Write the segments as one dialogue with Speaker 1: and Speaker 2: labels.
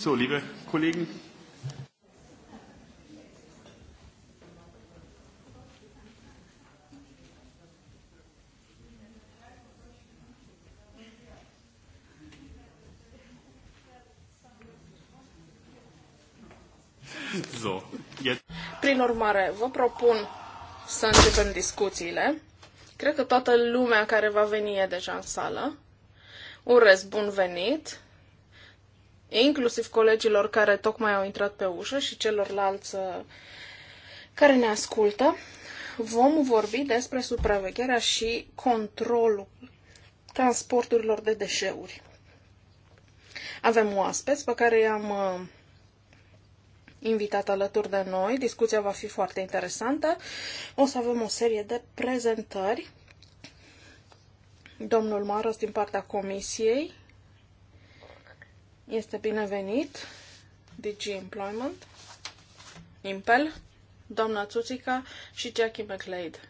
Speaker 1: So, liebe Kollegen,
Speaker 2: So, jetzt.
Speaker 1: Prin urmare, vă propun să începem discuțiile. Cred că toată lumea care va veni e deja în sală. Urez bun venit inclusiv colegilor care tocmai au intrat pe ușă și celorlalți uh, care ne ascultă, vom vorbi despre supravegherea și controlul transporturilor de deșeuri. Avem oaspeți pe care i-am uh, invitat alături de noi. Discuția va fi foarte interesantă. O să avem o serie de prezentări. Domnul Maros din partea comisiei este binevenit DG Employment, Impel, doamna Tsuțica și Jackie McLeod.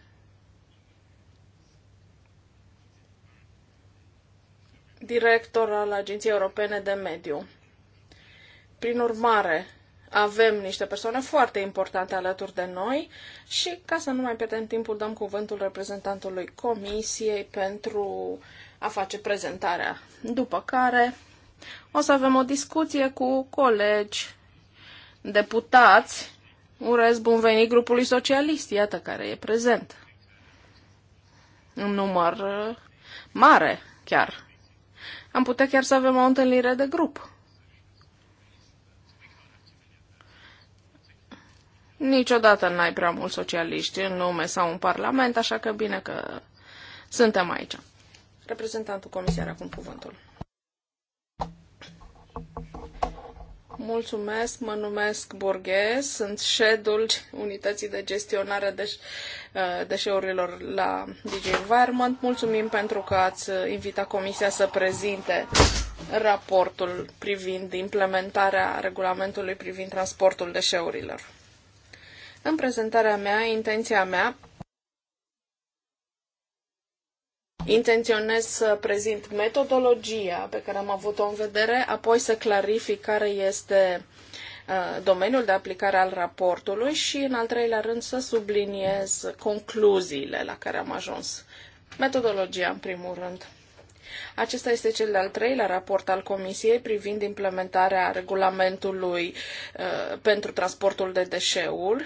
Speaker 1: director al Agenției Europene de Mediu. Prin urmare, avem niște persoane foarte importante alături de noi și, ca să nu mai pierdem timpul, dăm cuvântul reprezentantului Comisiei pentru a face prezentarea. După care o să avem o discuție cu colegi, deputați. Urez bun venit grupului socialist, iată care e prezent. În număr uh, mare, chiar. Am putea chiar să avem o întâlnire de grup. Niciodată n-ai prea mulți socialiști în lume sau în parlament, așa că bine că suntem aici. Reprezentantul comisiei acum cuvântul. Mulțumesc, mă numesc Borghe, sunt ședul Unității de Gestionare de Deșeurilor la DJ Environment. Mulțumim pentru că ați invitat Comisia să prezinte raportul privind implementarea regulamentului privind transportul deșeurilor. În prezentarea mea, intenția mea Intenționez să prezint metodologia pe care am avut-o în vedere, apoi să clarific care este uh, domeniul de aplicare al raportului și, în al treilea rând, să subliniez concluziile la care am ajuns. Metodologia, în primul rând. Acesta este cel de-al treilea raport al Comisiei privind implementarea regulamentului uh, pentru transportul de deșeuri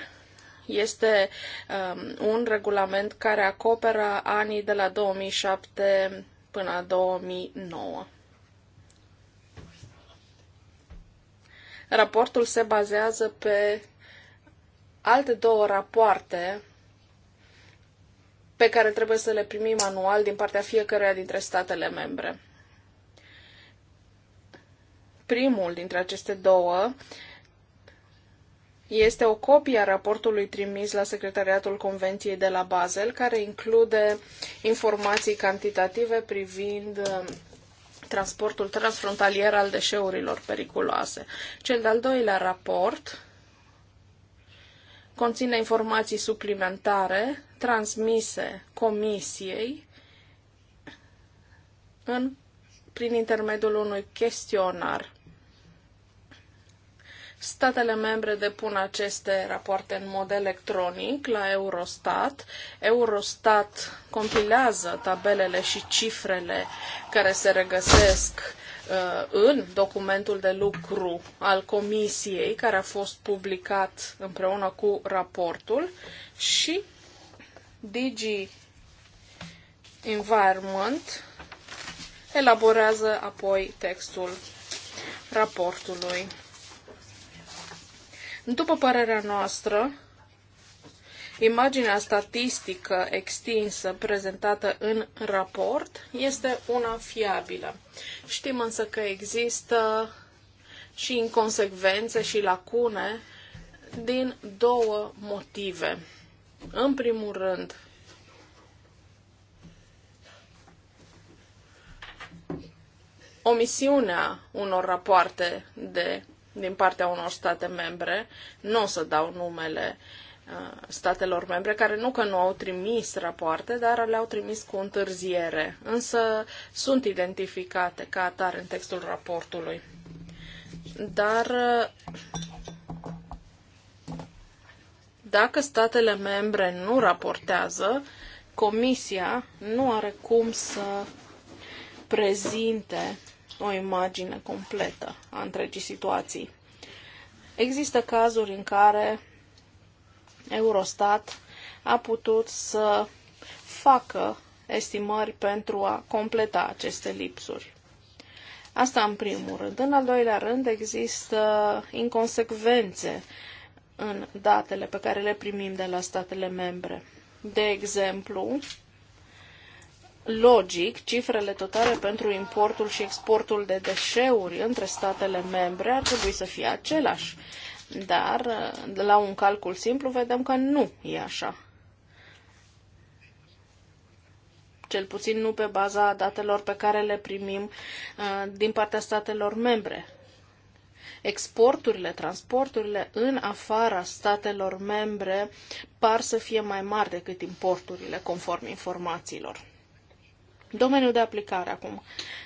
Speaker 1: este um, un regulament care acoperă anii de la 2007 până la 2009. Raportul se bazează pe alte două rapoarte pe care trebuie să le primim anual din partea fiecăruia dintre statele membre. Primul dintre aceste două uh, este o copie a raportului trimis la Secretariatul Convenției de la Basel, care include informații cantitative privind uh, transportul transfrontalier al deșeurilor periculoase. Cel de-al doilea raport conține informații suplimentare transmise Comisiei în, prin intermediul unui chestionar Statele membre depun aceste rapoarte în mod electronic la Eurostat. Eurostat compilează tabelele și cifrele care se regăsesc uh, în documentul de lucru al comisiei care a fost publicat împreună cu raportul și Digi Environment elaborează apoi textul raportului. După părerea noastră, imaginea statistică extinsă prezentată în raport este una fiabilă. Știm însă că există și inconsecvențe și lacune din două motive. În primul rând, omisiunea unor rapoarte de din partea unor state membre, nu o să dau numele uh, statelor membre care nu că nu au trimis rapoarte, dar le-au trimis cu întârziere, însă sunt identificate ca atare în textul raportului. Dar uh, dacă statele membre nu raportează, Comisia nu are cum să prezinte o imagine completă a întregii situații. Există cazuri în care Eurostat a putut să facă estimări pentru a completa aceste lipsuri. Asta în primul rând. În al doilea rând există inconsecvențe în datele pe care le primim de la statele membre. De exemplu, logic, cifrele totale pentru importul și exportul de deșeuri între statele membre ar trebui să fie același. Dar, la un calcul simplu, vedem că nu e așa. Cel puțin nu pe baza datelor pe care le primim uh, din partea statelor membre. Exporturile, transporturile în afara statelor membre par să fie mai mari decât importurile, conform informațiilor. Domeniul de aplicare acum.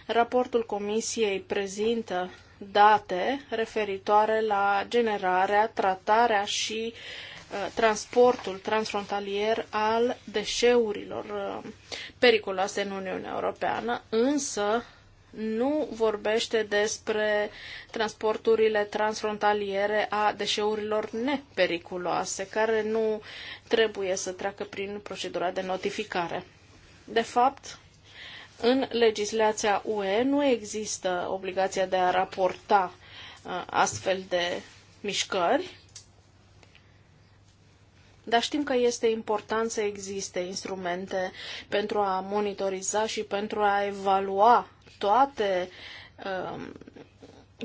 Speaker 1: Raportul Comisiei prezintă date referitoare la generarea, tratarea și uh, transportul transfrontalier al deșeurilor uh, periculoase în Uniunea Europeană, însă nu vorbește despre transporturile transfrontaliere a deșeurilor nepericuloase, care nu trebuie să treacă prin procedura de notificare. De fapt, în legislația UE nu există obligația de a raporta uh, astfel de mișcări, dar știm că este important să existe instrumente pentru a monitoriza și pentru a evalua toate um,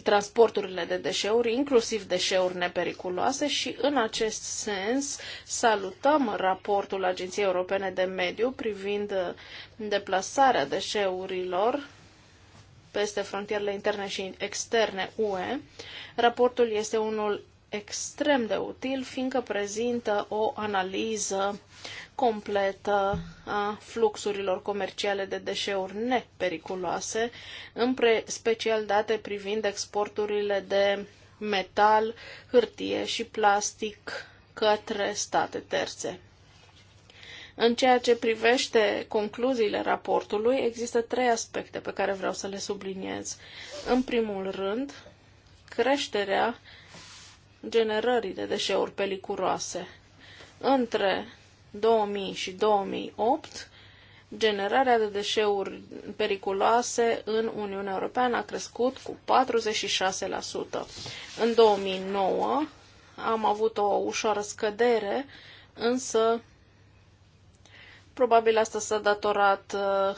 Speaker 1: transporturile de deșeuri, inclusiv deșeuri nepericuloase și în acest sens salutăm raportul Agenției Europene de Mediu privind deplasarea deșeurilor peste frontierele interne și externe UE. Raportul este unul extrem de util, fiindcă prezintă o analiză completă a fluxurilor comerciale de deșeuri nepericuloase, în special date privind exporturile de metal, hârtie și plastic către state terțe. În ceea ce privește concluziile raportului, există trei aspecte pe care vreau să le subliniez. În primul rând, creșterea generării de deșeuri pelicuroase între 2000 și 2008, generarea de deșeuri periculoase în Uniunea Europeană a crescut cu 46%. În 2009 am avut o ușoară scădere, însă probabil asta s-a datorat uh,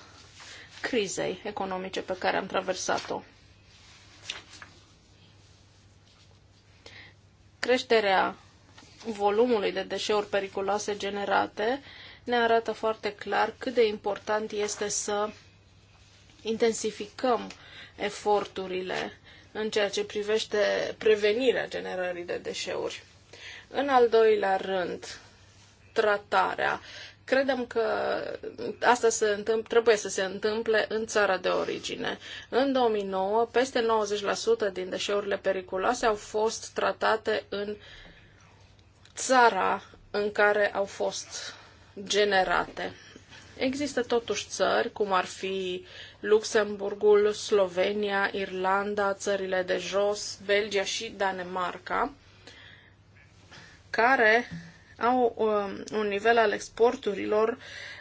Speaker 1: crizei economice pe care am traversat-o. Creșterea volumului de deșeuri periculoase generate ne arată foarte clar cât de important este să intensificăm eforturile în ceea ce privește prevenirea generării de deșeuri. În al doilea rând, tratarea. Credem că asta se întâmpl- trebuie să se întâmple în țara de origine. În 2009, peste 90% din deșeurile periculoase au fost tratate în țara în care au fost generate. Există totuși țări, cum ar fi Luxemburgul, Slovenia, Irlanda, țările de jos, Belgia și Danemarca, care au um, un nivel al exporturilor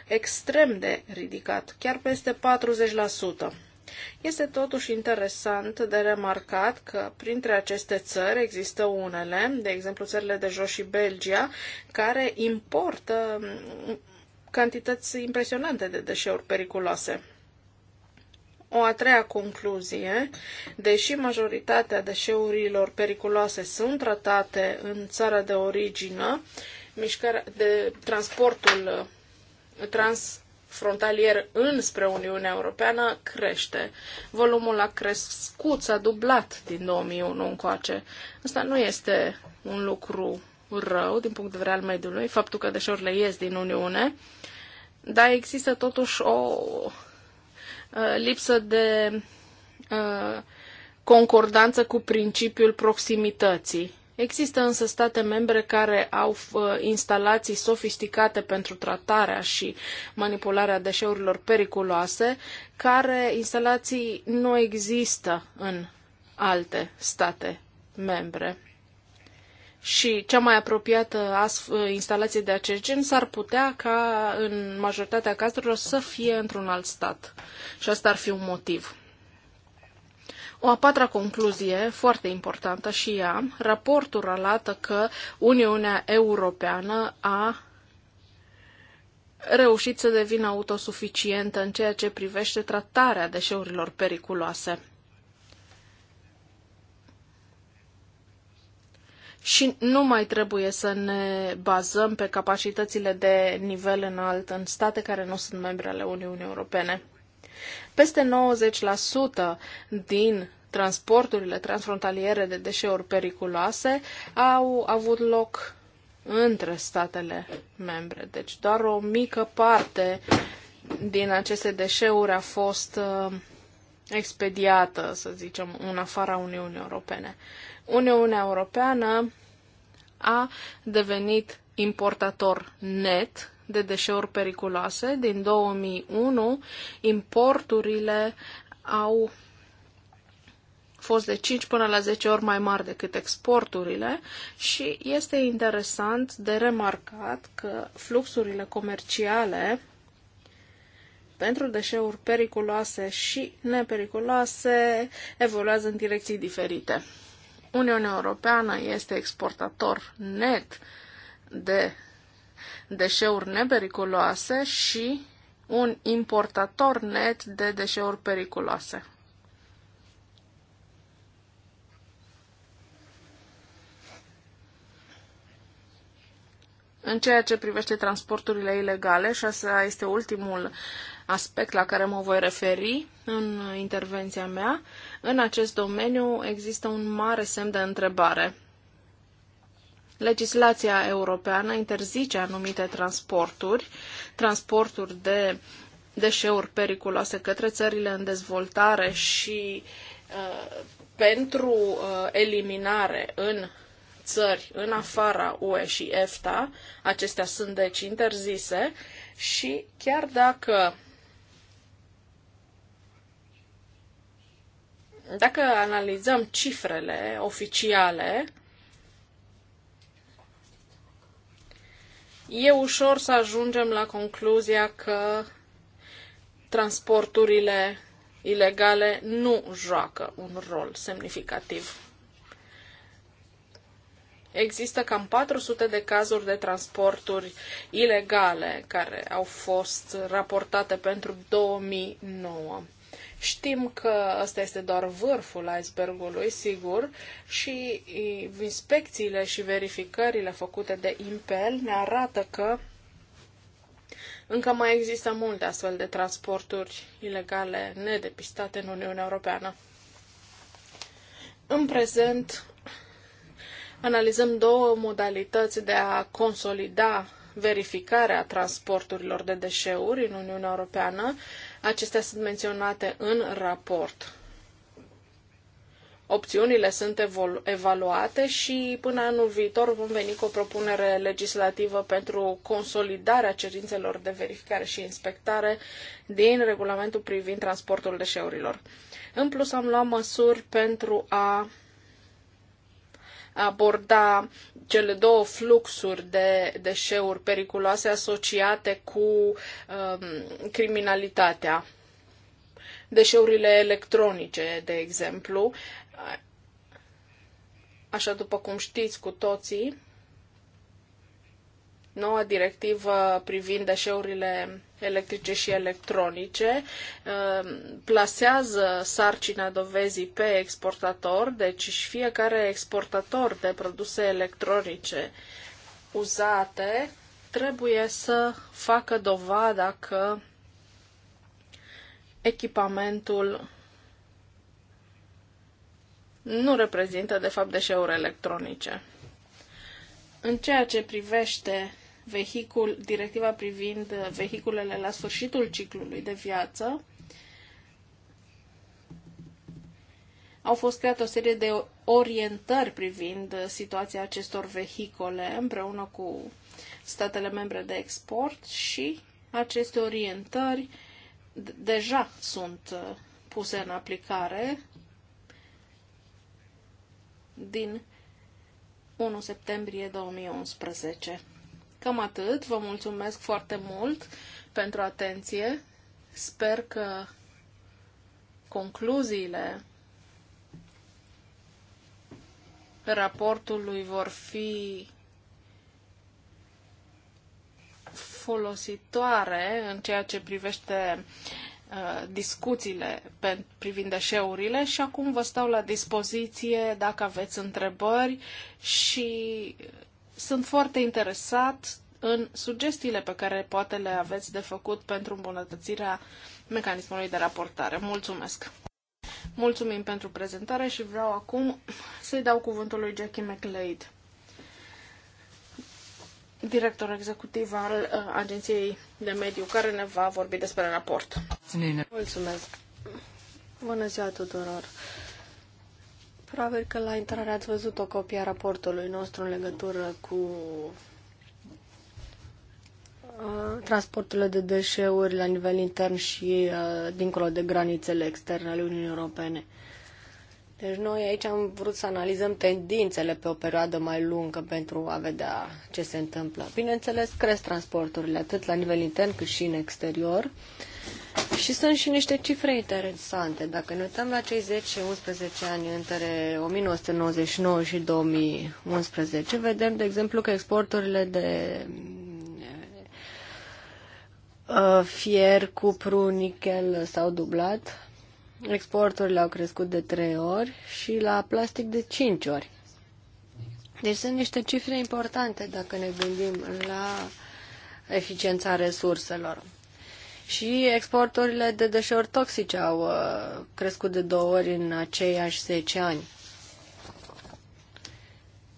Speaker 1: extrem de ridicat, chiar peste 40%. Este totuși interesant de remarcat că printre aceste țări există unele, de exemplu țările de jos și Belgia, care importă cantități impresionante de deșeuri periculoase. O a treia concluzie, deși majoritatea deșeurilor periculoase sunt tratate în țara de origină, mișcarea de transportul trans frontalier înspre Uniunea Europeană crește. Volumul a crescut, s-a dublat din 2001 încoace. Asta nu este un lucru rău din punct de vedere al mediului, faptul că deșeurile ies din Uniune, dar există totuși o uh, lipsă de uh, concordanță cu principiul proximității Există însă state membre care au uh, instalații sofisticate pentru tratarea și manipularea deșeurilor periculoase, care instalații nu există în alte state membre. Și cea mai apropiată uh, instalație de acest gen s-ar putea ca în majoritatea cazurilor să fie într-un alt stat. Și asta ar fi un motiv. O a patra concluzie, foarte importantă și ea, raportul arată că Uniunea Europeană a reușit să devină autosuficientă în ceea ce privește tratarea deșeurilor periculoase. Și nu mai trebuie să ne bazăm pe capacitățile de nivel înalt în state care nu sunt membre ale Uniunii Europene. Peste 90% din transporturile transfrontaliere de deșeuri periculoase au avut loc între statele membre. Deci doar o mică parte din aceste deșeuri a fost uh, expediată, să zicem, în afara Uniunii Europene. Uniunea Europeană a devenit importator net de deșeuri periculoase. Din 2001, importurile au fost de 5 până la 10 ori mai mari decât exporturile și este interesant de remarcat că fluxurile comerciale pentru deșeuri periculoase și nepericuloase evoluează în direcții diferite. Uniunea Europeană este exportator net de deșeuri nepericuloase și un importator net de deșeuri periculoase. În ceea ce privește transporturile ilegale, și asta este ultimul aspect la care mă voi referi în intervenția mea, în acest domeniu există un mare semn de întrebare. Legislația europeană interzice anumite transporturi, transporturi de deșeuri periculoase către țările în dezvoltare și uh, pentru uh, eliminare în țări în afara UE și EFTA, acestea sunt deci interzise și chiar dacă dacă analizăm cifrele oficiale, e ușor să ajungem la concluzia că transporturile ilegale nu joacă un rol semnificativ. Există cam 400 de cazuri de transporturi ilegale care au fost raportate pentru 2009. Știm că ăsta este doar vârful icebergului, sigur, și inspecțiile și verificările făcute de Impel ne arată că încă mai există multe astfel de transporturi ilegale nedepistate în Uniunea Europeană. În prezent, analizăm două modalități de a consolida verificarea transporturilor de deșeuri în Uniunea Europeană. Acestea sunt menționate în raport. Opțiunile sunt evaluate și până anul viitor vom veni cu o propunere legislativă pentru consolidarea cerințelor de verificare și inspectare din regulamentul privind transportul deșeurilor. În plus, am luat măsuri pentru a aborda cele două fluxuri de deșeuri periculoase asociate cu um, criminalitatea. Deșeurile electronice, de exemplu, așa după cum știți cu toții, noua directivă privind deșeurile electrice și electronice uh, plasează sarcina dovezii pe exportator, deci și fiecare exportator de produse electronice uzate trebuie să facă dovada că echipamentul nu reprezintă, de fapt, deșeuri electronice. În ceea ce privește vehicul, directiva privind vehiculele la sfârșitul ciclului de viață, au fost create o serie de orientări privind situația acestor vehicole împreună cu statele membre de export și aceste orientări deja sunt uh, puse în aplicare din 1 septembrie 2011. Cam atât. Vă mulțumesc foarte mult pentru atenție. Sper că concluziile raportului vor fi folositoare în ceea ce privește uh, discuțiile privind deșeurile și acum vă stau la dispoziție dacă aveți întrebări și sunt foarte interesat în sugestiile pe care poate le aveți de făcut pentru îmbunătățirea mecanismului de raportare. Mulțumesc! Mulțumim pentru prezentare și vreau acum să-i dau cuvântul lui Jackie McLeod, director executiv al uh, Agenției de Mediu, care ne va vorbi despre raport.
Speaker 2: Mulțumesc! Bună ziua tuturor! Uh, Probabil că la intrare ați văzut o copie a raportului nostru în legătură cu uh, transporturile de deșeuri la nivel intern și uh, dincolo de granițele externe ale Uniunii Europene. Deci noi aici am vrut să analizăm tendințele pe o perioadă mai lungă pentru a vedea ce se întâmplă. Bineînțeles, cresc transporturile atât la nivel intern cât și în exterior. Uh, și sunt și niște cifre interesante. Dacă ne uităm la cei 10-11 ani între 1999 și 2011, vedem, de exemplu, că exporturile de uh, fier, cupru, nichel s-au dublat, exporturile au crescut de 3 ori și la plastic de 5 ori. Deci sunt niște cifre importante dacă ne gândim la eficiența resurselor și exporturile de deșeuri toxice au uh, crescut de două ori în aceiași 10 ani.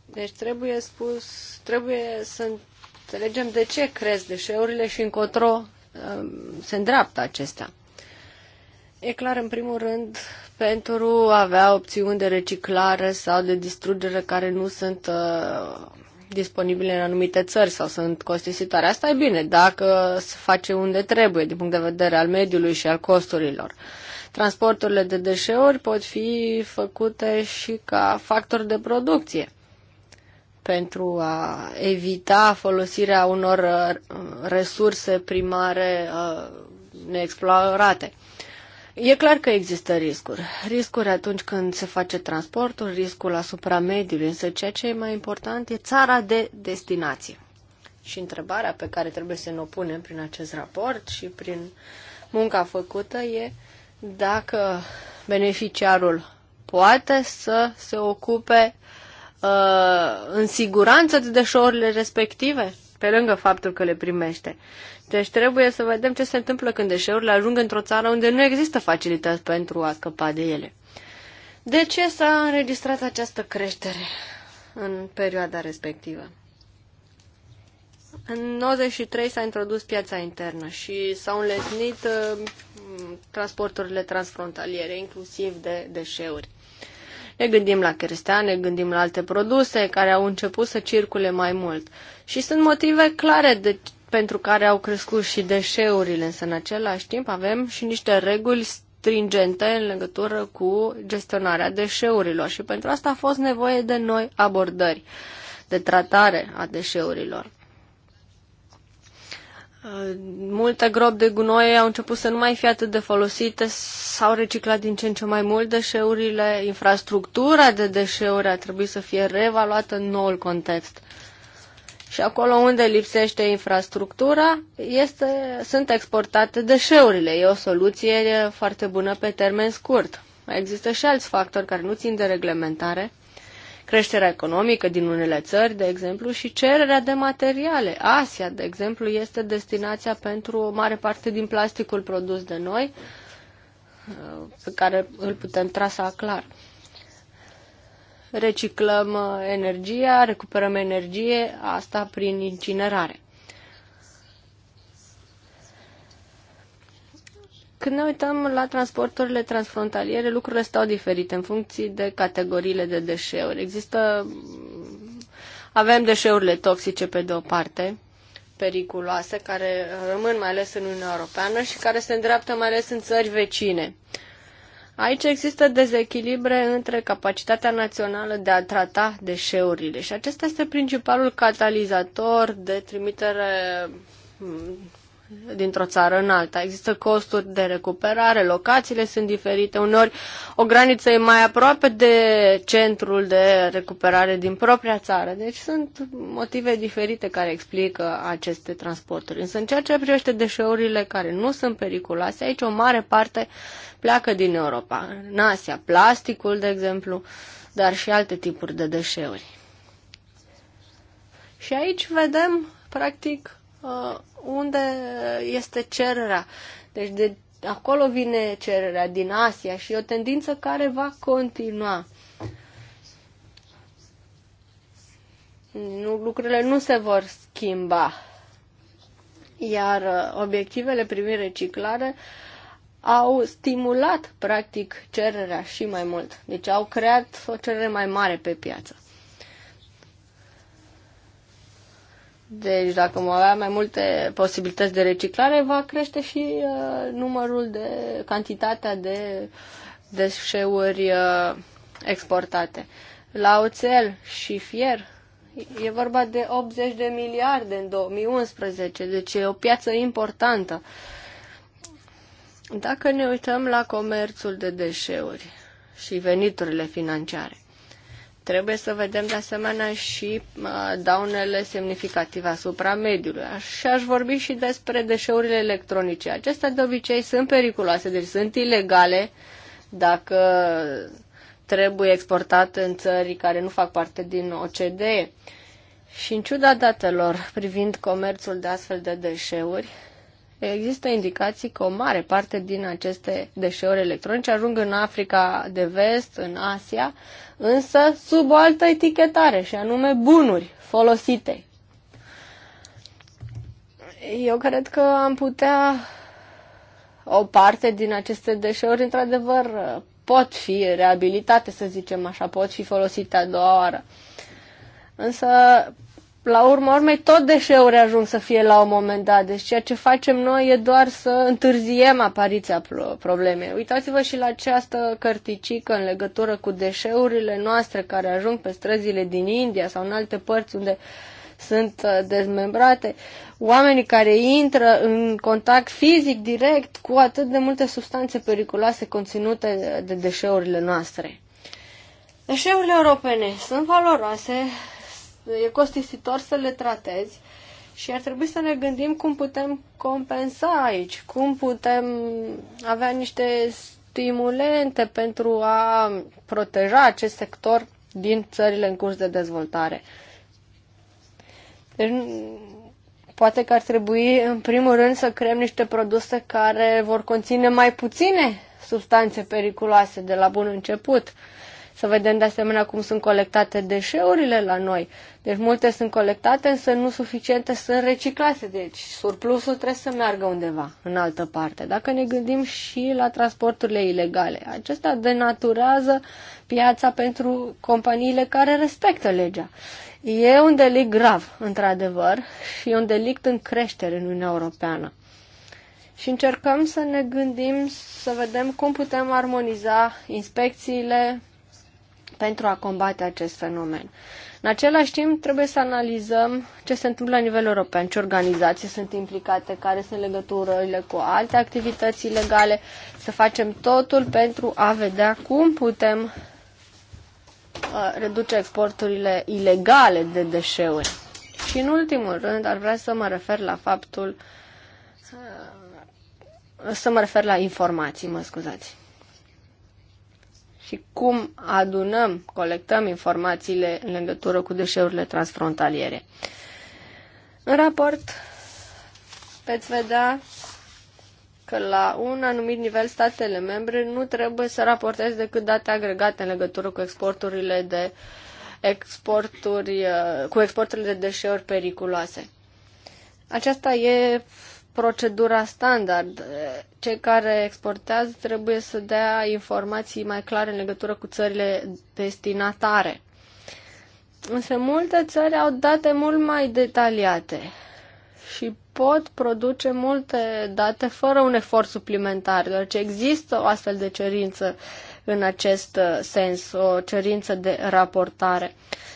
Speaker 2: Deci trebuie spus, trebuie să înțelegem de ce cresc deșeurile și încotro um, se îndreaptă acestea. E clar, în primul rând, pentru a avea opțiuni de reciclare sau de distrugere care nu sunt uh, disponibile în anumite țări sau sunt costisitoare. Asta e bine dacă se face unde trebuie din punct de vedere al mediului și al costurilor. Transporturile de deșeuri pot fi făcute și ca factor de producție pentru a evita folosirea unor uh, resurse primare uh, neexplorate. E clar că există riscuri. Riscuri atunci când se face transportul, riscul asupra mediului, însă ceea ce e mai important e țara de destinație. Și întrebarea pe care trebuie să ne opunem punem prin acest raport și prin munca făcută e dacă beneficiarul poate să se ocupe uh, în siguranță de deșeurile respective, pe lângă faptul că le primește. Deci trebuie să vedem ce se întâmplă când deșeurile ajung într-o țară unde nu există facilități pentru a scăpa de ele. De ce s-a înregistrat această creștere în perioada respectivă? În 93 s-a introdus piața internă și s-au înlesnit uh, transporturile transfrontaliere, inclusiv de deșeuri. Ne gândim la cherestea, ne gândim la alte produse care au început să circule mai mult. Și sunt motive clare de pentru care au crescut și deșeurile, însă în același timp avem și niște reguli stringente în legătură cu gestionarea deșeurilor și pentru asta a fost nevoie de noi abordări de tratare a deșeurilor. Multe gropi de gunoi au început să nu mai fie atât de folosite, s-au reciclat din ce în ce mai mult deșeurile, infrastructura de deșeuri a trebuit să fie reevaluată în noul context și acolo unde lipsește infrastructura este, sunt exportate deșeurile. E o soluție foarte bună pe termen scurt. Mai există și alți factori care nu țin de reglementare, creșterea economică din unele țări, de exemplu, și cererea de materiale. Asia, de exemplu, este destinația pentru o mare parte din plasticul produs de noi, pe care îl putem trasa clar reciclăm uh, energia, recuperăm energie, asta prin incinerare. Când ne uităm la transporturile transfrontaliere, lucrurile stau diferite în funcție de categoriile de deșeuri. Există, avem deșeurile toxice pe de o parte, periculoase, care rămân mai ales în Uniunea Europeană și care se îndreaptă mai ales în țări vecine. Uh, Aici există dezechilibre între capacitatea națională de a trata deșeurile și acesta este principalul catalizator de trimitere dintr-o țară în alta. Există costuri de recuperare, locațiile sunt diferite, uneori o graniță e mai aproape de centrul de recuperare din propria țară. Deci sunt motive diferite care explică aceste transporturi. Însă în ceea ce privește deșeurile care nu sunt periculoase, aici o mare parte pleacă din Europa. În Asia, plasticul, de exemplu, dar și alte tipuri de deșeuri. Și aici vedem, practic, Uh, unde este cererea. Deci de acolo vine cererea din Asia și e o tendință care va continua. Nu, lucrurile nu se vor schimba. Iar uh, obiectivele privind reciclare au stimulat, practic, cererea și mai mult. Deci au creat o cerere mai mare pe piață. Deci dacă vom avea mai multe posibilități de reciclare, va crește și uh, numărul de, cantitatea de deșeuri uh, exportate. La oțel și fier e vorba de 80 de miliarde în 2011, deci e o piață importantă. Dacă ne uităm la comerțul de deșeuri și veniturile financiare, Trebuie să vedem de asemenea și uh, daunele semnificative asupra mediului. Și aș vorbi și despre deșeurile electronice. Acestea de obicei sunt periculoase, deci sunt ilegale dacă trebuie exportate în țări care nu fac parte din OCDE. Și în ciuda datelor privind comerțul de astfel de deșeuri, există indicații că o mare parte din aceste deșeuri electronice ajung în Africa de vest, în Asia, însă sub o altă etichetare, și anume bunuri folosite. Eu cred că am putea o parte din aceste deșeuri, într-adevăr, pot fi reabilitate, să zicem așa, pot fi folosite a doua oară. Însă la urma urmei, tot deșeuri ajung să fie la un moment dat. Deci ceea ce facem noi e doar să întârziem apariția problemei. Uitați-vă și la această cărticică în legătură cu deșeurile noastre care ajung pe străzile din India sau în alte părți unde sunt uh, dezmembrate. Oamenii care intră în contact fizic direct cu atât de multe substanțe periculoase conținute de deșeurile noastre. Deșeurile europene sunt valoroase, e costisitor să le tratezi și ar trebui să ne gândim cum putem compensa aici, cum putem avea niște stimulente pentru a proteja acest sector din țările în curs de dezvoltare. Deci, poate că ar trebui, în primul rând, să creăm niște produse care vor conține mai puține substanțe periculoase de la bun început. Să vedem de asemenea cum sunt colectate deșeurile la noi. Deci multe sunt colectate, însă nu suficiente sunt reciclate. Deci surplusul trebuie să meargă undeva, în altă parte. Dacă ne gândim și la transporturile ilegale, acestea denaturează piața pentru companiile care respectă legea. E un delict grav, într-adevăr, și e un delict în creștere în Uniunea Europeană. Și încercăm să ne gândim, să vedem cum putem armoniza inspecțiile, pentru a combate acest fenomen. În același timp, trebuie să analizăm ce se întâmplă la nivel european, ce organizații sunt implicate, care sunt legăturile cu alte activități ilegale, să facem totul pentru a vedea cum putem uh, reduce exporturile ilegale de deșeuri. Și în ultimul rând, ar vrea să mă refer la faptul uh, să mă refer la informații, mă scuzați și cum adunăm, colectăm informațiile în legătură cu deșeurile transfrontaliere. În raport veți vedea că la un anumit nivel statele membre nu trebuie să raporteze decât date agregate în legătură cu exporturile de exporturi, cu exporturile de deșeuri periculoase. Aceasta e procedura standard. Cei care exportează trebuie să dea informații mai clare în legătură cu țările destinatare. Însă multe țări au date mult mai detaliate și pot produce multe date fără un efort suplimentar, deoarece există o astfel de cerință în acest uh, sens, o cerință de raportare.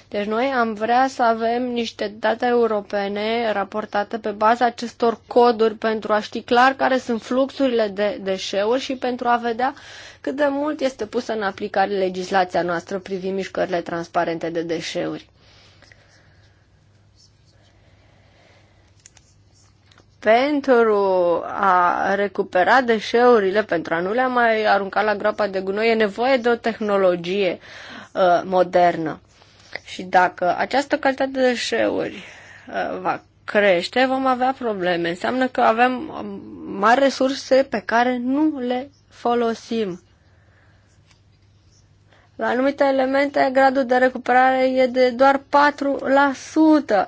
Speaker 2: Deci noi am vrea să avem niște date europene raportate pe baza acestor coduri pentru a ști clar care sunt fluxurile de deșeuri și pentru a vedea cât de mult este pusă în aplicare legislația noastră privind mișcările transparente de deșeuri. pentru a recupera deșeurile, pentru a nu le mai arunca la groapa de gunoi, e nevoie de o tehnologie uh, modernă. Și dacă această calitate de deșeuri uh, va crește, vom avea probleme. Înseamnă că avem um, mari resurse pe care nu le folosim. La anumite elemente, gradul de recuperare e de doar 4%.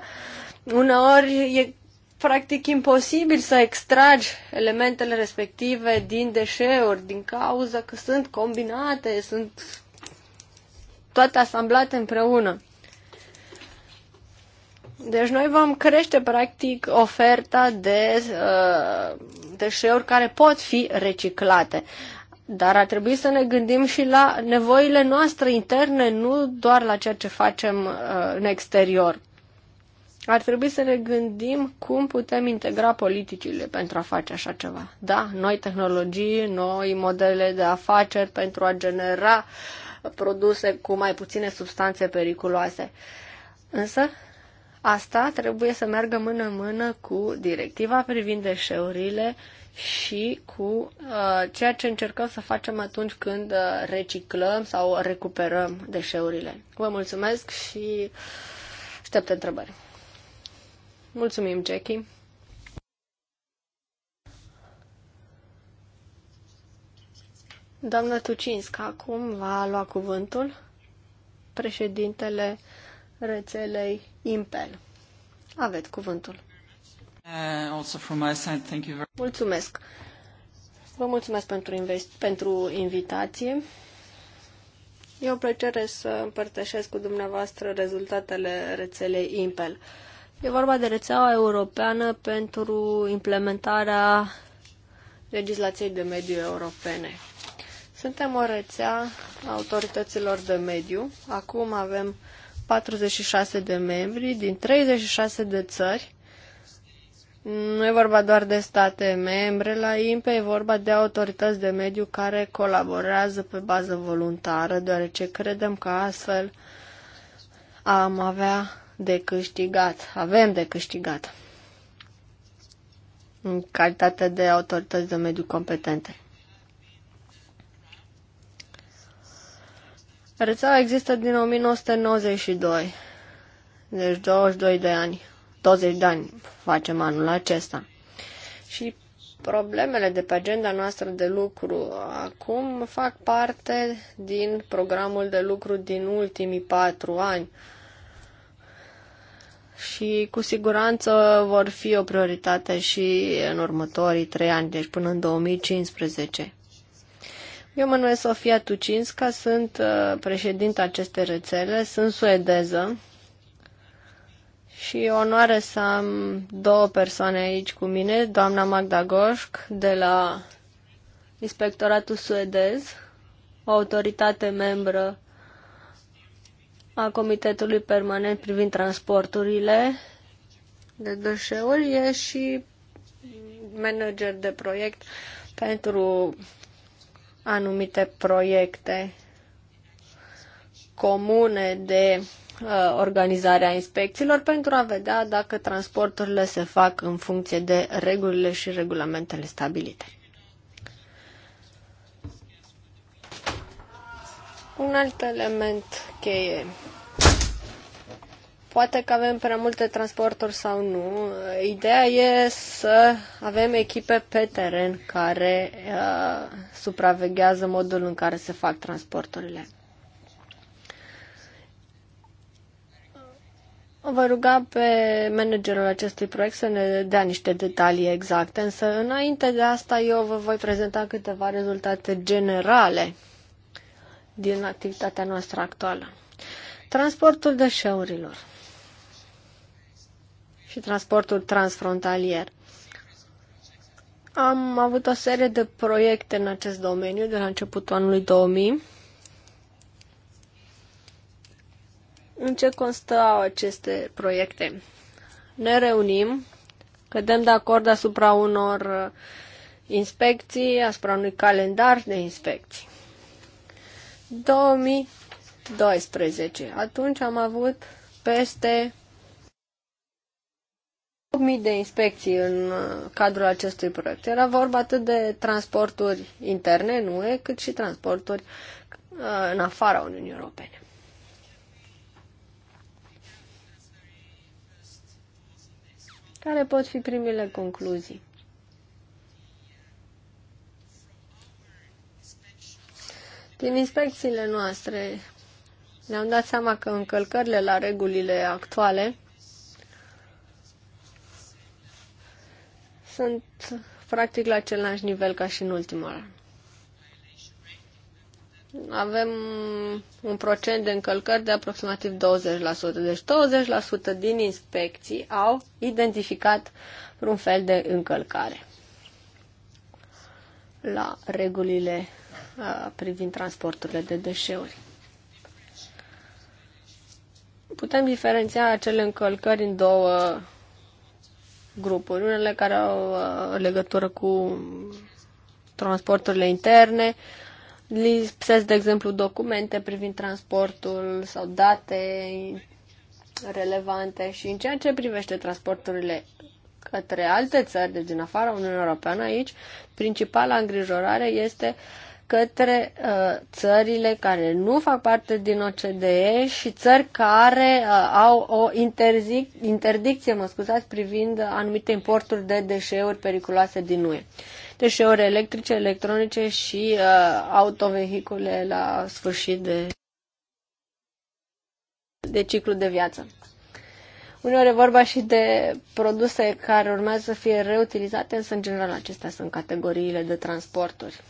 Speaker 2: Uneori e practic imposibil să extragi elementele respective din deșeuri, din cauza că sunt combinate, sunt toate asamblate împreună. Deci noi vom crește practic oferta de uh, deșeuri care pot fi reciclate. Dar ar trebui să ne gândim și la nevoile noastre interne, nu doar la ceea ce facem uh, în exterior ar trebui să ne gândim cum putem integra politicile pentru a face așa ceva. Da, noi tehnologii, noi modele de afaceri pentru a genera produse cu mai puține substanțe periculoase. Însă, asta trebuie să meargă mână-mână cu directiva privind deșeurile și cu uh, ceea ce încercăm să facem atunci când uh, reciclăm sau recuperăm deșeurile. Vă mulțumesc și aștept întrebări. Mulțumim, Jackie. Doamna Tucinscă acum va lua cuvântul președintele rețelei Impel. Aveți cuvântul.
Speaker 1: Uh,
Speaker 2: mulțumesc. Vă mulțumesc pentru, invest- pentru invitație. E o plăcere să împărtășesc cu dumneavoastră rezultatele rețelei Impel. Uh, E vorba de rețeaua europeană pentru implementarea legislației de mediu europene. Suntem o rețea autorităților de mediu. Acum avem 46 de membri din 36 de țări. Nu e vorba doar de state membre la IMPE, e vorba de autorități de mediu care colaborează pe bază voluntară, deoarece credem că astfel am avea de câștigat, avem de câștigat în calitate de autorități de mediu competente. Rețeaua există din 1992, deci 22 de ani, 20 de ani facem anul acesta. Și problemele de pe agenda noastră de lucru acum fac parte din programul de lucru din ultimii patru ani și cu siguranță vor fi o prioritate și în următorii trei ani, deci până în 2015. Eu mă numesc Sofia Tucinska, sunt uh, președinta acestei rețele, sunt suedeză și onoare să am două persoane aici cu mine, doamna Magda Goșc de la Inspectoratul Suedez, o autoritate membră a Comitetului Permanent privind transporturile de deșeuri e și manager de proiect pentru anumite proiecte comune de uh, organizarea inspecțiilor pentru a vedea dacă transporturile se fac în funcție de regulile și regulamentele stabilite. Un alt element cheie. Poate că avem prea multe transporturi sau nu. Ideea e să avem echipe pe teren care uh, supraveghează modul în care se fac transporturile. Vă ruga pe managerul acestui proiect să ne dea niște detalii exacte, însă înainte de asta eu vă voi prezenta câteva rezultate generale din activitatea noastră actuală. Transportul deșeurilor și transportul transfrontalier. Am avut o serie de proiecte în acest domeniu de la începutul anului 2000. În ce constau aceste proiecte? Ne reunim, cădem de acord asupra unor uh, inspecții, asupra unui calendar de inspecții. 2012. Atunci am avut peste 8.000 de inspecții în uh, cadrul acestui proiect. Era vorba atât de transporturi interne, nu e, cât și transporturi uh, în afara Uniunii Europene. Care pot fi primele concluzii? Din inspecțiile noastre ne-am dat seama că încălcările la regulile actuale sunt practic la același nivel ca și în ultimul an. Avem un procent de încălcări de aproximativ 20%. Deci 20% din inspecții au identificat un fel de încălcare la regulile Uh, privind transporturile de deșeuri. Putem diferenția acele încălcări în două grupuri. Unele care au uh, legătură cu transporturile interne, lipsesc, de exemplu, documente privind transportul sau date relevante și în ceea ce privește transporturile către alte țări, deci din afara Uniunii Europeană aici, principala îngrijorare este către uh, țările care nu fac parte din OCDE și țări care uh, au o interzic, interdicție mă scuzați, privind anumite importuri de deșeuri periculoase din UE. Deșeuri electrice, electronice și uh, autovehicule la sfârșit de, de ciclu de viață. Uneori e vorba și de produse care urmează să fie reutilizate, însă în general acestea sunt categoriile de transporturi.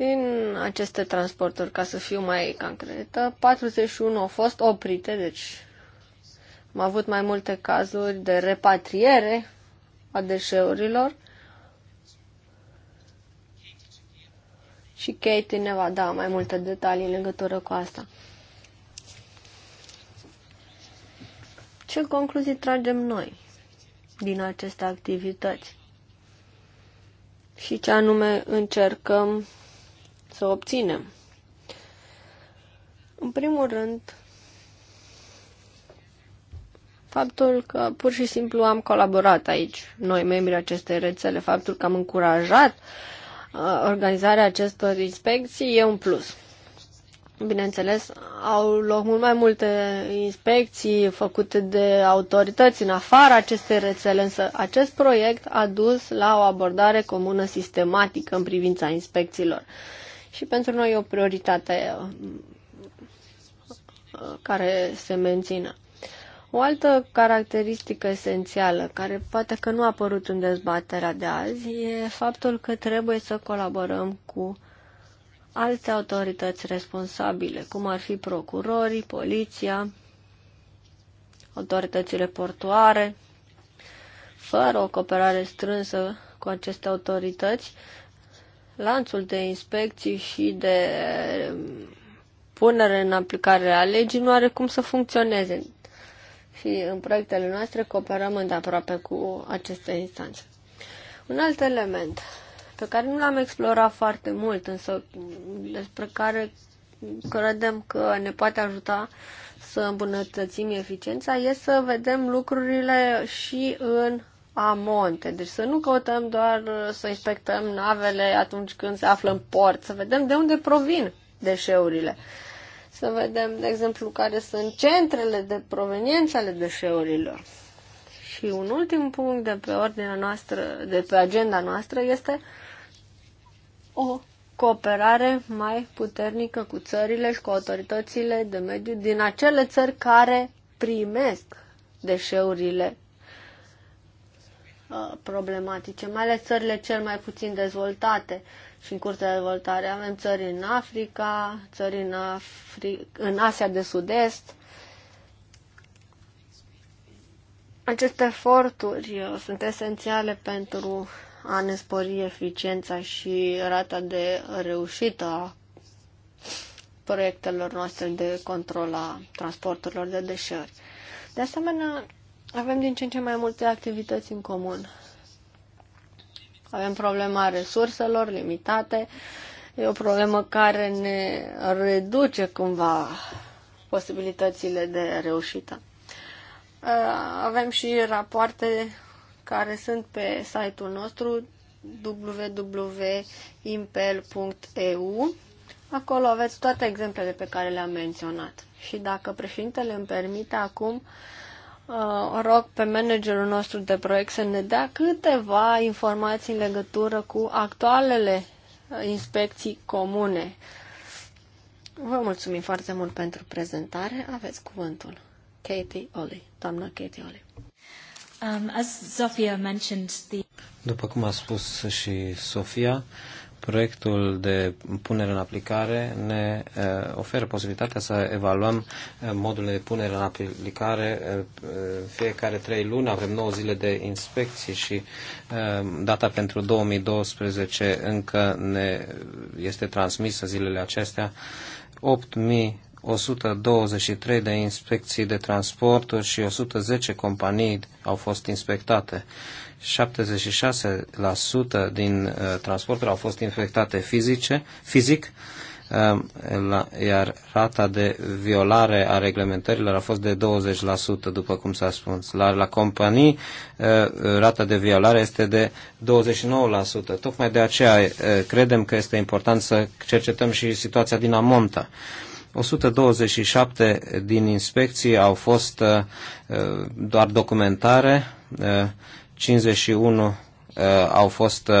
Speaker 2: Din aceste transporturi, ca să fiu mai concretă, 41 au fost oprite, deci am avut mai multe cazuri de repatriere a deșeurilor. Și Kate ne va da mai multe detalii în legătură cu asta. Ce concluzii tragem noi din aceste activități? Și ce anume încercăm să obținem. În primul rând, faptul că pur și simplu am colaborat aici, noi, membrii acestei rețele, faptul că am încurajat uh, organizarea acestor inspecții e un plus. Bineînțeles, au loc mult mai multe inspecții făcute de autorități în afara acestei rețele, însă acest proiect a dus la o abordare comună sistematică în privința inspecțiilor și pentru noi e o prioritate uh, uh, care se mențină. O altă caracteristică esențială, care poate că nu a apărut în dezbaterea de azi, e faptul că trebuie să colaborăm cu alte autorități responsabile, cum ar fi procurorii, poliția, autoritățile portoare. Fără o cooperare strânsă cu aceste autorități, lanțul de inspecții și de um, punere în aplicare a legii nu are cum să funcționeze. Și în proiectele noastre cooperăm îndeaproape cu aceste instanțe. Un alt element pe care nu l-am explorat foarte mult, însă despre care credem că ne poate ajuta să îmbunătățim eficiența, e să vedem lucrurile și în monte, Deci să nu căutăm doar să inspectăm navele atunci când se află în port, să vedem de unde provin deșeurile. Să vedem, de exemplu, care sunt centrele de proveniență ale deșeurilor. Și un ultim punct de pe ordinea noastră, de pe agenda noastră, este o cooperare mai puternică cu țările și cu autoritățile de mediu din acele țări care primesc deșeurile Uh, problematice, mai ales țările cel mai puțin dezvoltate și în curs de dezvoltare. Avem țări în Africa, țări în, Afri- în Asia de Sud-Est. Aceste eforturi uh, sunt esențiale pentru a ne spori eficiența și rata de reușită a proiectelor noastre de control a transporturilor de deșeuri. De asemenea, avem din ce în ce mai multe activități în comun. Avem problema resurselor limitate, e o problemă care ne reduce cumva posibilitățile de reușită. Avem și rapoarte care sunt pe site-ul nostru www.impel.eu. Acolo aveți toate exemplele pe care le-am menționat. Și dacă președintele îmi permite acum, uh, uh, rog pe managerul nostru de proiect să ne dea câteva informații în legătură cu actualele uh, inspecții comune. Vă mulțumim foarte mult pentru prezentare. Aveți cuvântul. Katie Oli, doamna Katie Oli. Um, as Sofia mentioned the...
Speaker 3: După cum a spus și Sofia, proiectul de punere în aplicare ne eh, oferă posibilitatea să evaluăm eh, modul de punere în aplicare eh, fiecare trei luni. Avem 9 zile de inspecții și data pentru 2012 încă ne este transmisă zilele acestea. 8000 123 de inspecții de transporturi și 110 companii au fost inspectate. 76% din uh, transporturi au fost infectate fizice, fizic, uh, la, iar rata de violare a reglementărilor a fost de 20%, după cum s-a spus. La, la companii, uh, rata de violare este de 29%. Tocmai de aceea uh, credem că este important să cercetăm și situația din Amonta. 127 din inspecții au fost uh, uh doar documentare, uh, 51 uh, au fost uh,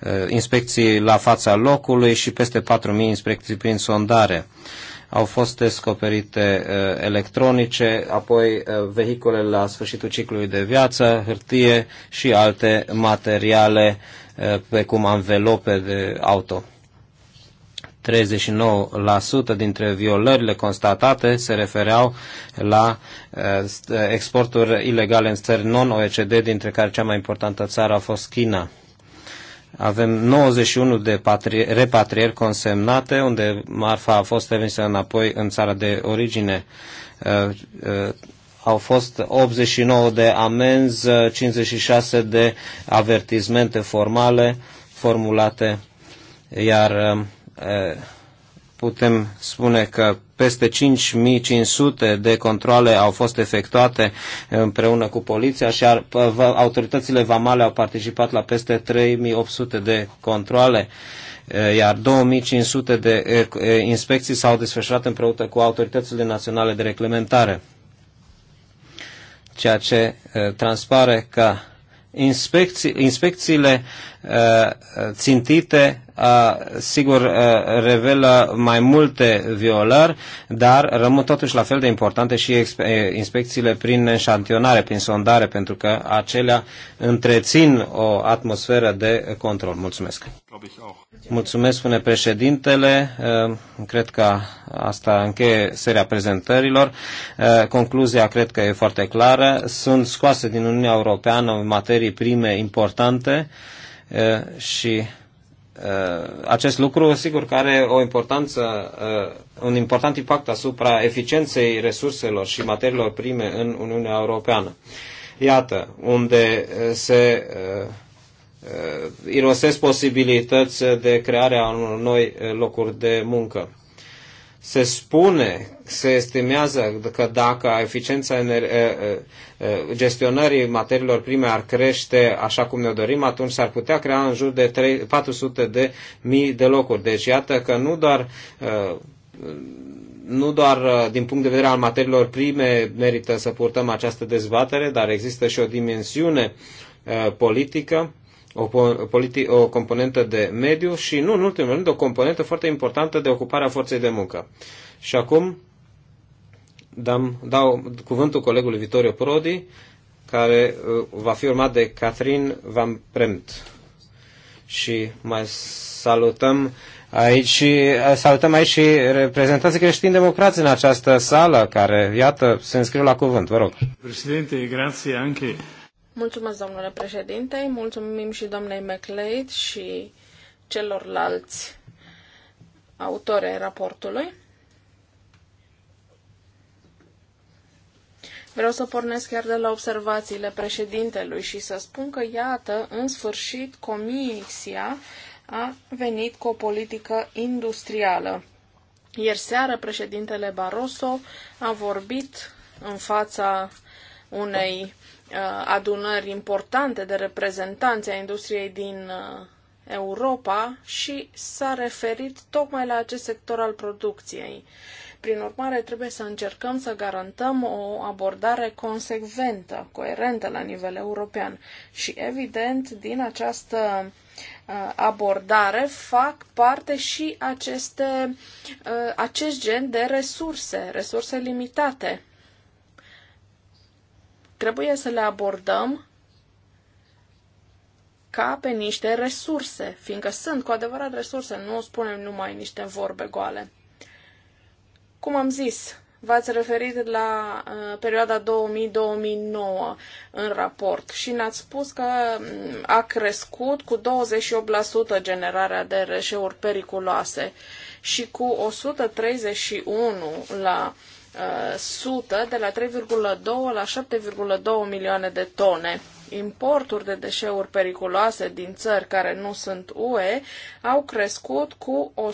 Speaker 3: uh, inspecții la fața locului și peste 4.000 inspecții prin sondare. Au fost descoperite electronice, apoi vehicule la sfârșitul ciclului de viață, hârtie și alte materiale precum anvelope de auto. 39% dintre violările constatate se refereau la eh, eh, exporturi ilegale în țări non-OECD, dintre care cea mai importantă țară a fost China. Avem 91 de patri- repatrieri consemnate, unde marfa a fost trimisă înapoi în țara de origine. Eh, au fost 89 de amenzi, 56 de avertizmente formale formulate, iar uh, putem spune că peste 5500 de controle au fost efectuate împreună cu poliția și autoritățile vamale au participat la peste 3800 de controle, eh, iar 2500 de eh, eh, inspecții s-au desfășurat împreună cu autoritățile naționale de reglementare. Ceea ce transpare că inspecții, inspecțiile Uh, țintite uh, sigur uh, revelă mai multe violări, dar rămân totuși la fel de importante și inspecțiile prin înșantionare, prin sondare, pentru că acelea întrețin o atmosferă de control. Mulțumesc! Mulțumesc, spune președintele. Cred că asta încheie seria prezentărilor. Concluzia cred că e foarte clară. Sunt scoase din Uniunea Europeană materii prime importante și acest lucru, sigur că are o importanță, un important impact asupra eficienței resurselor și materiilor prime în Uniunea Europeană. Iată, unde se irosesc posibilități de creare a unor noi locuri de muncă. Se spune se estimează că dacă eficiența gestionării materiilor prime ar crește așa cum ne dorim, atunci s-ar putea crea în jur de 3, 400 de mii de locuri. Deci iată că nu doar nu doar din punct de vedere al materiilor prime merită să purtăm această dezbatere, dar există și o dimensiune politică o, politi- o componentă de mediu și, nu în ultimul rând, o componentă foarte importantă de ocupare a forței de muncă. Și acum dam, dau cuvântul colegului Vittorio Prodi, care uh, va fi urmat de Catherine Van Premt. Și mai salutăm aici, uh, salutăm aici și reprezentanții creștini democrați în această sală, care, iată, se înscriu la cuvânt. Vă rog. Președinte, grație anche.
Speaker 1: Mulțumesc, domnule președinte, mulțumim și doamnei McLeod și celorlalți autori ai raportului. Vreau să pornesc chiar de la observațiile președintelui și să spun că, iată, în sfârșit, Comisia a venit cu o politică industrială. Ieri seară, președintele Barroso a vorbit în fața unei uh, adunări importante de reprezentanți a industriei din uh, Europa și s-a referit tocmai la acest sector al producției. Prin urmare, trebuie să încercăm să garantăm o abordare consecventă, coerentă la nivel european. Și, evident, din această uh, abordare fac parte și aceste, uh, acest gen de resurse, resurse limitate. Trebuie să le abordăm ca pe niște resurse, fiindcă sunt cu adevărat resurse, nu spunem numai niște vorbe goale. Cum am zis, v-ați referit la uh, perioada 2000-2009 în raport și ne-ați spus că mm, a crescut cu 28% generarea de reșeuri periculoase și cu 131 la uh, 100 de la 3,2 la 7,2 milioane de tone. Importuri de deșeuri periculoase din țări care nu sunt UE au crescut cu 197%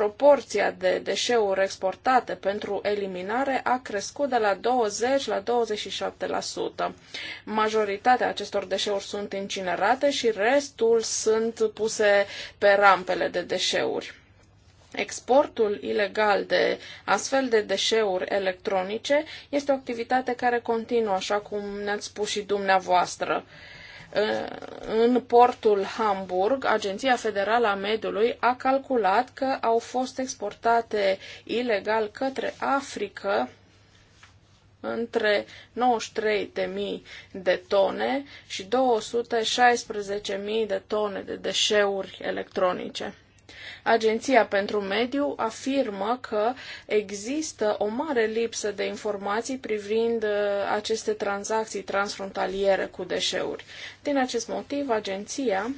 Speaker 1: proporția de deșeuri exportate pentru eliminare a crescut de la 20 la 27%. Majoritatea acestor deșeuri sunt incinerate și restul sunt puse pe rampele de deșeuri. Exportul ilegal de astfel de deșeuri electronice este o activitate care continuă, așa cum ne-ați spus și dumneavoastră. Uh, în portul Hamburg, Agenția Federală a Mediului a calculat că au fost exportate ilegal către Africa între 93.000 de tone și 216.000 de tone de deșeuri electronice. Agenția pentru Mediu afirmă că există o mare lipsă de informații privind uh, aceste tranzacții transfrontaliere cu deșeuri. Din acest motiv, agenția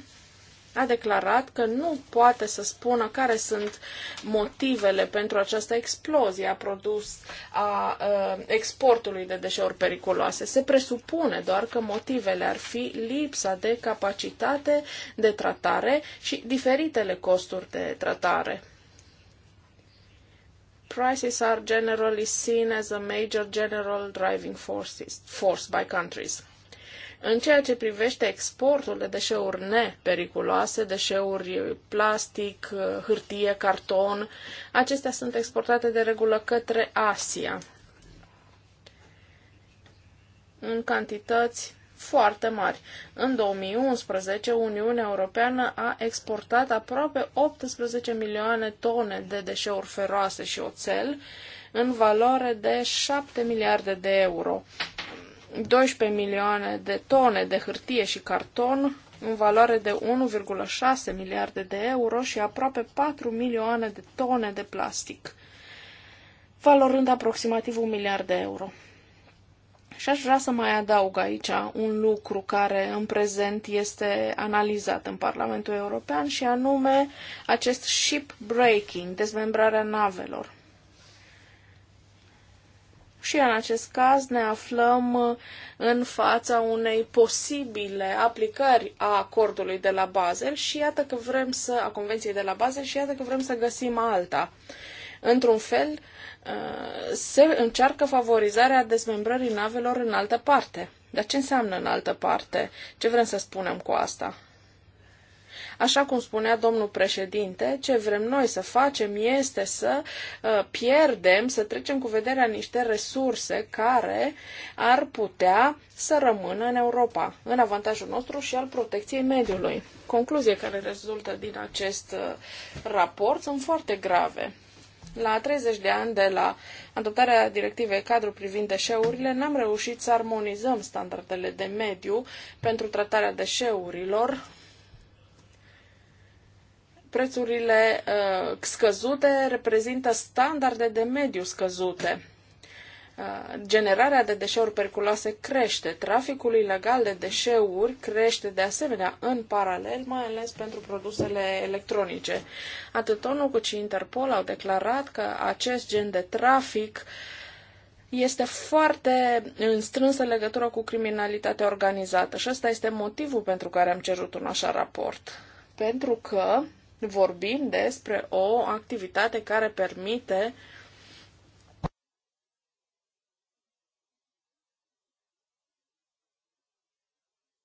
Speaker 1: a declarat că nu poate să spună care sunt motivele pentru această explozie a produs a, a ă, exportului de deșeuri periculoase. Se presupune doar că motivele ar fi lipsa de capacitate de tratare și diferitele costuri de tratare. Prices are generally seen as a major general driving forces, force by countries. În ceea ce privește exportul de deșeuri nepericuloase, deșeuri plastic, hârtie, carton, acestea sunt exportate de regulă către Asia în cantități foarte mari. În 2011, Uniunea Europeană a exportat aproape 18 milioane tone de deșeuri feroase și oțel, în valoare de 7 miliarde de euro, 12 milioane de tone de hârtie și carton în valoare de 1,6 miliarde de euro și aproape 4 milioane de tone de plastic, valorând aproximativ 1 miliard de euro. Și aș vrea să mai adaug aici un lucru care în prezent este analizat în Parlamentul European și anume acest ship breaking, dezmembrarea navelor. Și în acest caz ne aflăm uh, în fața unei posibile aplicări a acordului de la Basel și iată că vrem să, a convenției de la Basel și iată că vrem să găsim alta. Într-un fel, uh, se încearcă favorizarea dezmembrării navelor în altă parte. Dar ce înseamnă în altă parte? Ce vrem să spunem cu asta? Așa cum spunea domnul președinte, ce vrem noi să facem este să uh, pierdem, să trecem cu vederea niște resurse care ar putea să rămână în Europa, în avantajul nostru și al protecției mediului. Concluzie care rezultă din acest uh, raport sunt foarte grave. La 30 de ani de la adoptarea directivei cadru privind deșeurile, n-am reușit să armonizăm standardele de mediu pentru tratarea deșeurilor Prețurile uh, scăzute reprezintă standarde de mediu scăzute. Uh, generarea de deșeuri periculoase crește, traficul ilegal de deșeuri crește de asemenea în paralel, mai ales pentru produsele electronice. Atât ONU cât și Interpol au declarat că acest gen de trafic este foarte în strânsă legătură cu criminalitatea organizată și ăsta este motivul pentru care am cerut un așa raport. Pentru că vorbim despre o activitate care permite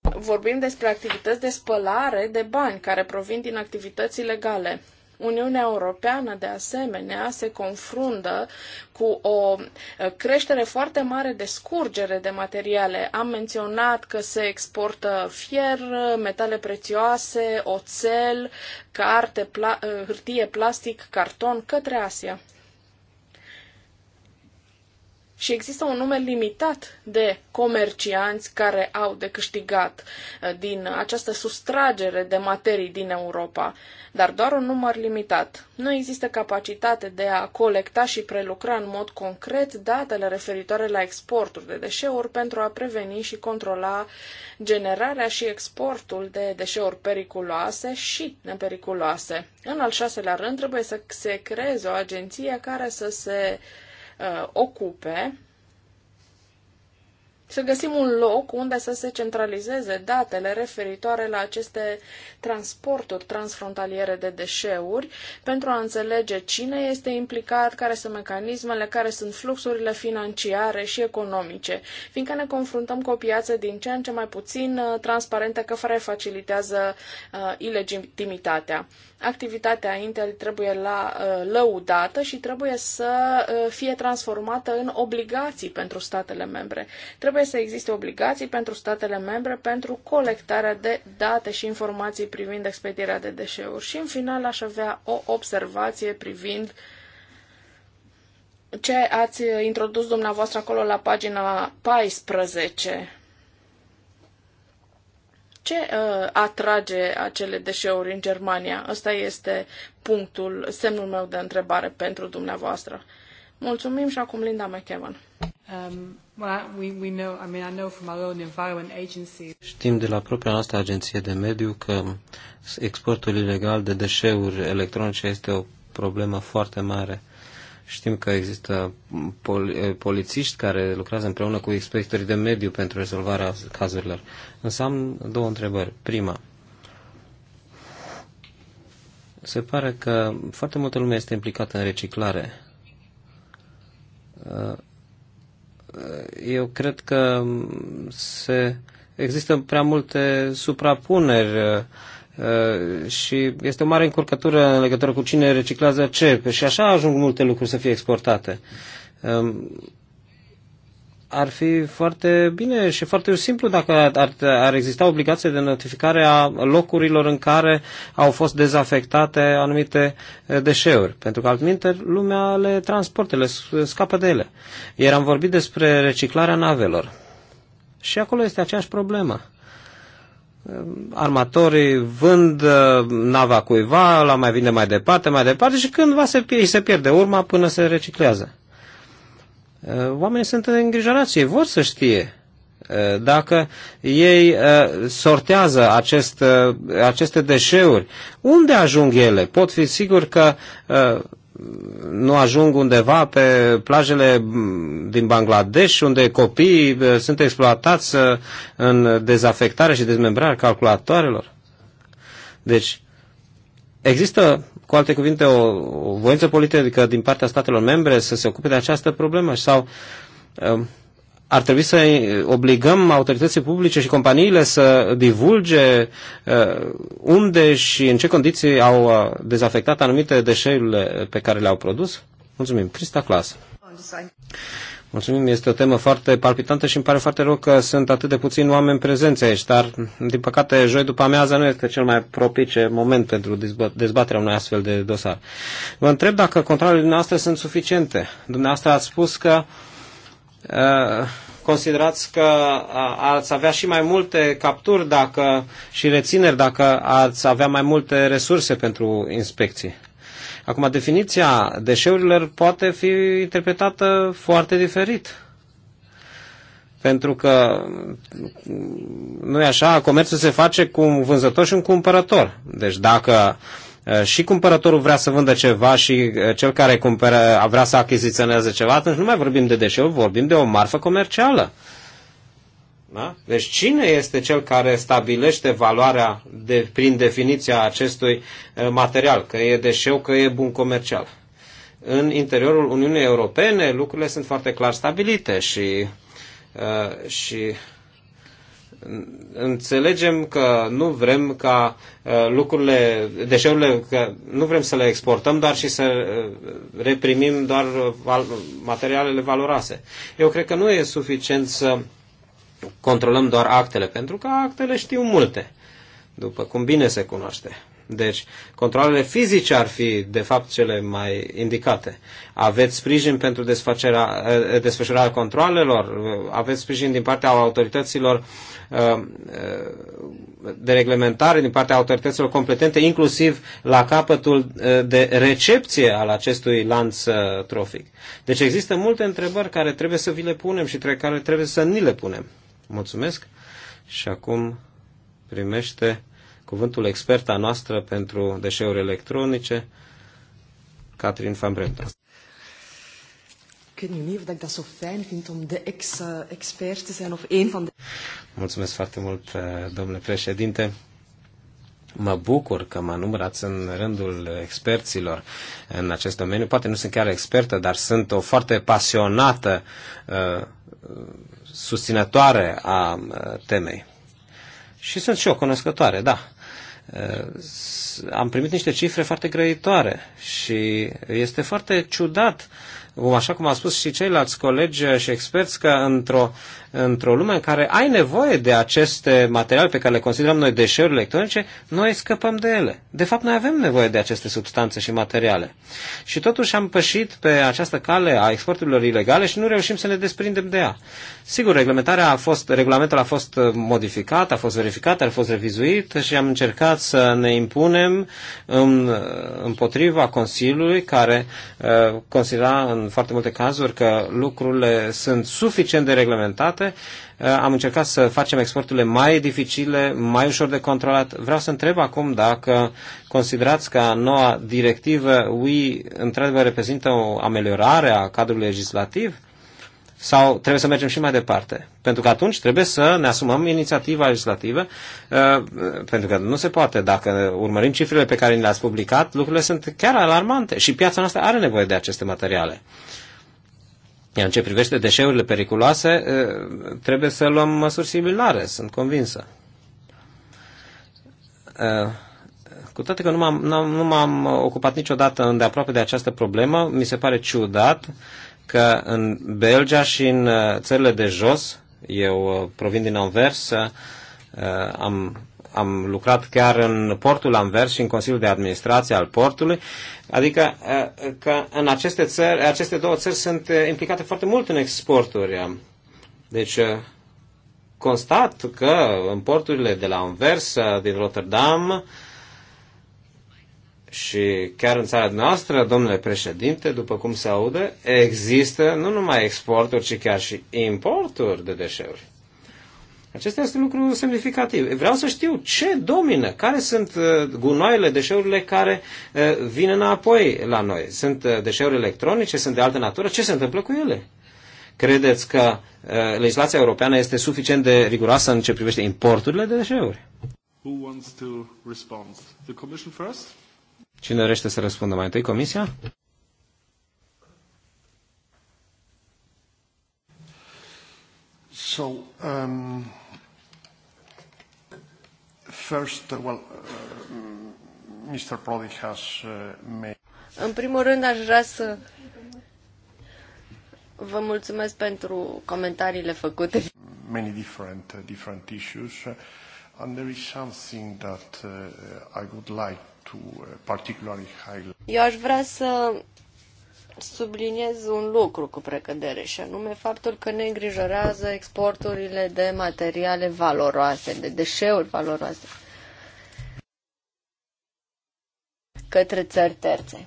Speaker 1: vorbim despre activități de spălare de bani care provin din activități ilegale. Uniunea Europeană, de asemenea, se confruntă cu o eh, creștere foarte mare de scurgere de materiale. Am menționat că se exportă fier, metale prețioase, oțel, carte, pla- eh, hârtie, plastic, carton către Asia și există un număr limitat de comercianți care au de câștigat uh, din această sustragere de materii din Europa, dar doar un număr limitat. Nu există capacitate de a colecta și prelucra în mod concret datele referitoare la exporturi de deșeuri pentru a preveni și controla generarea și exportul de deșeuri periculoase și nepericuloase. În al șaselea rând, trebuie să se creeze o agenție care să se uh, Uh, ocupe să găsim un loc unde să se centralizeze datele referitoare la aceste transporturi transfrontaliere de deșeuri pentru a înțelege cine este implicat, care sunt mecanismele, care sunt fluxurile financiare și economice, fiindcă ne confruntăm cu o piață din ce în ce mai puțin uh, transparentă fără facilitează uh, ilegitimitatea. Activitatea Intel trebuie la uh, lăudată și trebuie să uh, fie transformată în obligații pentru statele membre. Trebuie Trebuie să existe obligații pentru statele membre pentru colectarea de date și informații privind expedierea de deșeuri. Și în final aș avea o observație privind ce ați introdus dumneavoastră acolo la pagina 14 ce uh, atrage acele deșeuri în Germania? Ăsta este punctul, semnul meu de întrebare pentru dumneavoastră. Mulțumim și acum Linda McEwan. Um,
Speaker 3: well, we, we know, I mean, I know from our own environment agency. Știm de la propria noastră agenție de mediu că exportul ilegal de deșeuri electronice este o problemă foarte mare. Știm că există pol- eh, polițiști care lucrează împreună cu inspectorii de mediu pentru rezolvarea cazurilor. Însă am două întrebări. Prima, se pare că foarte multă lume este implicată în reciclare Uh, eu cred că mm, se, există prea multe suprapuneri uh, uh, și este o mare încurcătură în legătură cu cine reciclează ce și așa ajung multe lucruri să fie exportate. Um, ar fi foarte bine și foarte simplu dacă ar, ar exista obligație de notificare a locurilor în care au fost dezafectate anumite eh, deșeuri, pentru că altminte lumea le transportă, le scapă de ele. Iar am vorbit despre reciclarea navelor. Și acolo este aceeași problemă. Eh, armatorii vând eh, nava cuiva, la mai vine mai departe, mai departe și cândva se, se pierde urma până se reciclează. Eh, oamenii sunt îngrijorați, ei vor să știe eh, dacă ei eh, sortează acest, aceste deșeuri, unde ajung ele? Pot fi sigur că nu ajung undeva pe plajele mm, din Bangladesh, unde copiii sunt exploatați în dezafectare și dezmembrare calculatoarelor. Deci, există cu alte cuvinte, o, o voință politică din partea statelor membre să se ocupe de această problemă sau um, ar trebui să obligăm autoritățile publice și companiile să divulge uh, unde și în ce condiții au uh, dezafectat anumite deșeurile pe care le-au produs? Mulțumim. Crista clasă. Mulțumim, este o temă foarte palpitantă și îmi pare foarte rău că sunt atât de puțini oameni prezenți aici, dar, din păcate, joi după amiază nu este cel mai propice moment pentru dezbaterea unui astfel de dosar. Vă întreb dacă controlele dumneavoastră sunt suficiente. Dumneavoastră ați spus că uh, considerați că uh, ați avea și mai multe capturi dacă, și rețineri dacă ați avea mai multe resurse pentru inspecții. Acum, definiția deșeurilor poate fi interpretată foarte diferit. Pentru că, nu e așa, comerțul se face cu un vânzător și un cumpărător. Deci dacă și cumpărătorul vrea să vândă ceva și cel care cumpără vrea să achiziționeze ceva, atunci nu mai vorbim de deșeuri, vorbim de o marfă comercială. Uh, da? Deci cine este cel care stabilește valoarea de, prin definiția acestui uh, material, că e deșeu, că e bun comercial? În interiorul Uniunii Europene lucrurile sunt foarte clar stabilite și, uh, și înțelegem că nu vrem ca uh, lucrurile, deșeurile, că nu vrem să le exportăm, dar și să uh, reprimim doar materialele valoroase. Eu cred că nu e suficient să controlăm doar actele, pentru că actele știu multe, după cum bine se cunoaște. Deci, controlele fizice ar fi, de fapt, cele mai indicate. Aveți sprijin pentru eh, desfășurarea controlelor? Aveți sprijin din partea autorităților eh, eh, de reglementare, din partea autorităților competente, inclusiv la capătul de recepție al acestui lanț trofic. Deci există multe întrebări care trebuie să vi le punem și care trebuie să ni le punem. Mulțumesc și acum primește cuvântul experta noastră pentru deșeuri electronice, Catherine Van Brenta.
Speaker 1: Ik weet niet of ik dat zo fijn vind om de ex-expert eh, te zijn of een van de...
Speaker 3: Mulțumesc foarte mult, eh, domnule președinte. Mă bucur că mă numărați în rândul experților în acest domeniu. Poate nu sunt chiar expertă, dar sunt o foarte pasionată uh, susținătoare a temei. Și sunt și eu cunoscătoare, da. Am primit niște cifre foarte grăitoare și este foarte ciudat, așa cum au spus și ceilalți colegi și experți, că într-o într-o lume în care ai nevoie de aceste materiale pe care le considerăm noi deșeuri electronice, noi scăpăm de ele. De fapt, noi avem nevoie de aceste substanțe și materiale. Și totuși am pășit pe această cale a exporturilor ilegale și nu reușim să ne desprindem de ea. Sigur, reglementarea a fost, regulamentul a fost uh, modificat, a fost verificat, a fost revizuit și am încercat să ne impunem în, uh, împotriva Consiliului, care uh, considera în foarte multe cazuri că lucrurile sunt suficient de reglementate complicate, uh, am încercat să facem exporturile mai dificile, mai ușor de controlat. Vreau să întreb acum dacă considerați că noua directivă UI într-adevăr reprezintă o ameliorare a cadrului legislativ sau trebuie să mergem și mai departe? Pentru că atunci trebuie să ne asumăm inițiativa legislativă, uh, pentru că nu se poate. Dacă urmărim cifrele pe care le-ați publicat, lucrurile sunt chiar alarmante și piața noastră are nevoie de aceste materiale. Iar în ce privește deșeurile periculoase, trebuie să luăm măsuri similare, sunt convinsă. Cu toate că nu m-am, nu m-am ocupat niciodată îndeaproape de această problemă, mi se pare ciudat că în Belgia și în țările de jos, eu provin din Anvers, am am lucrat chiar în portul Anvers și în Consiliul de Administrație al portului, adică că în aceste, țări, aceste două țări sunt implicate foarte mult în exporturi. Deci constat că în porturile de la Anvers, din Rotterdam, și chiar în țara noastră, domnule președinte, după cum se aude, există nu numai exporturi, ci chiar și importuri de deșeuri. Acestea este lucruri semnificative. Vreau să știu ce domină, care sunt uh, gunoaiele, deșeurile care uh, vin înapoi la noi. Sunt uh, deșeuri electronice, sunt de altă natură, ce se întâmplă cu ele? Credeți că legislația europeană este suficient de riguroasă în ce privește importurile de deșeuri? Cine dorește să răspundă mai întâi? Comisia? So, um, First, uh, well, uh, Mr. Prodi has uh, made... În primul
Speaker 2: rând aș vrea să vă mulțumesc pentru comentariile făcute.
Speaker 3: Many different, different issues. And there is something
Speaker 2: that I would like to particularly highlight. Eu aș vrea să subliniez un lucru cu precădere și anume faptul că ne îngrijorează exporturile de materiale valoroase, de deșeuri valoroase către țări terțe.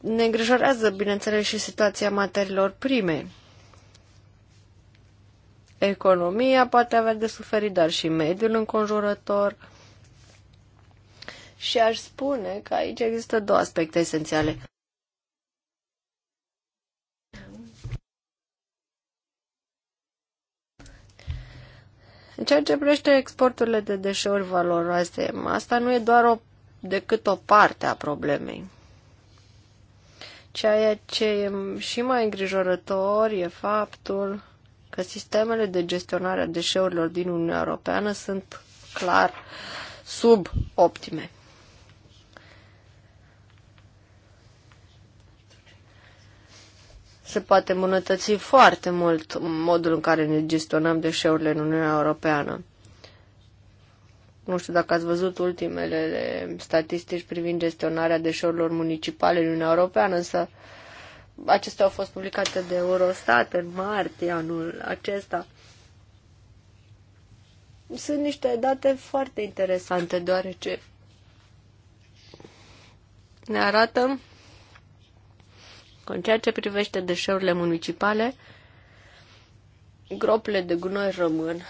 Speaker 2: Ne îngrijorează, bineînțeles, și situația materiilor prime economia poate avea de suferit, dar și mediul înconjurător. Și aș spune că aici există două aspecte esențiale. În ceea ce privește exporturile de deșeuri valoroase, asta nu e doar o, decât o parte a problemei. Ceea ce e și mai îngrijorător e faptul că sistemele de gestionare a deșeurilor din Uniunea Europeană sunt clar sub optime. se poate îmbunătăți foarte mult modul în care ne gestionăm deșeurile în Uniunea Europeană. Nu știu dacă ați văzut ultimele statistici privind gestionarea deșeurilor municipale în Uniunea Europeană, însă acestea au fost publicate de Eurostat în martie anul acesta. Sunt niște date foarte interesante, deoarece ne arată că în ceea ce privește deșeurile municipale, gropile de gunoi rămân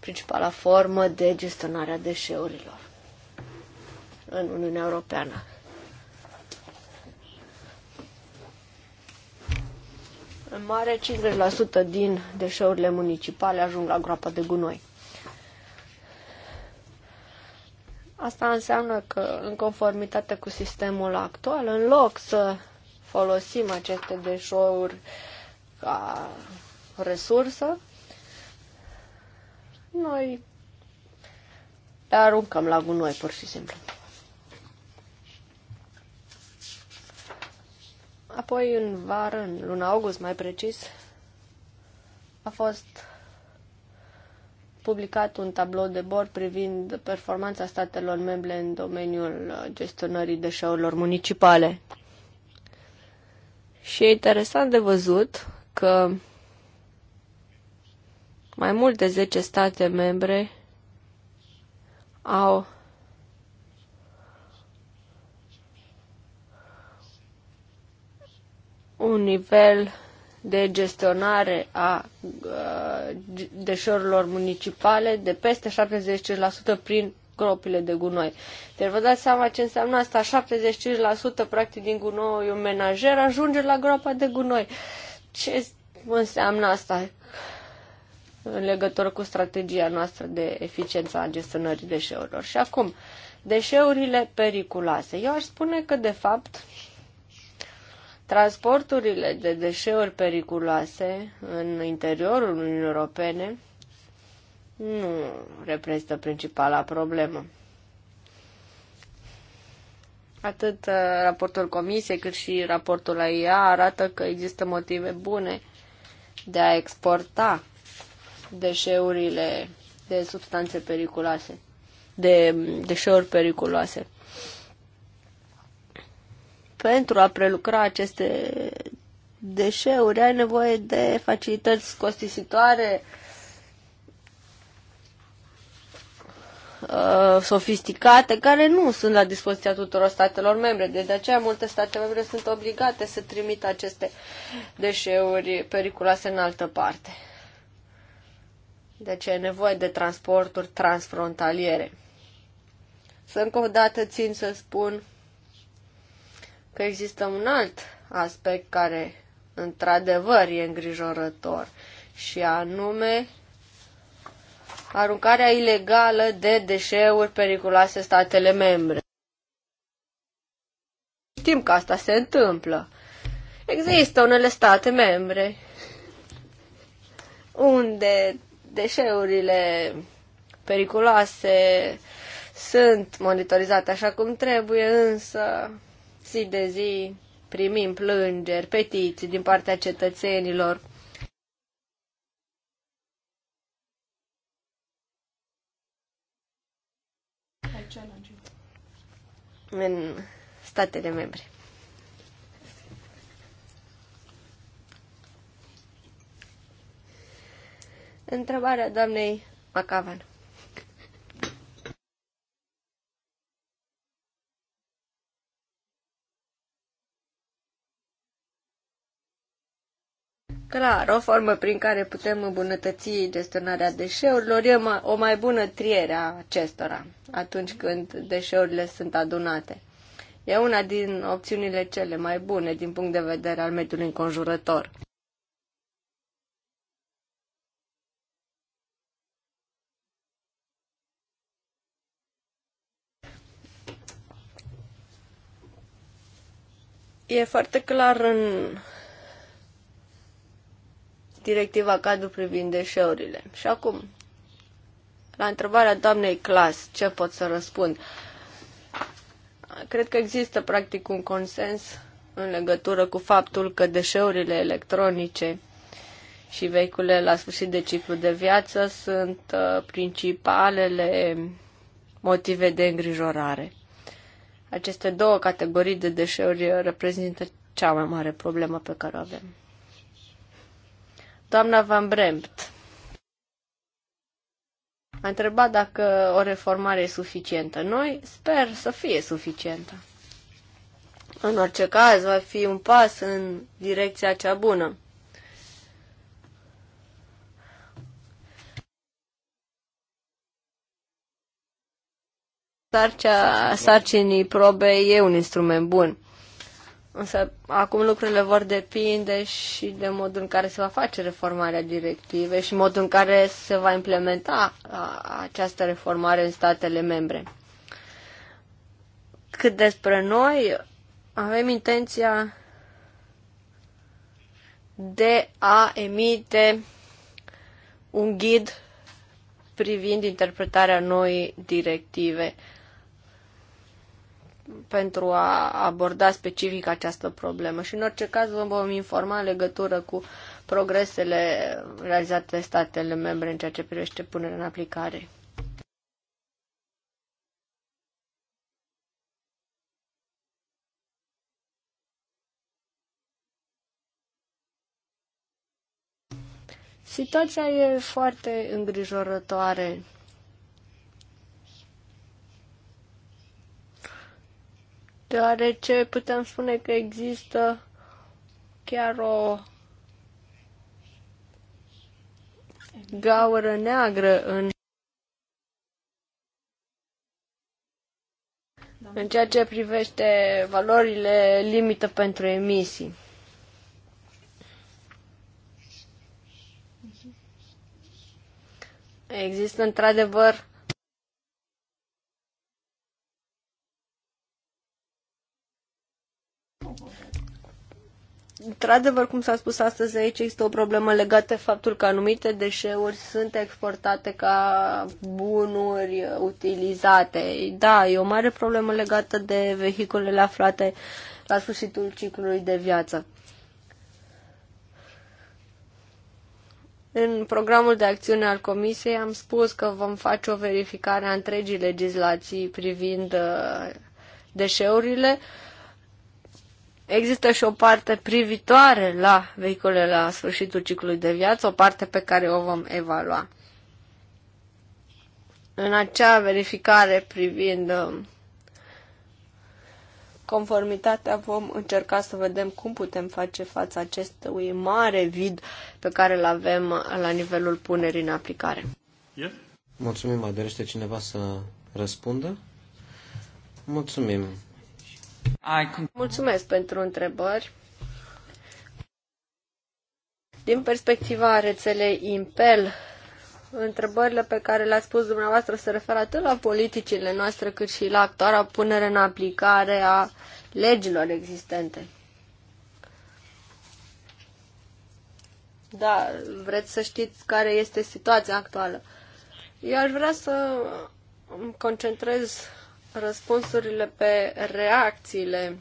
Speaker 2: principala formă de gestionare a deșeurilor în Uniunea Europeană. În mare, 50% din deșeurile municipale ajung la groapa de gunoi. Asta înseamnă că, în conformitate cu sistemul actual, în loc să folosim aceste deșeuri ca resursă, noi le aruncăm la gunoi, pur și simplu. Apoi, în vară, în luna august mai precis, a fost publicat un tablou de bord privind performanța statelor membre în domeniul uh, gestionării deșeurilor municipale. Și e interesant de văzut că mai mult de 10 state membre au un nivel de gestionare a uh, deșeurilor municipale de peste 75% prin gropile de gunoi. Deci vă dați seama ce înseamnă asta, 75% practic din un menajer ajunge la groapa de gunoi. Ce înseamnă asta în legătură cu strategia noastră de eficiență a gestionării deșeurilor? Și acum, deșeurile periculoase. Eu aș spune că, de fapt, Transporturile de deșeuri periculoase în interiorul Uniunii Europene nu reprezintă principala problemă. Atât uh, raportul comisiei cât și raportul AIA arată că există motive bune de a exporta deșeurile de substanțe periculoase, de deșeuri periculoase pentru a prelucra aceste deșeuri ai nevoie de facilități costisitoare, uh, sofisticate care nu sunt la dispoziția tuturor statelor membre. Deci, de aceea multe state membre sunt obligate să trimită aceste deșeuri periculoase în altă parte. Deci e nevoie de transporturi transfrontaliere. Să încă o dată țin să spun că există un alt aspect care, într-adevăr, e îngrijorător și anume aruncarea ilegală de deșeuri periculoase statele membre. Știm că asta se întâmplă. Există unele state membre unde deșeurile periculoase sunt monitorizate așa cum trebuie, însă zi de zi primim plângeri, petiții din partea cetățenilor. în statele membre. Întrebarea doamnei Macavan. clar, o formă prin care putem îmbunătăți gestionarea deșeurilor e o mai bună triere a acestora atunci când deșeurile sunt adunate. E una din opțiunile cele mai bune din punct de vedere al mediului înconjurător. E foarte clar în directiva cadru privind deșeurile. Și acum, la întrebarea doamnei Clas, ce pot să răspund? Cred că există practic un consens în legătură cu faptul că deșeurile electronice și vehiculele la sfârșit de ciclu de viață sunt uh, principalele motive de îngrijorare. Aceste două categorii de deșeuri reprezintă cea mai mare problemă pe care o avem. Doamna Van Bremt a întrebat dacă o reformare e suficientă. Noi sper să fie suficientă. În orice caz, va fi un pas în direcția cea bună. Sarcea, sarcinii probei e un instrument bun. Însă acum lucrurile vor depinde și de modul în care se va face reformarea directivei și modul în care se va implementa această reformare în statele membre. Cât despre noi, avem intenția de a emite un ghid privind interpretarea noii directive pentru a aborda specific această problemă și în orice caz vă vom informa în legătură cu progresele realizate de statele membre în ceea ce privește punerea în aplicare. Situația e foarte îngrijorătoare deoarece putem spune că există chiar o gaură neagră în în ceea ce privește valorile limită pentru emisii. Există într-adevăr Într-adevăr, cum s-a spus astăzi aici, există o problemă legată de faptul că anumite deșeuri sunt exportate ca bunuri utilizate. Da, e o mare problemă legată de vehiculele aflate la sfârșitul ciclului de viață. În programul de acțiune al Comisiei am spus că vom face o verificare a întregii legislații privind uh, deșeurile. Uh, Există și o parte privitoare la vehicule la sfârșitul ciclului de viață, o parte pe care o vom evalua. În acea verificare privind um, conformitatea vom încerca să vedem cum putem face față acestui mare vid pe care îl avem la nivelul punerii în aplicare.
Speaker 3: Yeah. Mulțumim, mai dorește cineva să răspundă? Mulțumim.
Speaker 2: Mulțumesc pentru întrebări. Din perspectiva rețelei Impel, întrebările pe care le-ați pus dumneavoastră se referă atât la politicile noastre cât și la actuala punere în aplicare a legilor existente. Da, vreți să știți care este situația actuală. Eu aș vrea să îmi concentrez răspunsurile pe reacțiile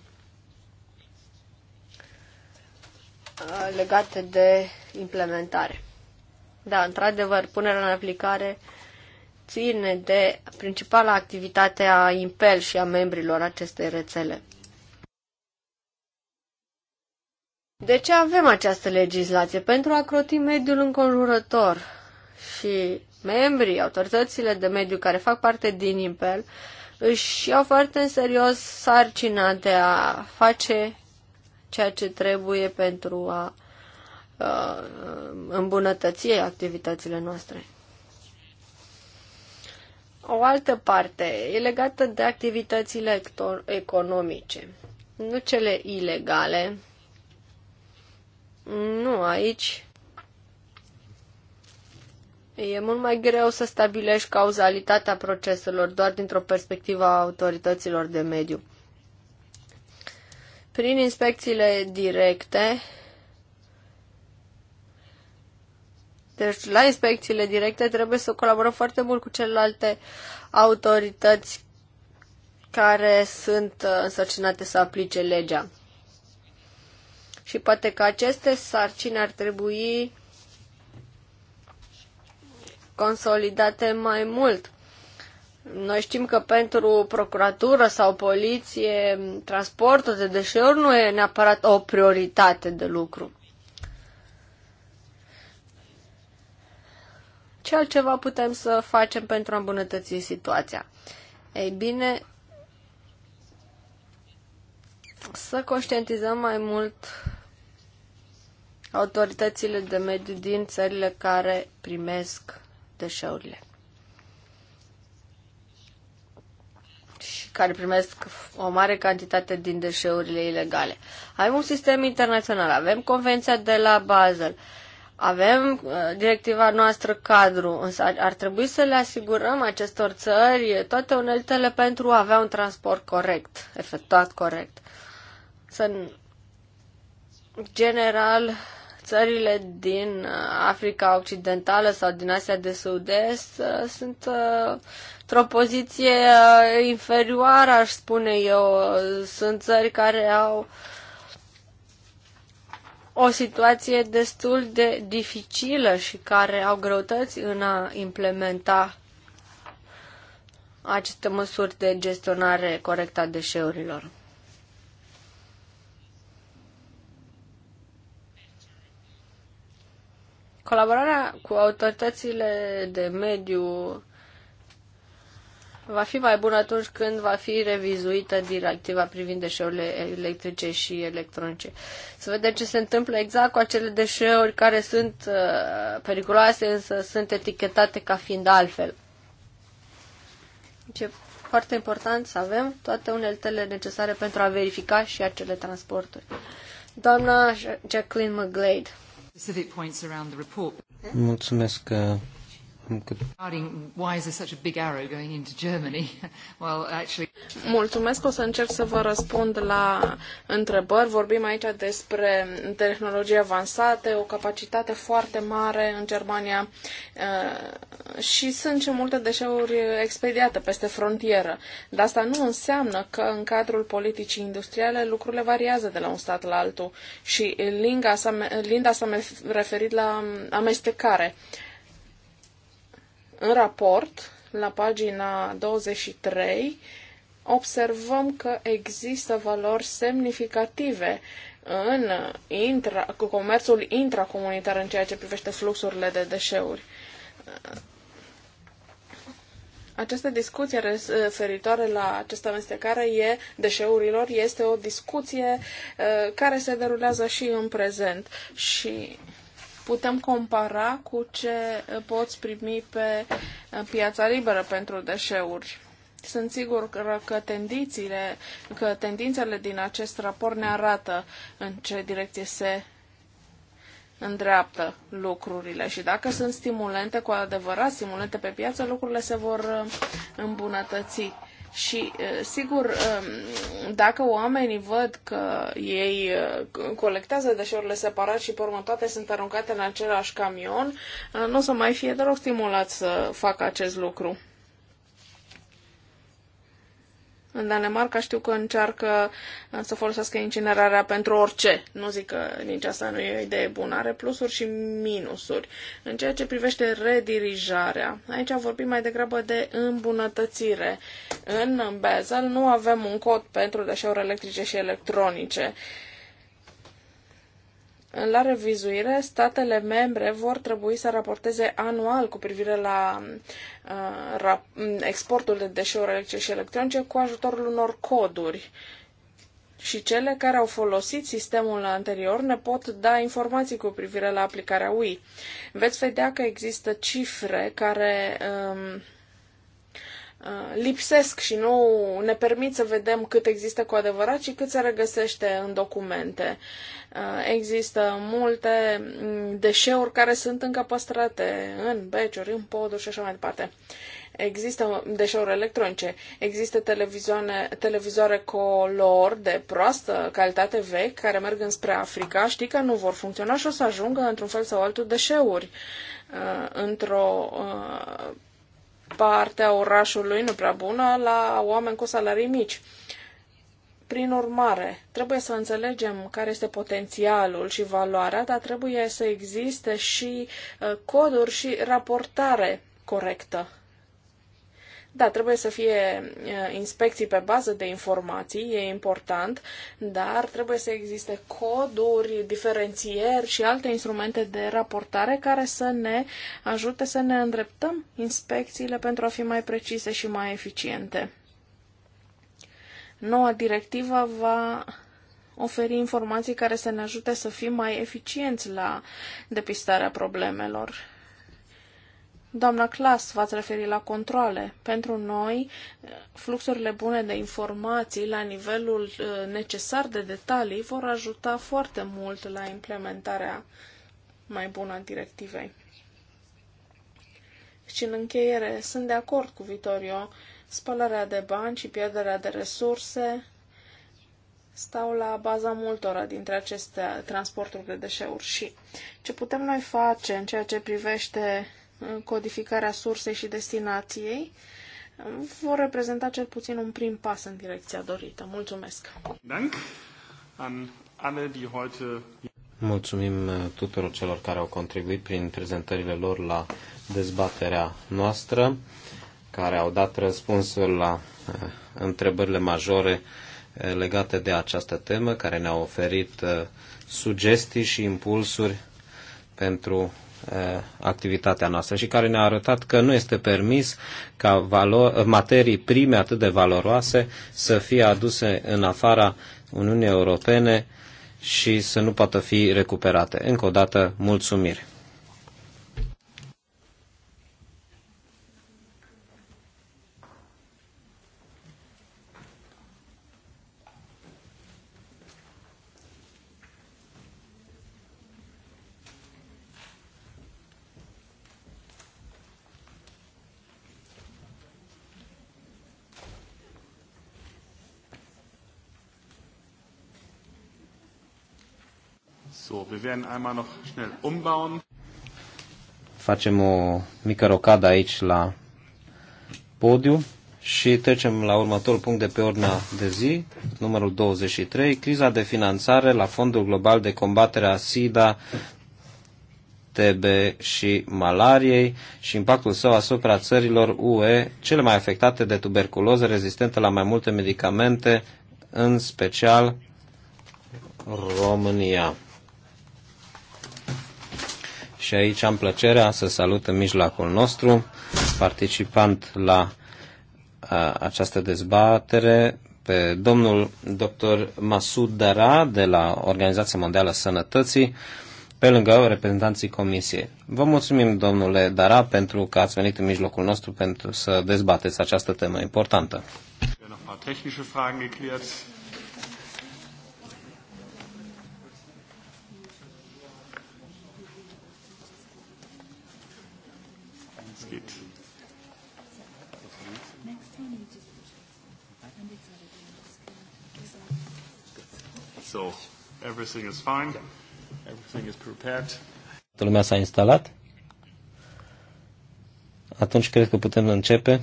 Speaker 2: legate de implementare. Da, într-adevăr, punerea în aplicare ține de principala activitate a IMPEL și a membrilor acestei rețele. De ce avem această legislație? Pentru a croti mediul înconjurător și membrii, autoritățile de mediu care fac parte din IMPEL, își iau foarte în serios sarcina de a face ceea ce trebuie pentru a uh, îmbunătăți activitățile noastre. O altă parte e legată de activitățile economice, nu cele ilegale. Nu, aici E mult mai greu să stabilești cauzalitatea proceselor doar dintr-o perspectivă a autorităților de mediu. Prin inspecțiile directe, deci la inspecțiile directe trebuie să colaborăm foarte mult cu celelalte autorități care sunt uh, însărcinate să aplice legea. Și poate că aceste sarcini ar trebui consolidate mai mult. Noi știm că pentru procuratură sau poliție transportul de deșeuri nu e neapărat o prioritate de lucru. Ce altceva putem să facem pentru a îmbunătăți situația? Ei bine, să conștientizăm mai mult autoritățile de mediu din țările care primesc deșeurile. Și care primesc o mare cantitate din deșeurile ilegale. Avem un sistem internațional, avem Convenția de la Basel, avem uh, directiva noastră cadru, însă ar, ar trebui să le asigurăm acestor țări toate uneltele pentru a avea un transport corect, efectuat corect. Să, în general, țările din uh, Africa Occidentală sau din Asia de Sud-Est uh, sunt uh, într-o poziție inferioară, aș spune eu. Sunt țări care au o situație destul de dificilă și care au greutăți în a implementa aceste măsuri de gestionare corectă a deșeurilor. colaborarea cu autoritățile de mediu va fi mai bună atunci când va fi revizuită directiva privind deșeurile electrice și electronice. Să vedem ce se întâmplă exact cu acele deșeuri care sunt uh, periculoase, însă sunt etichetate ca fiind altfel. Deci e foarte important să avem toate uneltele necesare pentru a verifica și acele transporturi. Doamna Jacqueline McGlade.
Speaker 3: Mulțumesc uh,
Speaker 1: Mulțumesc, o să încerc să vă răspund la întrebări. Vorbim aici despre tehnologie avansate, o capacitate foarte mare în Germania uh, și sunt și multe deșeuri expediate peste frontieră. Dar asta nu înseamnă că în cadrul politicii industriale lucrurile variază de la un stat la altul și Linda s-a, Linda s-a referit la amestecare. În raport, la pagina 23, observăm că există valori semnificative în intra, comerțul intracomunitar în ceea ce privește fluxurile de deșeuri. Această discuție referitoare la această amestecare e deșeurilor este o discuție uh, care se derulează și în prezent și putem compara cu ce poți primi pe eh, piața liberă pentru deșeuri. Sunt sigur că, tendințele, că tendințele din acest raport ne arată în ce direcție se îndreaptă lucrurile și dacă sunt stimulente, cu adevărat stimulente pe piață, lucrurile se vor eh, îmbunătăți. Și, sigur, dacă oamenii văd că ei colectează deșeurile separat și, pe urmă, toate sunt aruncate în același camion, nu o să mai fie deloc stimulat să facă acest lucru. În Danemarca știu că încearcă uh, să folosească incinerarea pentru orice. Nu zic că nici asta nu e o idee bună. Are plusuri și minusuri. În ceea ce privește redirijarea, aici vorbim mai degrabă de îmbunătățire. În Basel nu avem un cod pentru deșeuri electrice și electronice. Uh, la revizuire, statele membre vor trebui să raporteze anual cu privire la uh, rap, exportul de deșeuri electrice și electronice cu ajutorul unor coduri. Și cele care au folosit sistemul anterior ne pot da informații cu privire la aplicarea UI. Veți vedea că există cifre care. Um, Uh, lipsesc și nu ne permit să vedem cât există cu adevărat și cât se regăsește în documente. Uh, există multe mm, deșeuri care sunt încă păstrate în beciuri, în poduri și așa mai departe. Există deșeuri electronice, există televizoane, televizoare color de proastă calitate vechi care merg înspre Africa, știi că nu vor funcționa și o să ajungă într-un fel sau altul deșeuri uh, într-o partea orașului nu prea bună la oameni cu salarii mici. Prin urmare, trebuie să înțelegem care este potențialul și valoarea, dar trebuie să existe și uh, coduri și raportare corectă da, trebuie să fie inspecții pe bază de informații, e important, dar trebuie să existe coduri, diferențieri și alte instrumente de raportare care să ne ajute să ne îndreptăm inspecțiile pentru a fi mai precise și mai eficiente. Noua directivă va oferi informații care să ne ajute să fim mai eficienți la depistarea problemelor Doamna Clas, v-ați referit la controle. Pentru noi, fluxurile bune de informații la nivelul uh, necesar de detalii vor ajuta foarte mult la implementarea mai bună a directivei. Și în încheiere, sunt de acord cu Vitorio, spălarea de bani și pierderea de resurse stau la baza multora dintre aceste transporturi de deșeuri și ce putem noi face în ceea ce privește codificarea sursei și destinației vor reprezenta cel puțin un prim pas în direcția dorită. Mulțumesc!
Speaker 3: Mulțumim tuturor celor care au contribuit prin prezentările lor la dezbaterea noastră, care au dat răspunsul la eh, întrebările majore eh, legate de această temă, care ne-au oferit eh, sugestii și impulsuri pentru activitatea noastră și care ne-a arătat că nu este permis ca materii prime atât de valoroase să fie aduse în afara Uniunii Europene și să nu poată fi recuperate. Încă o dată, mulțumiri!
Speaker 1: werden einmal noch schnell umbauen.
Speaker 3: Facem o mică rocadă aici la podiu și trecem la următorul punct de pe ordinea de zi, numărul 23, criza de finanțare la Fondul Global de Combatere a SIDA, TB și malariei și impactul său asupra țărilor UE, cele mai afectate de tuberculoză rezistentă la mai multe medicamente, în special România și aici am plăcerea să salut în mijlocul nostru participant la a, această dezbatere pe domnul dr. Masud Dara de la Organizația Mondială Sănătății, pe lângă reprezentanții Comisiei. Vă mulțumim, domnule Dara, pentru că ați venit în mijlocul nostru pentru să dezbateți această temă importantă. so everything is fine. Everything is prepared. Toată lumea s-a instalat. Atunci cred că putem începe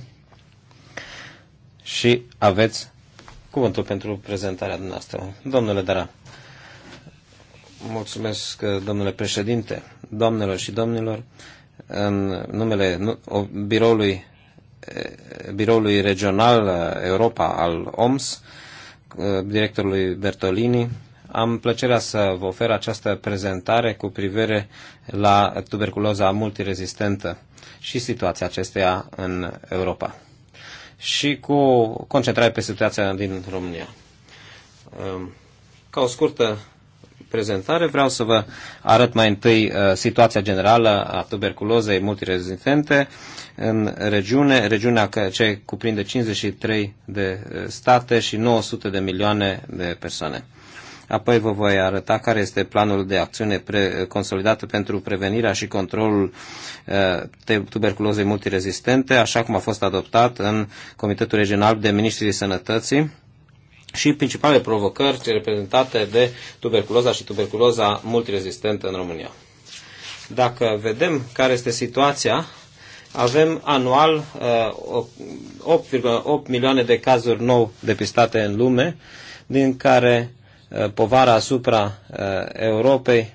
Speaker 3: și aveți cuvântul pentru prezentarea noastră. Domnule Dara, mulțumesc, domnule președinte, doamnelor și domnilor, în numele biroului, biroului regional Europa al OMS, Uh, directorului Bertolini. Am plăcerea să vă ofer această prezentare cu privire la tuberculoza multirezistentă și situația acesteia în Europa și cu concentrare pe situația din România. Um, ca o scurtă prezentare vreau să vă arăt mai întâi uh, situația generală a tuberculozei multirezistente, în regiune, regiunea ce cuprinde 53 de uh, state și 900 de milioane de persoane. Apoi vă voi arăta care este planul de acțiune pre- uh, consolidat pentru prevenirea și controlul uh, tuberculozei multirezistente, așa cum a fost adoptat în Comitetul Regional de Ministrii Sănătății și principalele provocări reprezentate de tuberculoza și tuberculoza multirezistentă în România. Dacă vedem care este situația avem anual 8,8 uh, milioane de cazuri nou depistate în lume, din care uh, povara asupra uh, Europei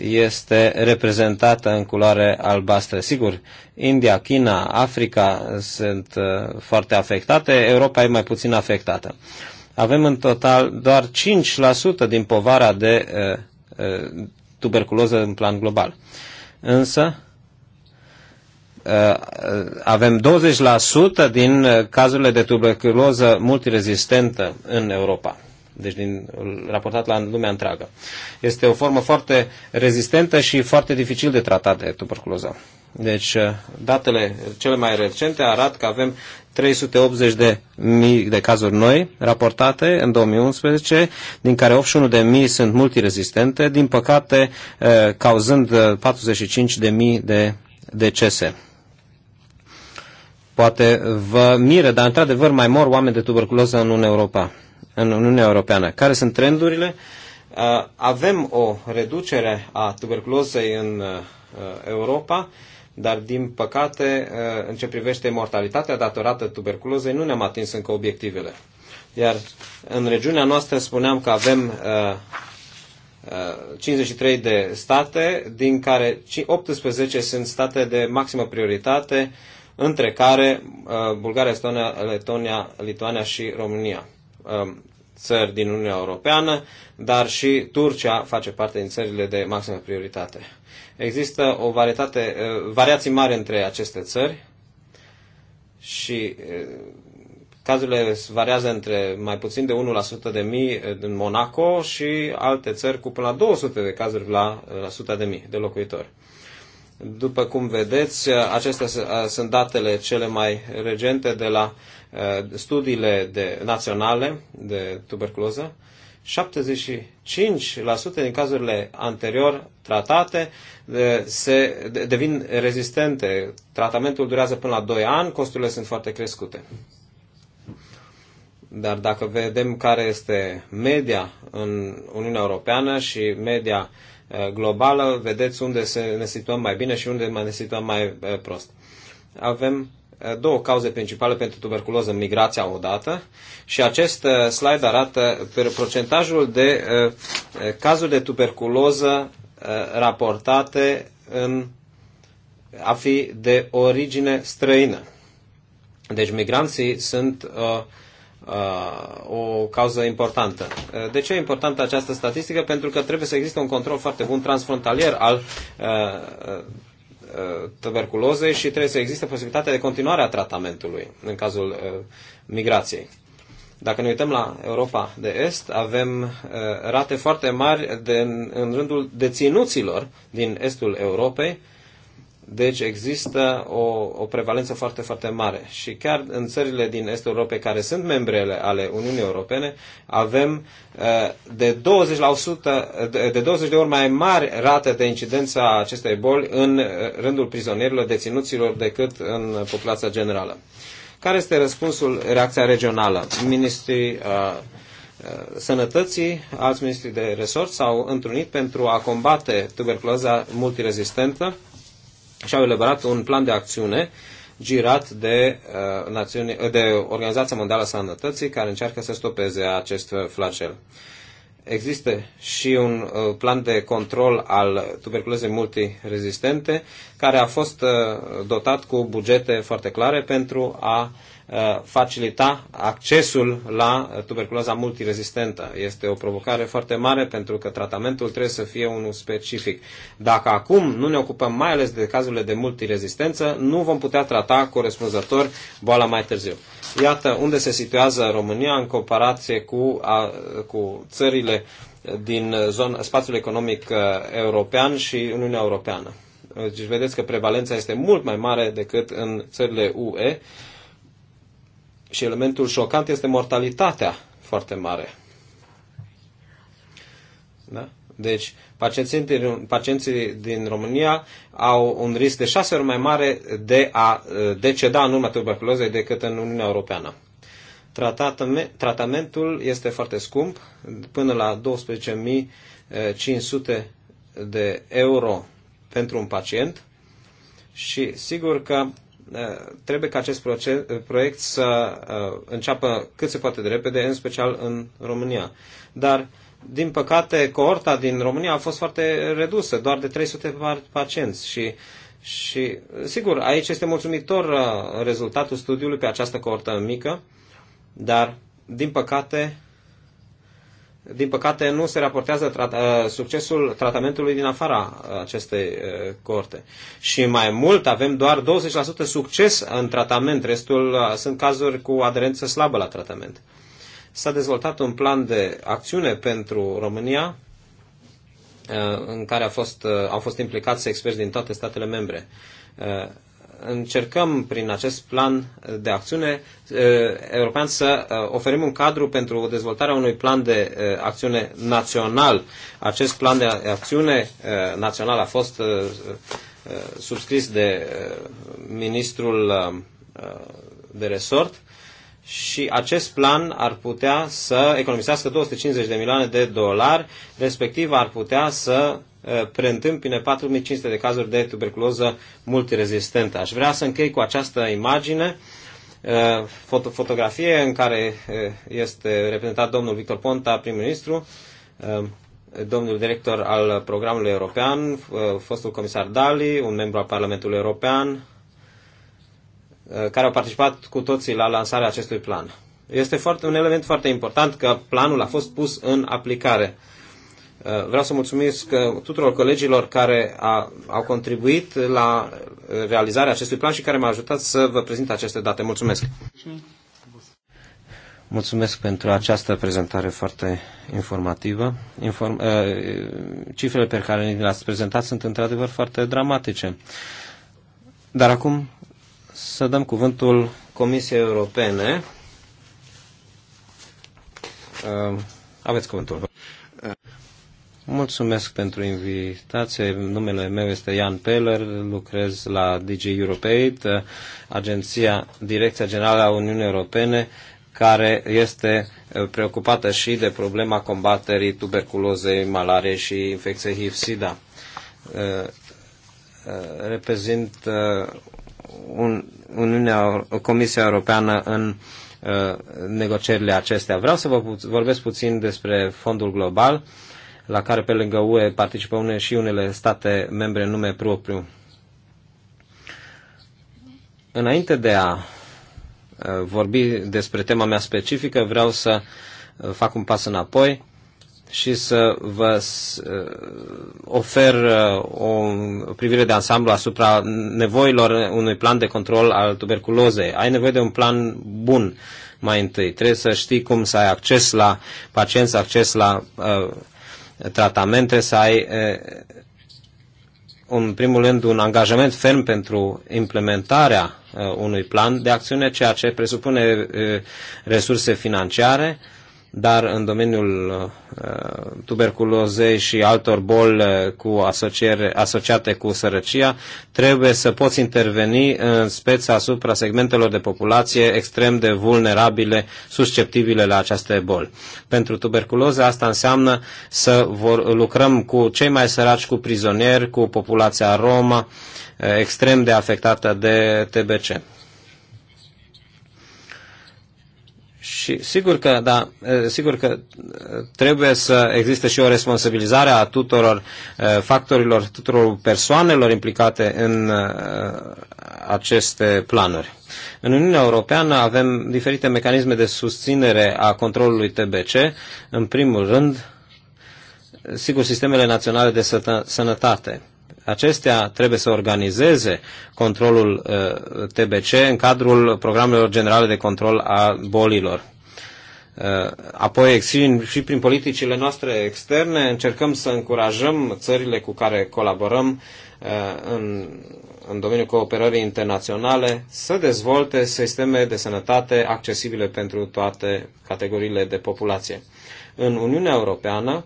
Speaker 3: este reprezentată în culoare albastră. Sigur, India, China, Africa sunt foarte afectate, Europa e mai puțin afectată. Avem în total doar 5% din povara de tuberculoză în plan global. Însă, Uh, avem 20% din uh, cazurile de tuberculoză multirezistentă în Europa. Deci din, raportat la lumea întreagă. Este o formă foarte rezistentă și foarte dificil de tratat de tuberculoză. Deci uh, datele cele mai recente arată că avem 380 de mii de cazuri noi raportate în 2011, din care 81 de mii sunt multirezistente, din păcate cauzând 45 de mii de decese poate vă miră, dar într-adevăr mai mor oameni de tuberculoză în Uniunea, Europa, în Uniunea Europeană. Care sunt trendurile? Avem o reducere a tuberculozei în Europa, dar din păcate, în ce privește mortalitatea datorată tuberculozei, nu ne-am atins încă obiectivele. Iar în regiunea noastră spuneam că avem 53 de state, din care 18 sunt state de maximă prioritate, între care uh, Bulgaria, Estonia, Letonia, Lituania și România, um, țări din Uniunea Europeană, dar și Turcia face parte din țările de maximă prioritate. Există o varietate, uh, variații mari între aceste țări și uh, cazurile variază între mai puțin de 1% de mii în Monaco și alte țări cu până la 200 de cazuri la 100 de mii de locuitori. După cum vedeți, acestea sunt datele cele mai recente de la studiile de, naționale de tuberculoză. 75% din cazurile anterior tratate se devin rezistente. Tratamentul durează până la 2 ani, costurile sunt foarte crescute. Dar dacă vedem care este media în Uniunea Europeană și media uh, Uh, globală, vedeți unde se, ne situăm mai bine și unde ne situăm mai uh, prost. Avem uh, două cauze principale pentru tuberculoză, migrația odată și acest slide arată procentajul de cazuri de tuberculoză raportate în a fi de origine străină. Deci migranții sunt uh, Uh, o cauză importantă. Uh, de ce e importantă această statistică? Pentru că trebuie să existe un control foarte bun transfrontalier al uh, tuberculozei și trebuie să existe posibilitatea de continuare a tratamentului în cazul migrației. Dacă ne uităm la Europa de Est, avem rate foarte mari de, în rândul deținuților din estul Europei, deci există o, o prevalență foarte, foarte mare. Și chiar în țările din Estul Europei care sunt membrele ale Uniunii Europene, avem uh, de 20%, la 100, de 20 de ori mai mari rate de incidență a acestei boli în uh, rândul prizonierilor, deținuților, decât în populația generală. Care este răspunsul, reacția regională? Ministrii uh, uh Sănătății, alți ministri de resort s-au întrunit pentru a combate tuberculoza multirezistentă și au elaborat un plan de acțiune girat de, uh, Națiune, de Organizația Mondială a Sănătății, care încearcă să stopeze acest uh, flagel. Există și un uh, plan de control al tuberculozei multirezistente, care a fost uh, dotat cu bugete foarte clare pentru a uh, facilita accesul la tuberculoza multirezistentă. Este o provocare foarte mare pentru că tratamentul trebuie să fie unul specific. Dacă acum nu ne ocupăm mai ales de cazurile de multirezistență, nu vom putea trata corespunzător boala mai târziu. Iată unde se situează România în comparație cu, a, cu țările țările din zona, spațiul economic uh, european și Uniunea Europeană. Deci vedeți că prevalența este mult mai mare decât în țările UE și elementul șocant este mortalitatea foarte mare. Da? Deci, pacienții din, pacienții din România au un risc de șase ori mai mare de a uh, deceda în urma tuberculozei decât în Uniunea Europeană. Tratamentul este foarte scump, până la 12.500 de euro pentru un pacient și sigur că uh, trebuie ca acest proiect să uh, înceapă cât se poate de repede, în special în România. Dar, din păcate, cohorta din România a fost foarte redusă, doar de 300 pacienți și și, sigur, aici este mulțumitor uh, rezultatul studiului pe această cohortă mică, dar, din păcate, din păcate nu se raportează tra- uh, succesul tratamentului din afara uh, acestei uh, corte. Și mai mult, avem doar 20% succes în tratament, restul sunt cazuri cu aderență slabă la tratament. S-a dezvoltat un plan de acțiune pentru România în care a fost, au fost implicați experți din toate statele membre încercăm prin acest plan de acțiune eh, european să eh, oferim un cadru pentru dezvoltarea unui plan de eh, acțiune național. Acest plan de acțiune național a fost subscris de ministrul de resort și acest plan ar putea să economisească 250 de milioane de dolari, respectiv ar putea să Uh, preîntâmpine 4500 de cazuri de tuberculoză multirezistentă. Aș vrea să închei cu această imagine, uh, foto, fotografie în care uh, este reprezentat domnul Victor Ponta, prim-ministru, domnul director al programului european, fostul comisar Dali, un membru al Parlamentului European, care au participat cu toții la lansarea acestui plan. Este foarte, un element foarte important că planul a fost pus în aplicare. Uh, vreau să mulțumesc uh, tuturor colegilor care a, au contribuit la uh, realizarea acestui plan și care m-au ajutat să vă prezint aceste date. Mulțumesc! Mulțumesc pentru această prezentare foarte informativă. Inform, cifrele pe care le-ați prezentat sunt într-adevăr foarte dramatice. Dar acum să dăm cuvântul Comisiei Europene. Aveți cuvântul. Mulțumesc pentru invitație. Numele meu este Ian Peller, lucrez la DG Europaid, agenția, Direcția Generală a Uniunii Europene, care este eh, preocupată și de problema combaterii tuberculozei, malare și infecției HIV-SIDA. Eh, eh, reprezint Uniunea, Comisia Europeană în negocierile acestea. Vreau să vă vorbesc puțin despre fondul global la care pe lângă UE participă une și unele state membre în nume propriu. Înainte de a uh, vorbi despre tema mea specifică, vreau să uh, fac un pas înapoi și să vă uh, ofer o privire de ansamblu asupra nevoilor unui plan de control al tuberculozei. Ai nevoie de un plan bun mai întâi. Trebuie să știi cum să ai acces la pacienți, acces la uh, tratament trebuie să ai, în primul rând, un angajament ferm pentru implementarea unui plan de acțiune, ceea ce presupune resurse financiare, dar în domeniul uh, tuberculozei și altor boli uh, cu asociere, asociate cu sărăcia, trebuie să poți interveni în speță asupra segmentelor de populație extrem de vulnerabile, susceptibile la aceste boli. Pentru tuberculoză asta înseamnă să vor, lucrăm cu cei mai săraci, cu prizonieri, cu populația Roma, uh, extrem de afectată de TBC. Și sigur că, da, sigur că trebuie să existe și o responsabilizare a tuturor factorilor, tuturor persoanelor implicate în aceste planuri. În Uniunea Europeană avem diferite mecanisme de susținere a controlului TBC. În primul rând, sigur, sistemele naționale de sănătate acestea trebuie să organizeze controlul uh, TBC în cadrul programelor generale de control a bolilor. Uh, apoi, și prin politicile noastre externe, încercăm să încurajăm țările cu care colaborăm uh, în, în domeniul cooperării internaționale să dezvolte sisteme de sănătate accesibile pentru toate categoriile de populație. În Uniunea Europeană,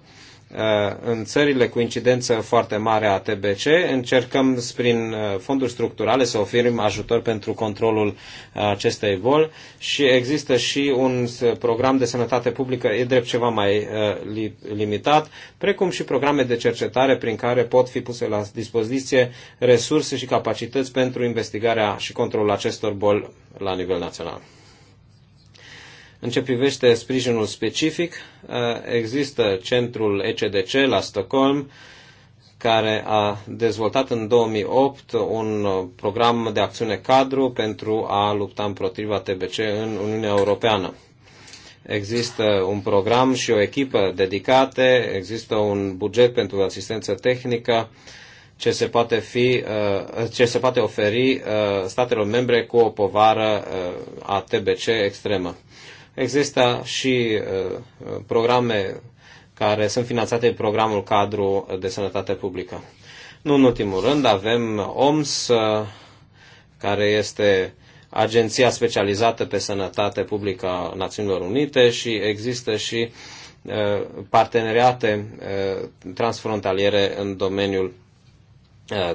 Speaker 3: Uh, în țările cu incidență foarte mare a TBC, încercăm prin uh, fonduri structurale să oferim ajutor pentru controlul uh, acestei boli și există și un program de sănătate publică, e drept ceva mai limitat, precum și programe de cercetare prin care pot fi puse la dispoziție resurse și capacități pentru investigarea și controlul acestor boli la nivel național. În ce privește sprijinul specific, eh, există centrul ECDC la Stockholm, care a dezvoltat în 2008 un program de acțiune cadru pentru a lupta împotriva TBC în Uniunea Europeană. Există un program și o echipă dedicate, există un buget pentru asistență tehnică ce se poate, fi, eh, ce se poate oferi eh, statelor membre cu o povară a TBC extremă. Există și uh, programe care sunt finanțate în programul cadru de sănătate publică. Nu în ultimul rând avem OMS, care este agenția specializată pe sănătate publică a Națiunilor Unite și există și uh, parteneriate uh, transfrontaliere în domeniul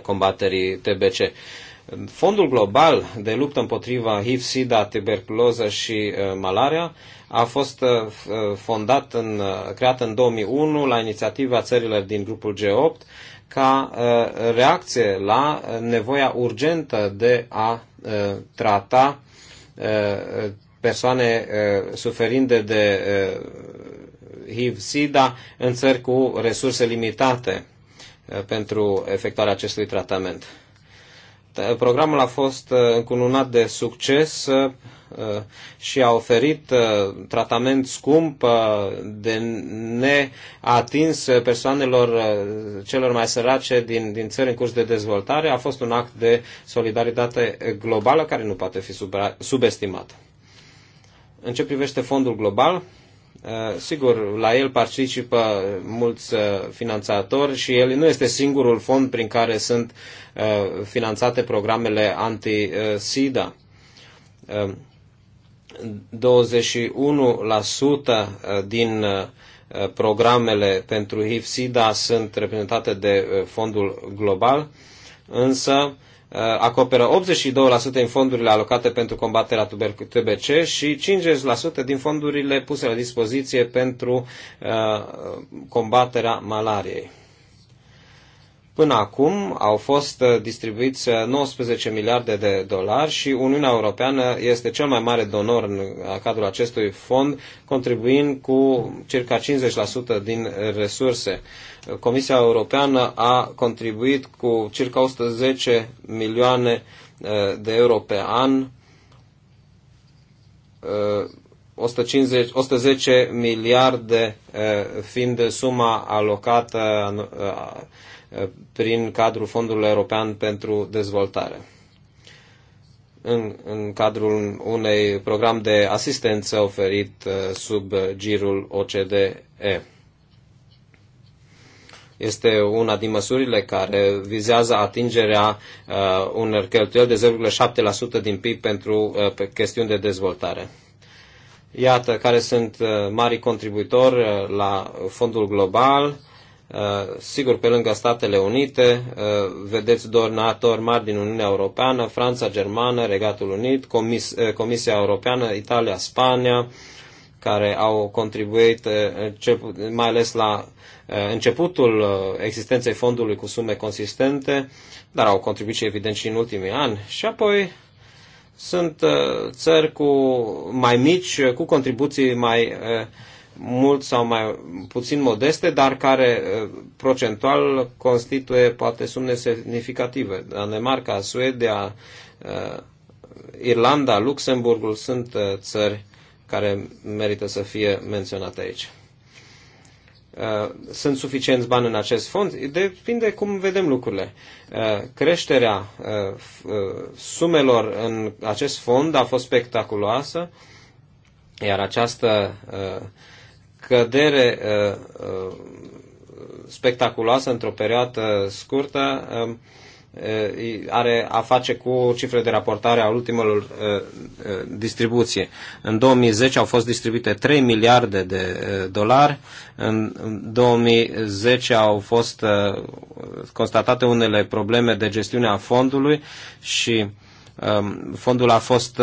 Speaker 3: combaterii TBC. Fondul global de luptă împotriva HIV, SIDA, tuberculoză și uh, malaria a fost uh, uh, fondat în, creat în 2001 la inițiativa țărilor din grupul G8 ca reacție la nevoia urgentă de a trata persoane suferinde de HIV-SIDA în țări cu resurse limitate pentru efectuarea acestui tratament. Ă, programul a fost ă, încununat de succes ă, și a oferit tratament scump de neatins persoanelor celor mai sărace din, din țări în curs de dezvoltare. A fost un act de solidaritate globală care nu poate fi subestimat. În ce privește fondul global, Eh, sigur, la el participă mulți eh, finanțatori și el nu este singurul fond prin care sunt eh, finanțate programele anti-SIDA. 21% din programele pentru HIV-SIDA sunt reprezentate de fondul global, însă Uh, acoperă 82% din fondurile alocate pentru combaterea TBC și 50% din fondurile puse la dispoziție pentru uh, combaterea malariei. Până acum au fost uh, distribuiți 19 uh, miliarde de dolari și Uniunea Europeană este cel mai mare donor în cadrul acestui fond, contribuind cu circa 50% din resurse. Comisia Europeană a contribuit cu circa 110 milioane uh, de euro pe an 150, 110 miliarde fiind suma alocată prin cadrul Fondului European pentru Dezvoltare. În, în cadrul unei program de asistență oferit uh, sub girul OCDE. Este una din măsurile care vizează atingerea uh, unor cheltuieli de 0,7% din PIB pentru uh, pe chestiuni de dezvoltare. Iată care sunt uh, mari contribuitori uh, la fondul global Uh, sigur, pe lângă Statele Unite, uh, vedeți donatori mari din Uniunea Europeană, Franța, Germană, Regatul Unit, Comis uh, Comisia Europeană, Italia, Spania, care au contribuit mai ales la începutul existenței fondului cu sume consistente, dar au contribuit și evident și în ultimii ani. Și apoi sunt țări cu mai mici, cu contribuții mai mult sau mai puțin modeste, dar care eh, procentual constituie poate sume semnificative. Danemarca, Suedia, eh, Irlanda, Luxemburgul sunt eh, țări care merită să fie menționate aici. Sunt suficienți bani în acest fond? Depinde cum vedem lucrurile. Creșterea sumelor în acest fond a fost spectaculoasă, iar această uh, scădere uh, uh, spectaculoasă într-o perioadă scurtă um, uh, are a face cu cifre de raportare a ultimelor distribuție. În 2010 au fost distribuite 3 miliarde de dolari, în 2010 au fost constatate unele probleme de gestiune a fondului și Um, fondul a fost,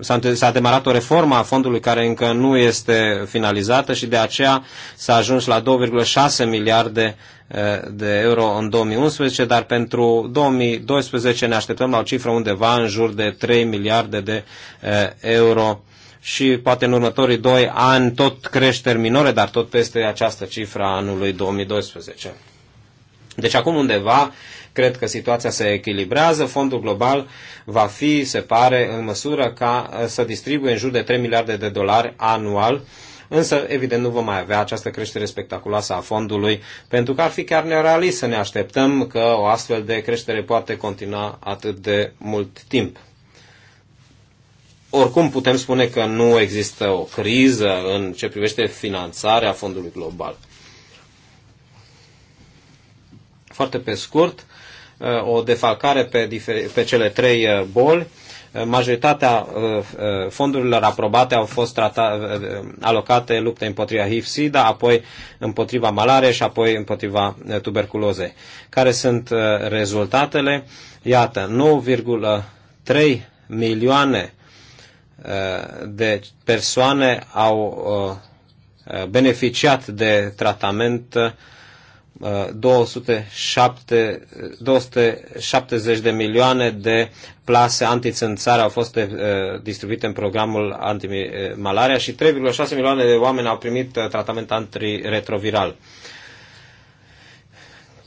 Speaker 3: uh, s-a demarat o reformă a fondului care încă nu este finalizată și de aceea s-a ajuns la 2,6 miliarde uh, de euro în 2011, dar pentru 2012 ne așteptăm la o cifră undeva în jur de 3 miliarde de uh, euro și poate în următorii doi ani tot creșteri minore, dar tot peste această cifră a anului 2012. Deci acum undeva cred că situația se echilibrează. Fondul global va fi, se pare, în măsură ca uh, să distribuie în jur de 3 miliarde de dolari anual Însă, evident, nu vom mai avea această creștere spectaculoasă a fondului, pentru că ar fi chiar nerealist să ne așteptăm că o astfel de creștere poate continua atât de mult timp. Oricum putem spune că nu există o criză în ce privește finanțarea fondului global. Foarte pe scurt, o defalcare pe, pe cele trei uh, boli. Uh, majoritatea uh, fondurilor aprobate au fost trata, alocate lupte împotriva HIV-SIDA, apoi împotriva malare și apoi împotriva tuberculozei. Care sunt rezultatele? Iată, 9,3 milioane de persoane au beneficiat de tratament 207, 270 de milioane de plase antițânțare au fost eh, distribuite în programul antimalaria și 3,6 milioane de oameni au primit eh, tratament antiretroviral.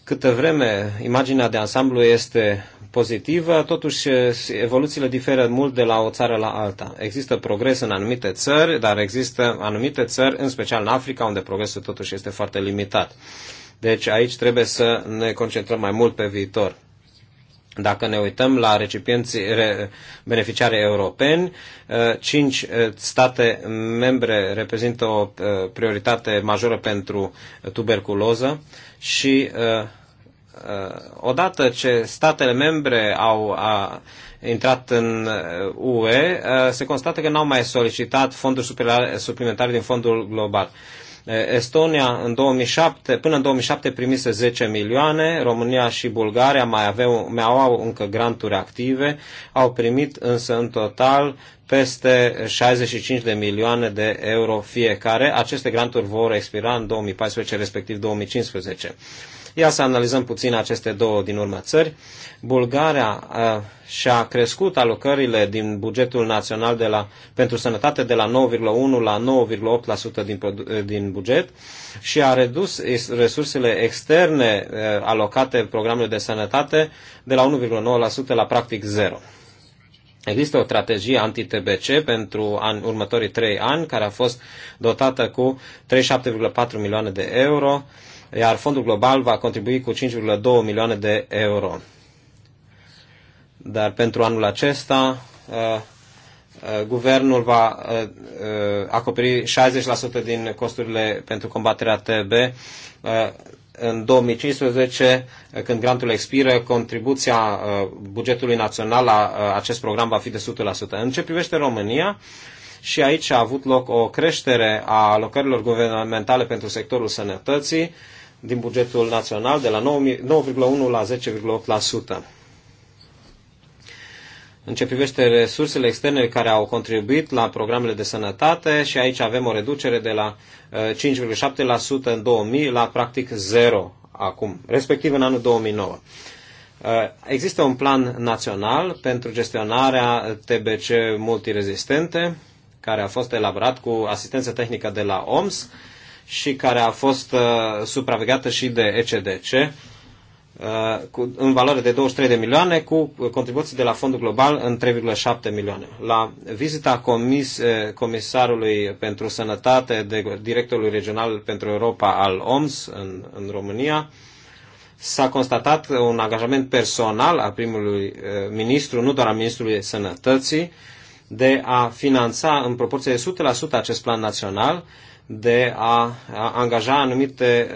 Speaker 3: Câtă vreme imaginea de ansamblu este pozitivă, totuși eh, evoluțiile diferă mult de la o țară la alta. Există progres în anumite țări, dar există anumite țări, în special în Africa, unde progresul totuși este foarte limitat. Uh, deci aici trebuie să ne concentrăm mai mult pe viitor. Dacă ne uităm la recipienții, beneficiari europeni, eh, cinci eh, state membre reprezintă o eh, prioritate majoră pentru tuberculoză și odată ce statele membre au a, intrat în UE, se constată că n-au mai solicitat fonduri suplimentare din fondul global. Eh, Estonia în 2007, până în 2007 primise 10 milioane, România și Bulgaria mai, aveau, mai au încă granturi active, au primit însă în total peste 65 de milioane de euro fiecare. Aceste granturi vor expira în 2014, respectiv 2015. Ia să analizăm puțin aceste două din urmă țări. Bulgaria uh, și-a crescut alocările din bugetul național de la, pentru sănătate de la 9,1 la 9,8% din, uh, din buget și a redus resursele externe uh, alocate programului de sănătate de la 1,9% la practic 0. Există o strategie anti-TBC pentru an, următorii trei ani, care a fost dotată cu 37,4 milioane de euro, iar fondul global va contribui cu 5,2 milioane de euro. Dar pentru anul acesta, uh, uh, guvernul va uh, acoperi 60% din costurile pentru combaterea TB. În 2015, când grantul expiră, contribuția bugetului național la acest program va fi de 100%. În ce privește România, și aici a avut loc o creștere a alocărilor guvernamentale pentru sectorul sănătății din bugetul național de la 9,1 la 10,8%. În ce privește resursele externe care au contribuit la programele de sănătate și aici avem o reducere de la 5,7% uh, în 2000 la practic 0 acum, respectiv în anul 2009. Uh, există un plan național pentru gestionarea TBC multirezistente, care a fost elaborat cu asistență tehnică de la OMS și care a fost uh, supravegheată și de ECDC uh, cu, în valoare de 23 de milioane, cu contribuții de la Fondul Global în 3,7 milioane. La vizita comis, uh, comisarului pentru sănătate, de directorului regional pentru Europa al OMS în, în România, s-a constatat un angajament personal al primului ministru, nu doar al ministrului sănătății, de a finanța în proporție de 100% acest plan național, de a angaja anumite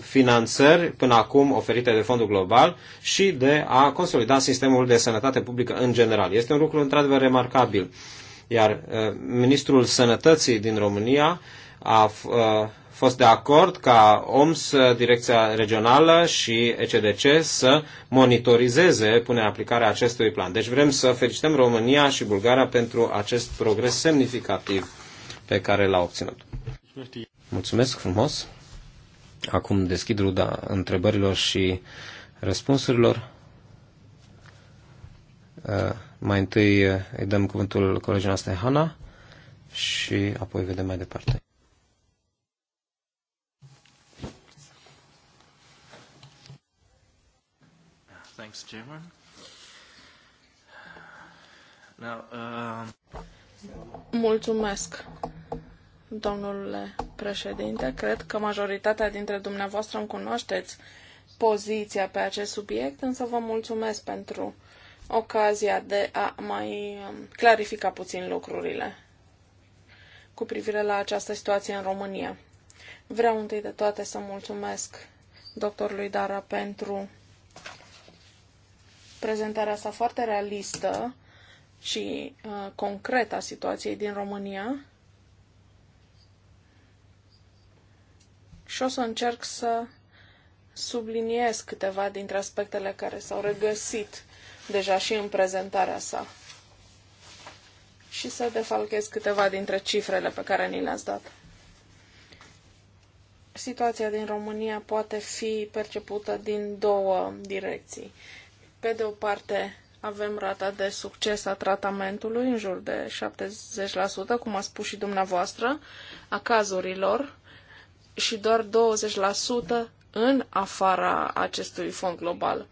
Speaker 3: finanțări până acum oferite de fondul global și de a consolida sistemul de sănătate publică în general. Este un lucru într-adevăr remarcabil. Iar ministrul sănătății din România a fost de acord ca OMS, Direcția Regională și ECDC să monitorizeze punerea aplicarea acestui plan. Deci vrem să felicităm România și Bulgaria pentru acest progres semnificativ pe care l-a obținut. Mulțumesc frumos! Acum deschid ruda întrebărilor și răspunsurilor. Uh, mai întâi uh, îi dăm cuvântul colegii noastre Hana și apoi vedem mai departe. Thanks, Chairman. Now, uh...
Speaker 1: Mulțumesc, domnule președinte. Cred că majoritatea dintre dumneavoastră îmi cunoașteți poziția pe acest subiect, însă vă mulțumesc pentru ocazia de a mai um, clarifica puțin lucrurile cu privire la această situație în România. Vreau întâi de toate să mulțumesc doctorului Dara pentru prezentarea sa foarte realistă și uh, concretă a situației din România. și o să încerc să subliniez câteva dintre aspectele care s-au regăsit deja și în prezentarea sa și să defalchez câteva dintre cifrele pe care ni le-ați dat. Situația din România poate fi percepută din două direcții. Pe de o parte, avem rata de succes a tratamentului în jur de 70%, cum a spus și dumneavoastră, a cazurilor și doar 20% în afara acestui fond global.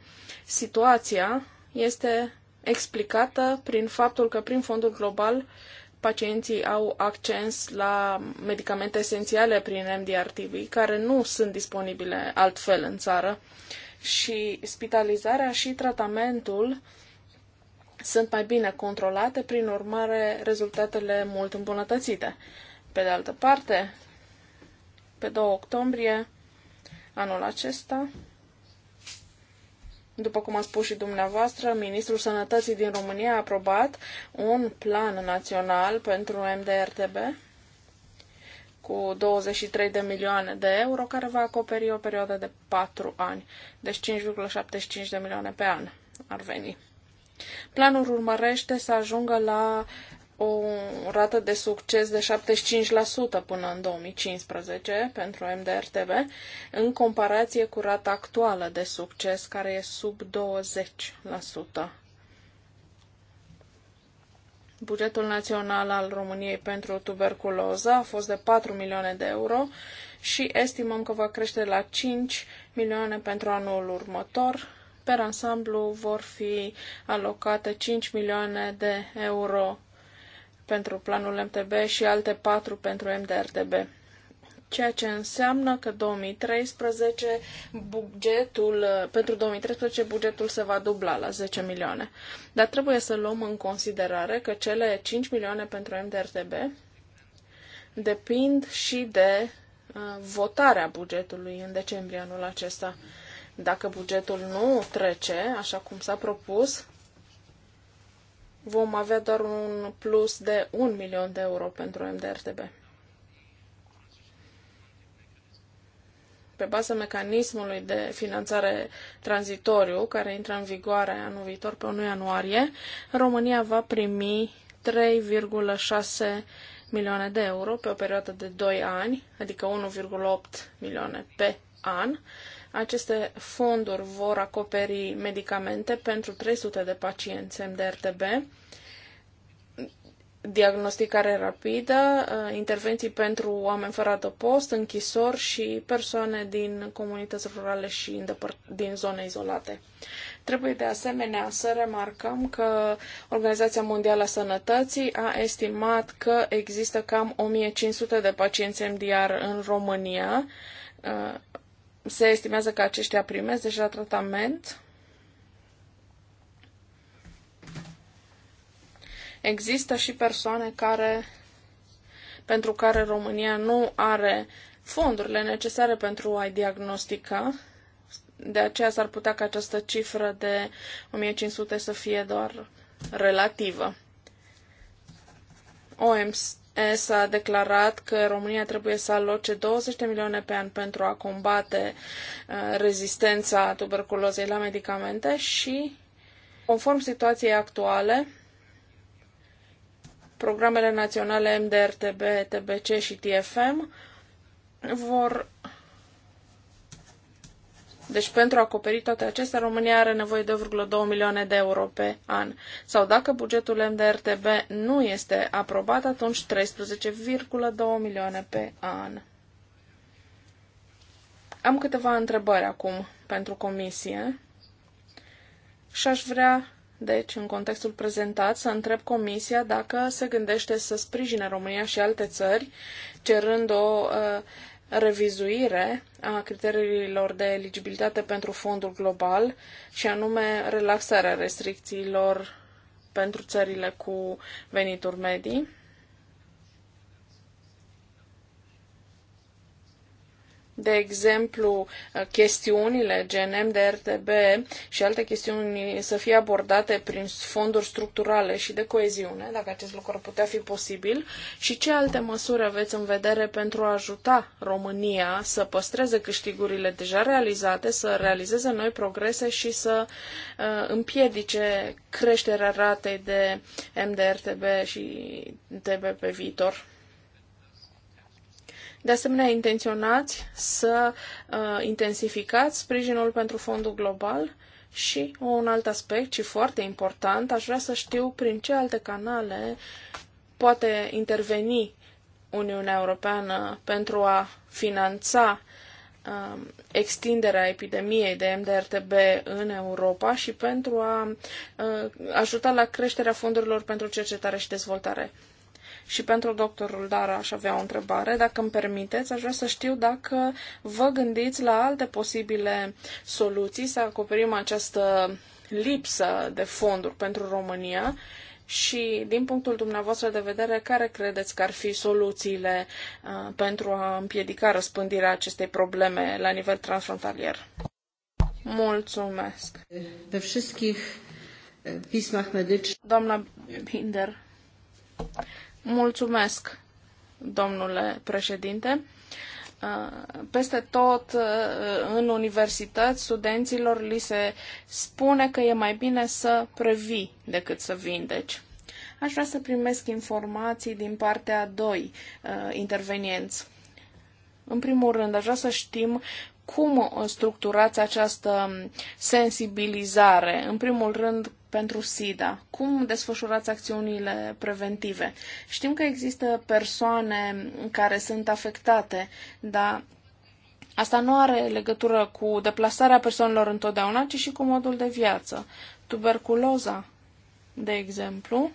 Speaker 1: Situația este explicată prin faptul că prin fondul global pacienții au acces la medicamente esențiale prin MDR-TV, care nu sunt disponibile altfel în țară. Și spitalizarea și tratamentul sunt mai bine controlate, prin urmare rezultatele mult îmbunătățite. Pe de altă parte, pe 2 octombrie anul acesta. După cum a spus și dumneavoastră, Ministrul Sănătății din România a aprobat un plan național pentru MDRTB cu 23 de milioane de euro, care va acoperi o perioadă de 4 ani, deci 5,75 de milioane pe an ar veni. Planul urmărește să ajungă la o rată de succes de 75% până în 2015 pentru MDRTB, în comparație cu rata actuală de succes, care e sub 20%. Bugetul național al României pentru tuberculoză a fost de 4 milioane de euro și estimăm că va crește la 5 milioane pentru anul următor. Per ansamblu vor fi alocate 5 milioane de euro pentru planul MTB și alte 4 pentru MDRTB. Ceea ce înseamnă că 2013 bugetul, pentru 2013 bugetul se va dubla la 10 milioane. Dar trebuie să luăm în considerare că cele 5 milioane pentru MDRTB depind și de uh, votarea bugetului în decembrie anul acesta. Dacă bugetul nu trece, așa cum s-a propus, vom avea doar un plus de 1 milion de euro pentru MDRTB. Pe baza mecanismului de finanțare tranzitoriu, care intră în vigoare anul viitor pe 1 ianuarie, România va primi 3,6 milioane de euro pe o perioadă de 2 ani, adică 1,8 milioane pe an, aceste fonduri vor acoperi medicamente pentru 300 de pacienți MDRTB, diagnosticare rapidă, uh, intervenții pentru oameni fără adăpost, închisori și persoane din comunități rurale și din zone izolate. Trebuie de asemenea să remarcăm că Organizația Mondială a Sănătății a estimat că există cam 1500 de pacienți MDR în România, uh, se estimează că aceștia primesc deja tratament. Există și persoane care, pentru care România nu are fondurile necesare pentru a-i diagnostica. De aceea s-ar putea ca această cifră de 1500 să fie doar relativă. OMS S-a declarat că România trebuie să aloce 20 de milioane pe an pentru a combate rezistența tuberculozei la medicamente și, conform situației actuale, programele naționale MDR, TB, TBC și TFM vor deci pentru a acoperi toate acestea, România are nevoie de 2 milioane de euro pe an. Sau dacă bugetul MDRTB nu este aprobat, atunci 13,2 milioane pe an. Am câteva întrebări acum pentru comisie și aș vrea, deci, în contextul prezentat, să întreb comisia dacă se gândește să sprijine România și alte țări, cerând o uh, revizuire a criteriilor de eligibilitate pentru fondul global și anume relaxarea restricțiilor pentru țările cu venituri medii De exemplu, chestiunile gen MDRTB și alte chestiuni să fie abordate prin fonduri structurale și de coeziune, dacă acest lucru ar putea fi posibil, și ce alte măsuri aveți în vedere pentru a ajuta România să păstreze câștigurile deja realizate, să realizeze noi progrese și să uh, împiedice creșterea ratei de MDRTB și TB pe viitor? De asemenea, intenționați să uh, intensificați sprijinul pentru fondul global și un alt aspect și foarte important, aș vrea să știu prin ce alte canale poate interveni Uniunea Europeană pentru a finanța um, extinderea epidemiei de MDRTB în Europa și pentru a uh, ajuta la creșterea fondurilor pentru cercetare și dezvoltare. Și pentru doctorul Dara aș avea o întrebare. Dacă îmi permiteți, aș vrea să știu dacă vă gândiți la alte posibile soluții să acoperim această lipsă de fonduri pentru România și, din punctul dumneavoastră de vedere, care credeți că ar fi soluțiile uh, pentru a împiedica răspândirea acestei probleme la nivel transfrontalier? Mulțumesc! Pe pismach medycznych... Doamna Binder, Mulțumesc, domnule președinte. Uh, peste tot uh, în universități studenților li se spune că e mai bine să previi decât să vindeci. Aș vrea să primesc informații din partea a doi uh, intervenienți. În primul rând, aș vrea să știm cum structurați această sensibilizare. În primul rând, pentru SIDA? Cum desfășurați acțiunile preventive? Știm că există persoane care sunt afectate, dar asta nu are legătură cu deplasarea persoanelor întotdeauna, ci și cu modul de viață. Tuberculoza, de exemplu,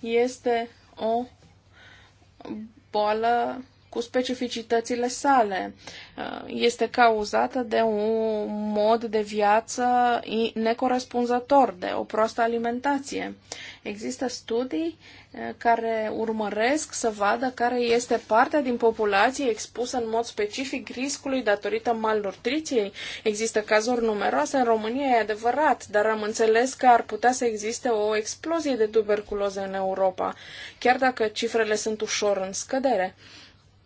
Speaker 1: este o boală cu specificitățile sale. Uh, este cauzată de un mod de viață necorespunzător, de o proastă alimentație. Există studii uh, care urmăresc să vadă care este partea din populație expusă în mod specific riscului datorită malnutriției. Există cazuri numeroase în România, e adevărat, dar am înțeles că ar putea să existe o explozie de tuberculoză în Europa, chiar dacă cifrele sunt ușor în scădere.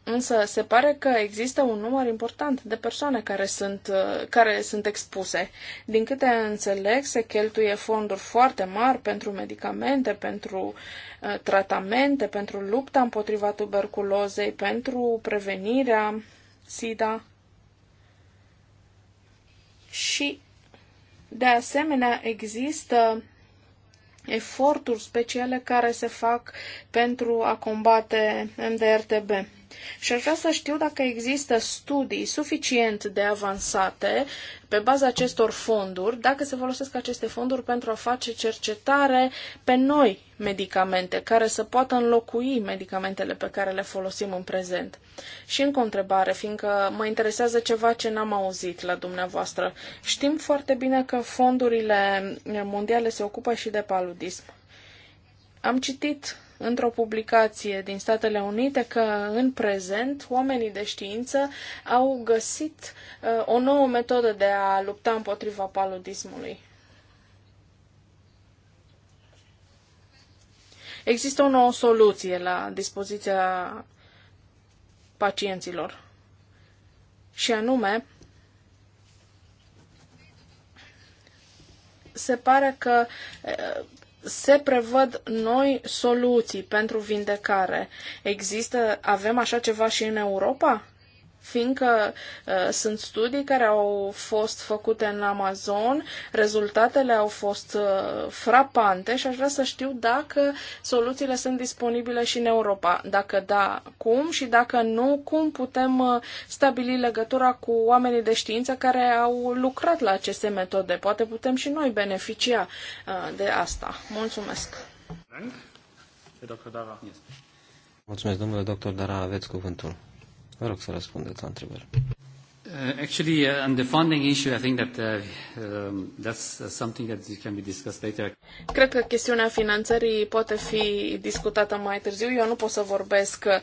Speaker 1: Însă se pare că există un număr important de persoane care sunt, uh, care sunt expuse. Din câte înțeleg, se cheltuie fonduri foarte mari pentru medicamente, pentru uh, tratamente, pentru lupta împotriva tuberculozei, pentru prevenirea SIDA. Și, de asemenea, există eforturi speciale care se fac pentru a combate MDRTB. Și aș vrea să știu dacă există studii suficient de avansate pe baza acestor fonduri, dacă se folosesc aceste fonduri pentru a face cercetare pe noi medicamente, care să poată înlocui medicamentele pe care le folosim în prezent. Și încă o întrebare, fiindcă mă interesează ceva ce n-am auzit la dumneavoastră. Știm foarte bine că fondurile mondiale se ocupă și de paludism. Am citit într-o publicație din Statele Unite că în prezent oamenii de știință au găsit uh, o nouă metodă de a lupta împotriva paludismului. Există o nouă soluție la dispoziția pacienților. Și anume, se pare că uh, se prevăd noi soluții pentru vindecare. Există, avem așa ceva și în Europa? fiindcă uh, sunt studii care au fost făcute în Amazon, rezultatele au fost uh, frapante și aș vrea să știu dacă soluțiile sunt disponibile și în Europa. Dacă da, cum și dacă nu, cum putem uh, stabili legătura cu oamenii de știință care au lucrat la aceste metode. Poate putem și noi beneficia uh, de asta. Mulțumesc!
Speaker 3: Mulțumesc, domnule doctor Dara, aveți cuvântul. Vă rog să răspundeți la întrebări. Uh, actually, uh, on the funding issue, I think that uh, um, that's uh, something that can be discussed later.
Speaker 1: Cred că chestiunea finanțării poate fi discutată mai târziu. Eu nu pot să vorbesc uh,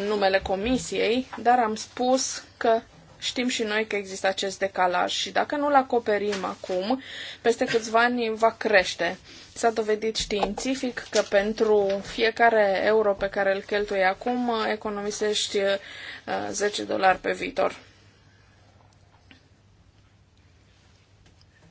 Speaker 1: în numele comisiei, dar am spus că Știm și noi că există acest decalaj și dacă nu-l acoperim acum, peste câțiva ani va crește. S-a dovedit științific că pentru fiecare euro pe care îl cheltuie acum, economisești 10 uh, dolari pe viitor.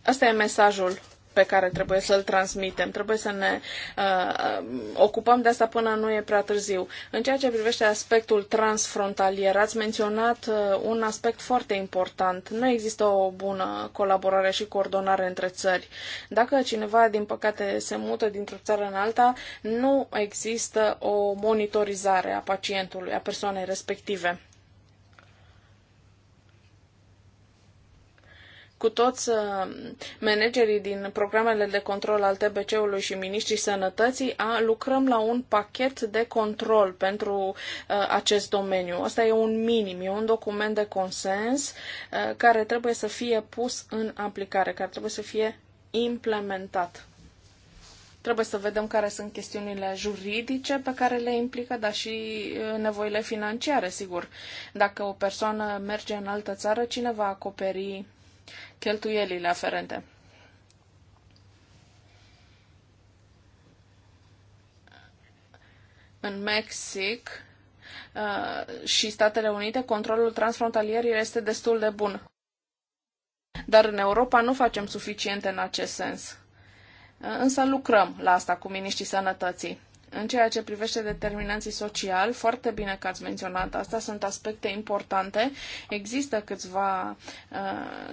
Speaker 1: Asta e mesajul pe care trebuie să-l transmitem. Trebuie să ne uh, uh, ocupăm de asta până nu e prea târziu. În ceea ce privește aspectul transfrontalier, ați menționat uh, un aspect foarte important. Nu există o bună colaborare și coordonare între țări. Dacă cineva, din păcate, se mută dintr-o țară în alta, nu există o monitorizare a pacientului, a persoanei respective. cu toți uh, managerii din programele de control al TBC-ului și ministrii sănătății a, lucrăm la un pachet de control pentru uh, acest domeniu. Asta e un minim, e un document de consens uh, care trebuie să fie pus în aplicare, care trebuie să fie implementat. Trebuie să vedem care sunt chestiunile juridice pe care le implică, dar și nevoile financiare, sigur. Dacă o persoană merge în altă țară, cine va acoperi cheltuielile aferente. În Mexic uh, și Statele Unite, controlul transfrontalier este destul de bun. Dar în Europa nu facem suficiente în acest sens. Uh, însă lucrăm la asta cu miniștrii sănătății. În ceea ce privește determinanții sociali, foarte bine că ați menționat asta, sunt aspecte importante. Există câțiva uh,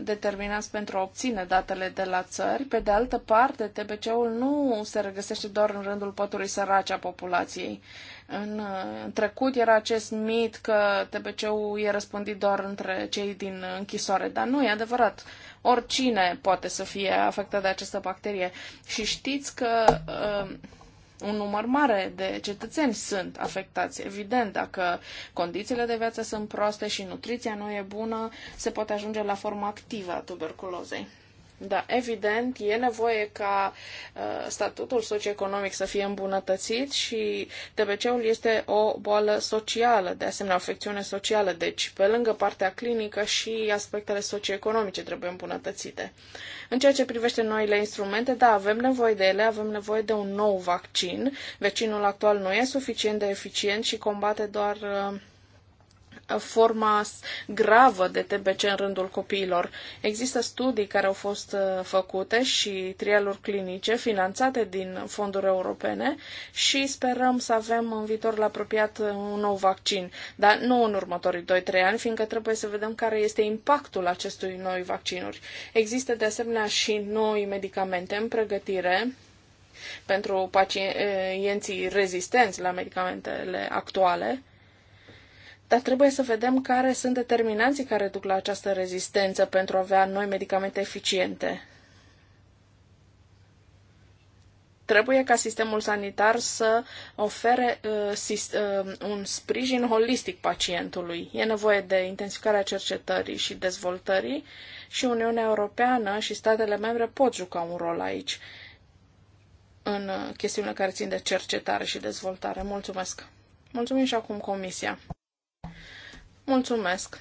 Speaker 1: determinanți pentru a obține datele de la țări. Pe de altă parte, TBC-ul nu se regăsește doar în rândul pătului sărace a populației. În, uh, în trecut era acest mit că TBC-ul e răspândit doar între cei din închisoare, dar nu e adevărat oricine poate să fie afectat de această bacterie. Și știți că uh, un număr mare de cetățeni sunt afectați. Evident, dacă condițiile de viață sunt proaste și nutriția nu e bună, se poate ajunge la formă activă a tuberculozei. Da, evident, e nevoie ca uh, statutul socioeconomic să fie îmbunătățit și TBC-ul este o boală socială, de asemenea o afecțiune socială, deci pe lângă partea clinică și aspectele socioeconomice trebuie îmbunătățite. În ceea ce privește noile instrumente, da, avem nevoie de ele, avem nevoie de un nou vaccin. Vecinul actual nu e suficient de eficient și combate doar uh, forma gravă de TBC în rândul copiilor. Există studii care au fost uh, făcute și trialuri clinice finanțate din fonduri europene și sperăm să avem în viitorul apropiat uh, un nou vaccin, dar nu în următorii 2-3 ani, fiindcă trebuie să vedem care este impactul acestui noi vaccinuri. Există de asemenea și noi medicamente în pregătire pentru pacienții rezistenți la medicamentele actuale dar trebuie să vedem care sunt determinanții care duc la această rezistență pentru a avea noi medicamente eficiente. Trebuie ca sistemul sanitar să ofere uh, sist, uh, un sprijin holistic pacientului. E nevoie de intensificarea cercetării și dezvoltării și Uniunea Europeană și statele membre pot juca un rol aici în uh, chestiunile care țin de cercetare și dezvoltare. Mulțumesc! Mulțumim și acum Comisia. Mulțumesc!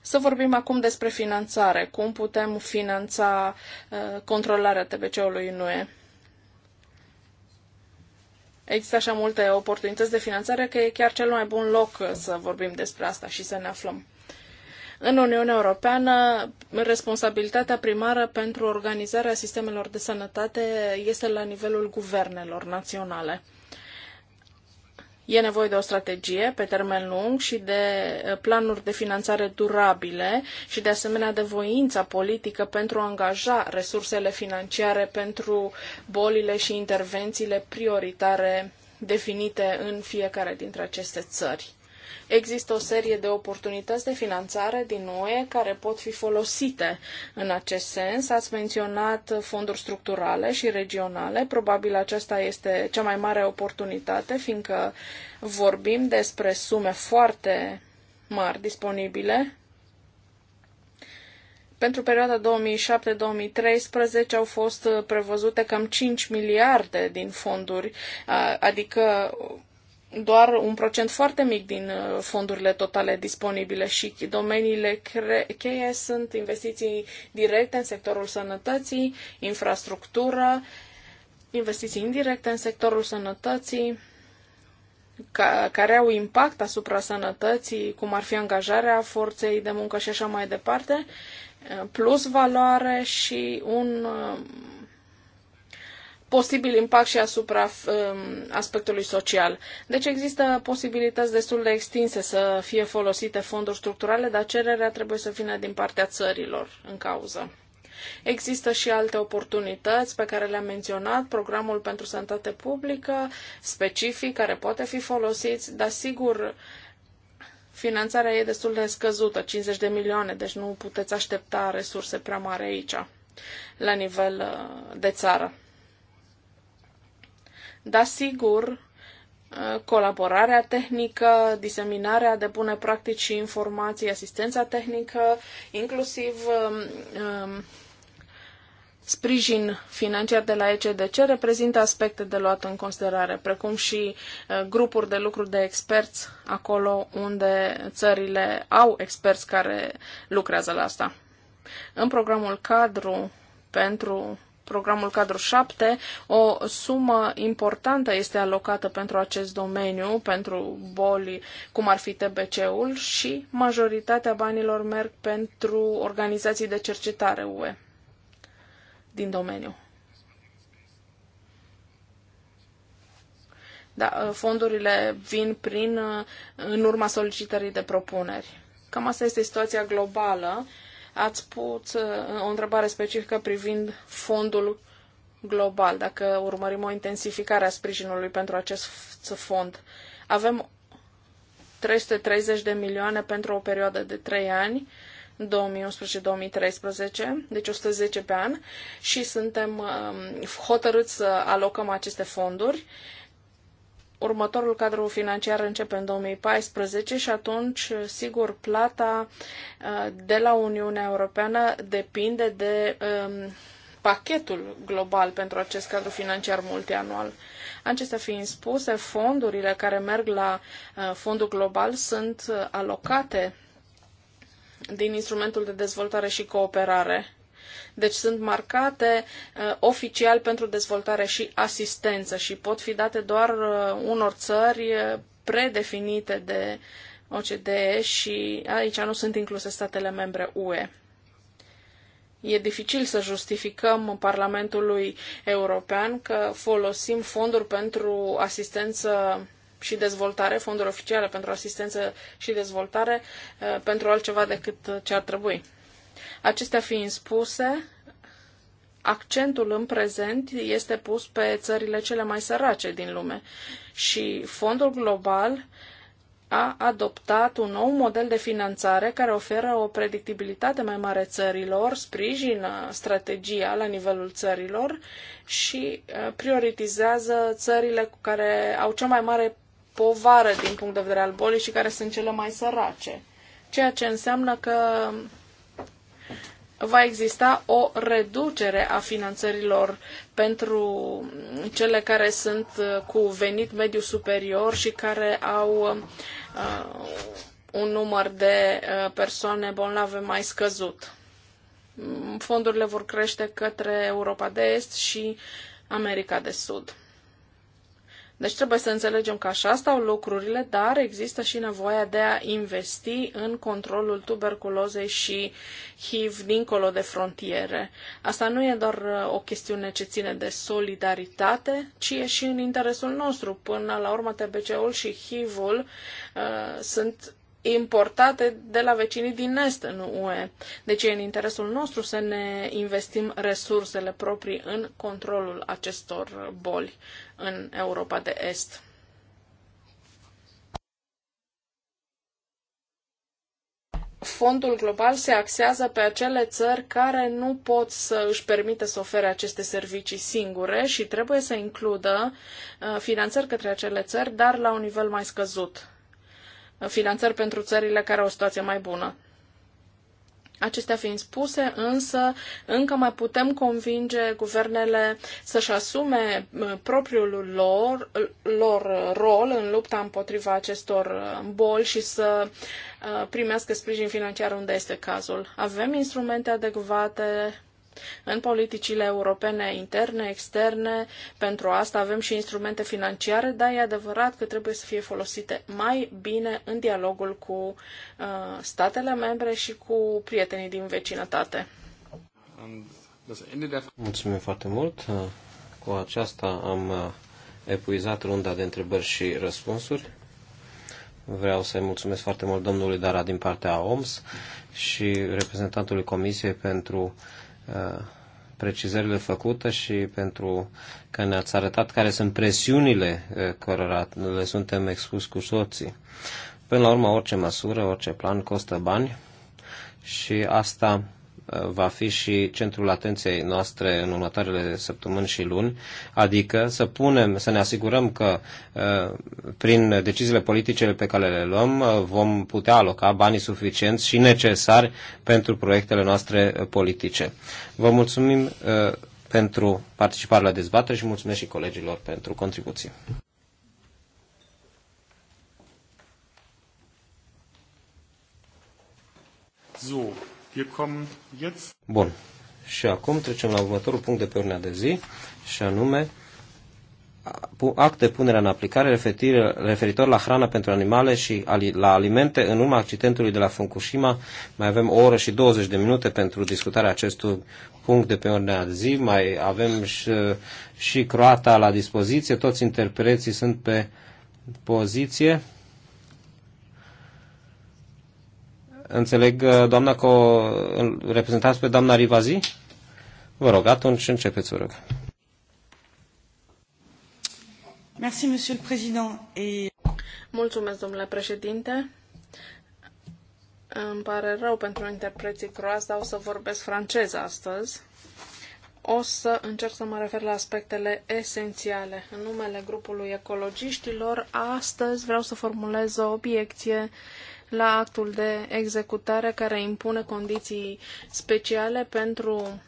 Speaker 1: Să vorbim acum despre finanțare. Cum putem finanța uh, controlarea TBC-ului în UE? Există așa multe oportunități de finanțare că e chiar cel mai bun loc să vorbim despre asta și să ne aflăm. În Uniunea Europeană, responsabilitatea primară pentru organizarea sistemelor de sănătate este la nivelul guvernelor naționale. E nevoie de o strategie pe termen lung și de eh, planuri de finanțare durabile și de asemenea de voința politică pentru a angaja resursele financiare pentru bolile și intervențiile prioritare definite în fiecare dintre aceste țări. Există o serie de oportunități de finanțare din UE care pot fi folosite în acest sens. Ați menționat fonduri structurale și regionale. Probabil aceasta este cea mai mare oportunitate, fiindcă vorbim despre sume foarte mari disponibile pentru perioada 2007-2013 au fost prevăzute cam 5 miliarde din fonduri, adică doar un procent foarte mic din uh, fondurile totale disponibile și domeniile cheie sunt investiții directe în sectorul sănătății, infrastructură, investiții indirecte în sectorul sănătății, ca, care au impact asupra sănătății, cum ar fi angajarea forței de muncă și așa mai departe, uh, plus valoare și un uh, posibil impact și asupra um, aspectului social. Deci există posibilități destul de extinse să fie folosite fonduri structurale, dar cererea trebuie să vină din partea țărilor în cauză. Există și alte oportunități pe care le-am menționat, programul pentru sănătate publică specific care poate fi folosit, dar sigur finanțarea e destul de scăzută, 50 de milioane, deci nu puteți aștepta resurse prea mari aici, la nivel uh, de țară. Dar sigur, uh, colaborarea tehnică, diseminarea de bune practici și informații, asistența tehnică, inclusiv um, um sprijin financiar de la ECDC reprezintă aspecte de luat în considerare, precum și uh, grupuri de lucru de experți acolo unde țările au experți care lucrează la asta. În programul cadru pentru programul cadru 7, o sumă importantă este alocată pentru acest domeniu, pentru boli cum ar fi TBC-ul și majoritatea banilor merg pentru organizații de cercetare UE din domeniu. Da, fondurile vin prin, în urma solicitării de propuneri. Cam asta este situația globală Ați pus uh, o întrebare specifică privind fondul global, dacă urmărim o intensificare a sprijinului pentru acest fond. Avem 330 de milioane pentru o perioadă de 3 ani, 2011-2013, deci 110 pe an, și suntem um, hotărâți să alocăm aceste fonduri următorul cadru financiar începe în 2014 și atunci, sigur, plata uh, de la Uniunea Europeană depinde de um, pachetul global pentru acest cadru financiar multianual. Acestea fiind spuse, fondurile care merg la uh, fondul global sunt uh, alocate din instrumentul de dezvoltare și cooperare deci sunt marcate uh, oficial pentru dezvoltare și asistență și pot fi date doar uh, unor țări uh, predefinite de OCDE și aici nu sunt incluse statele membre UE. E dificil să justificăm Parlamentului European că folosim fonduri pentru asistență și dezvoltare, fonduri oficiale pentru asistență și dezvoltare, uh, pentru altceva decât ce ar trebui. Acestea fiind spuse, accentul în prezent este pus pe țările cele mai sărace din lume și fondul global a adoptat un nou model de finanțare care oferă o predictibilitate mai mare țărilor, sprijină uh, strategia la nivelul țărilor și uh, prioritizează țările cu care au cea mai mare povară din punct de vedere al bolii și care sunt cele mai sărace. Ceea ce înseamnă că va exista o reducere a finanțărilor pentru cele care sunt uh, cu venit mediu superior și care au uh, un număr de uh, persoane bolnave mai scăzut. Mm, fondurile vor crește către Europa de Est și America de Sud. Deci trebuie să înțelegem că așa stau lucrurile, dar există și nevoia de a investi în controlul tuberculozei și HIV dincolo de frontiere. Asta nu e doar uh, o chestiune ce ține de solidaritate, ci e și în interesul nostru. Până la urmă, TBC-ul și HIV-ul uh, sunt importate de la vecinii din Est în UE. Deci e în interesul nostru să ne investim resursele proprii în controlul acestor boli în Europa de Est. fondul global se axează pe acele țări care nu pot să își permită să ofere aceste servicii singure și trebuie să includă uh, finanțări către acele țări, dar la un nivel mai scăzut finanțări pentru țările care au o situație mai bună. Acestea fiind spuse, însă, încă mai putem convinge guvernele să-și asume uh, propriul lor, lor rol în lupta împotriva acestor uh, boli și să uh, primească sprijin financiar unde este cazul. Avem instrumente adecvate în politicile europene interne, externe. Pentru asta avem și instrumente financiare, dar e adevărat că trebuie să fie folosite mai bine în dialogul cu uh, statele membre și cu prietenii din vecinătate.
Speaker 3: Mulțumim foarte mult. Cu aceasta am uh, epuizat runda de întrebări și răspunsuri. Vreau să-i mulțumesc foarte mult domnului Dara din partea OMS și reprezentantului Comisiei pentru precizările făcute și pentru că ne-ați arătat care sunt presiunile cărora le suntem expus cu soții. Până la urmă, orice măsură, orice plan costă bani și asta va fi și centrul atenției noastre în următoarele săptămâni și luni, adică să punem, să ne asigurăm că uh, prin deciziile politice pe care le luăm uh, vom putea aloca banii suficienți și necesari pentru proiectele noastre uh, politice. Vă mulțumim pentru participare la dezbatere și mulțumesc și colegilor pentru contribuții. So, Bun. Și acum trecem la următorul punct de pe ordinea de zi, și anume act de punere în aplicare referitor la hrana pentru animale și la alimente în urma accidentului de la Fukushima. Mai avem o oră și 20 de minute pentru discutarea acestui punct de pe ordinea de zi. Mai avem și, și croata la dispoziție. Toți interpreții sunt pe poziție. Înțeleg, uh, doamna, că o reprezentați pe doamna Rivazi? Vă rog, atunci începeți, vă rog.
Speaker 1: Merci, monsieur le président. Et... Mulțumesc, domnule președinte. Îmi pare rău pentru interpreții croați, dar o să vorbesc franceză astăzi. O să încerc să mă refer la aspectele esențiale. În numele grupului ecologiștilor, astăzi vreau să formulez o obiecție uh, la actul de executare care impune condiții speciale pentru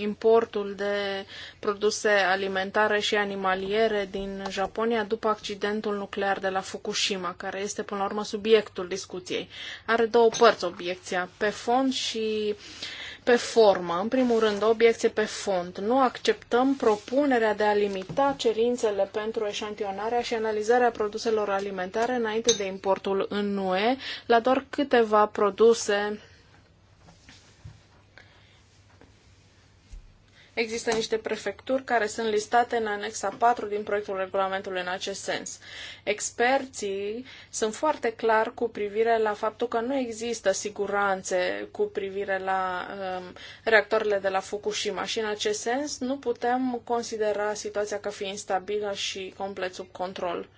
Speaker 1: importul de produse alimentare și animaliere din Japonia după accidentul nuclear de la Fukushima, care este până la urmă subiectul discuției. Are două părți obiecția, pe fond și pe formă. În primul rând, obiecție pe fond. Nu acceptăm propunerea de a limita cerințele pentru eșantionarea și analizarea produselor alimentare înainte de importul în UE la doar câteva produse Există niște prefecturi care sunt listate în anexa 4 din proiectul regulamentului în acest sens. Experții sunt foarte clar cu privire la faptul că nu există siguranțe cu privire la um, reactoarele de la Fukushima și în acest sens nu putem considera situația ca fiind stabilă și complet sub control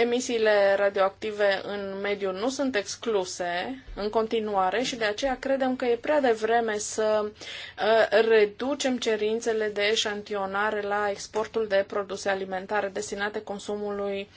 Speaker 1: emisiile radioactive în mediu nu sunt excluse în continuare și de aceea credem că e prea devreme să uh, reducem cerințele de eșantionare la exportul de produse alimentare destinate consumului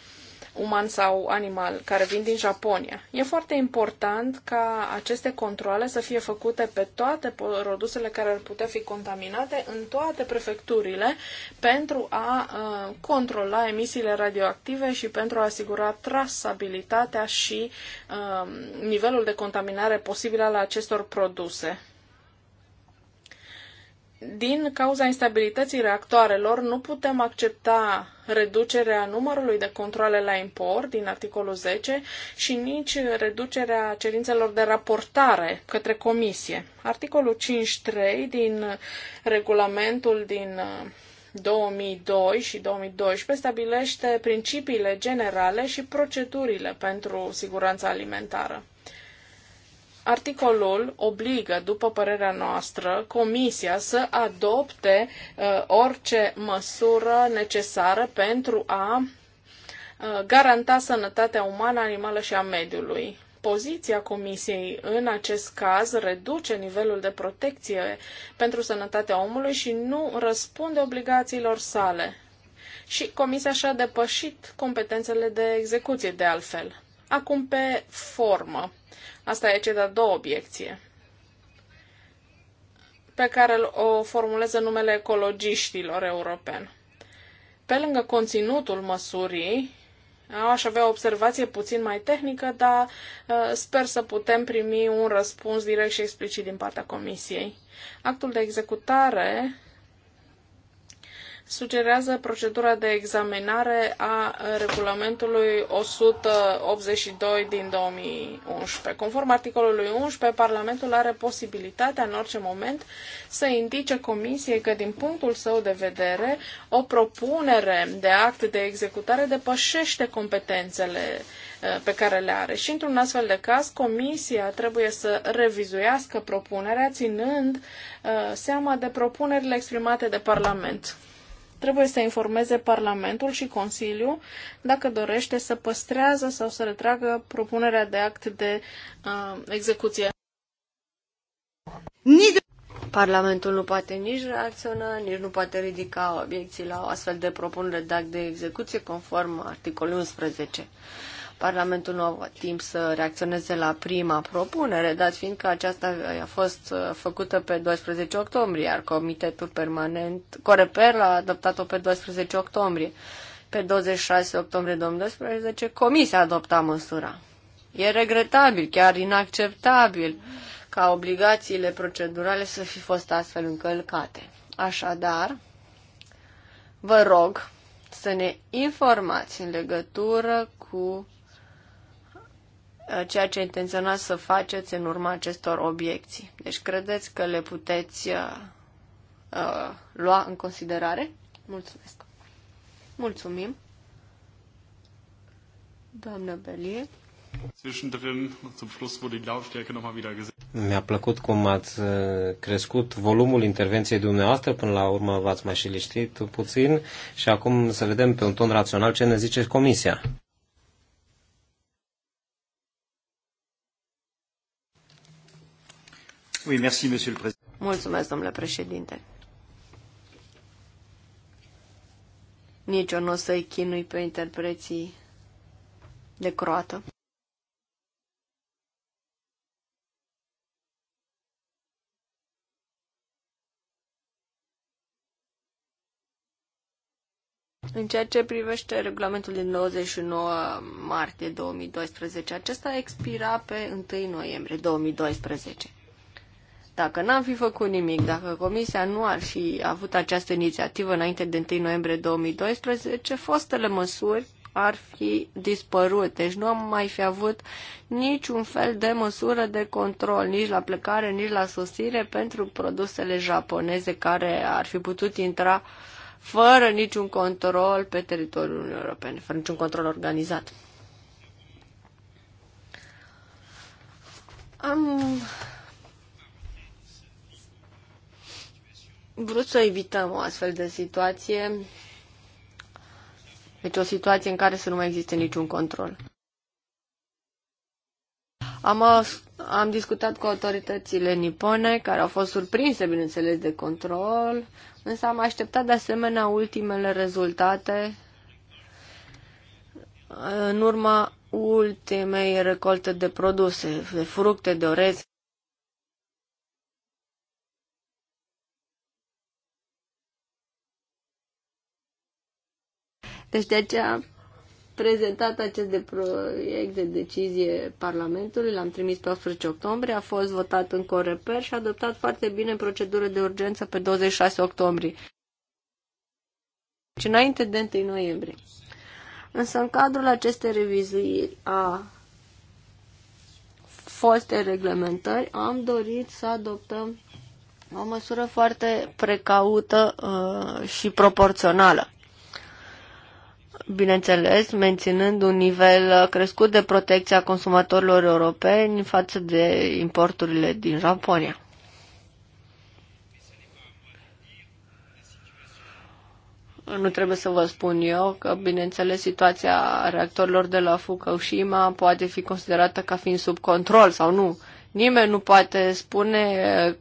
Speaker 1: uman sau animal, care vin din Japonia. E foarte important ca aceste controle să fie făcute pe toate produsele care ar putea fi contaminate în toate prefecturile pentru a uh, controla emisiile radioactive și pentru a asigura trasabilitatea și uh, nivelul de contaminare posibil al acestor produse din cauza instabilității reactoarelor, nu putem accepta reducerea numărului de controle la import din articolul 10 și nici reducerea cerințelor de raportare către comisie. Articolul 5.3 din regulamentul din 2002 uh, și 2012 stabilește principiile generale și procedurile pentru siguranța alimentară. Articolul obligă, după părerea noastră, Comisia să adopte uh, orice măsură necesară pentru a uh, garanta sănătatea umană, animală și a mediului. Poziția Comisiei în acest caz reduce nivelul de protecție pentru sănătatea omului și nu răspunde obligațiilor sale. Și Comisia și-a depășit competențele de execuție, de altfel. Acum pe formă. Asta e cea de-a doua obiecție pe care o formulează numele ecologiștilor europeni. Pe lângă conținutul măsurii, aș avea o observație puțin mai tehnică, dar ă, sper să putem primi un răspuns direct și explicit din partea Comisiei. Actul de executare sugerează procedura de examinare a regulamentului 182 din 2011. Conform articolului 11, Parlamentul are posibilitatea în orice moment să indice Comisiei că, din punctul său de vedere, o propunere de act de executare depășește competențele eh, pe care le are. Și într-un astfel de caz, comisia trebuie să revizuiască propunerea ținând uh, seama de propunerile exprimate de Parlament trebuie să informeze Parlamentul și Consiliu dacă dorește să păstrează sau să retragă propunerea
Speaker 2: de act de uh, execuție. Parlamentul nu poate nici reacționa, nici nu poate ridica obiecții la o astfel de propunere de act de execuție conform articolului 11. Parlamentul nu a avut timp să reacționeze la prima propunere, dat fiind că aceasta a fost uh, făcută pe 12 octombrie, iar Comitetul Permanent Coreper a adoptat-o pe 12 octombrie. Pe 26 octombrie 2012, Comisia a adoptat măsura. E regretabil, chiar inacceptabil, ca obligațiile procedurale să fi fost astfel încălcate. Așadar, vă rog să ne informați în legătură cu Uh, ceea ce intenționați să faceți în urma acestor obiecții. Deci credeți că le puteți uh, uh lua în considerare? Mulțumesc! Mulțumim! Doamnă Belie.
Speaker 3: Mi-a plăcut cum ați uh, crescut volumul intervenției dumneavoastră, până la urmă v-ați mai și liștit puțin și acum să vedem pe un ton rațional ce ne zice Comisia. Oui, merci, monsieur le président.
Speaker 2: Mulțumesc, domnule președinte. Nici eu nu o să-i chinui pe interpreții de croată. În ceea ce privește regulamentul din 29 martie 2012, acesta expira pe 1 noiembrie 2012. Dacă n-am fi făcut nimic, dacă Comisia nu ar fi avut această inițiativă înainte de 1 noiembrie 2012, fostele măsuri ar fi dispărut. Deci nu am mai fi avut niciun fel de măsură de control, nici la plecare, nici la sosire pentru produsele japoneze care ar fi putut intra fără niciun control pe teritoriul Uniunii Europene, fără niciun control organizat. Am vrut să evităm o astfel de situație, deci o situație în care să nu mai existe niciun control. Am, am discutat cu autoritățile nipone, care au fost surprinse, bineînțeles, de control, însă am așteptat de asemenea ultimele rezultate în urma ultimei recolte de produse, de fructe, de orez. Deci de aceea am prezentat acest de proiect de decizie Parlamentului, l-am trimis pe 18 octombrie, a fost votat în Coreper și adoptat foarte bine în procedură de urgență pe 26 octombrie. Și deci înainte de 1 noiembrie. Însă în cadrul acestei revizuiri a foste reglementări, am dorit să adoptăm o măsură foarte precaută uh, și proporțională bineînțeles, menținând un nivel uh, crescut de protecție a consumatorilor europeni față de importurile din Japonia. Nu trebuie să vă spun eu că, bineînțeles, situația reactorilor de la Fukushima poate fi considerată ca fiind sub control sau nu. Nimeni nu poate spune uh,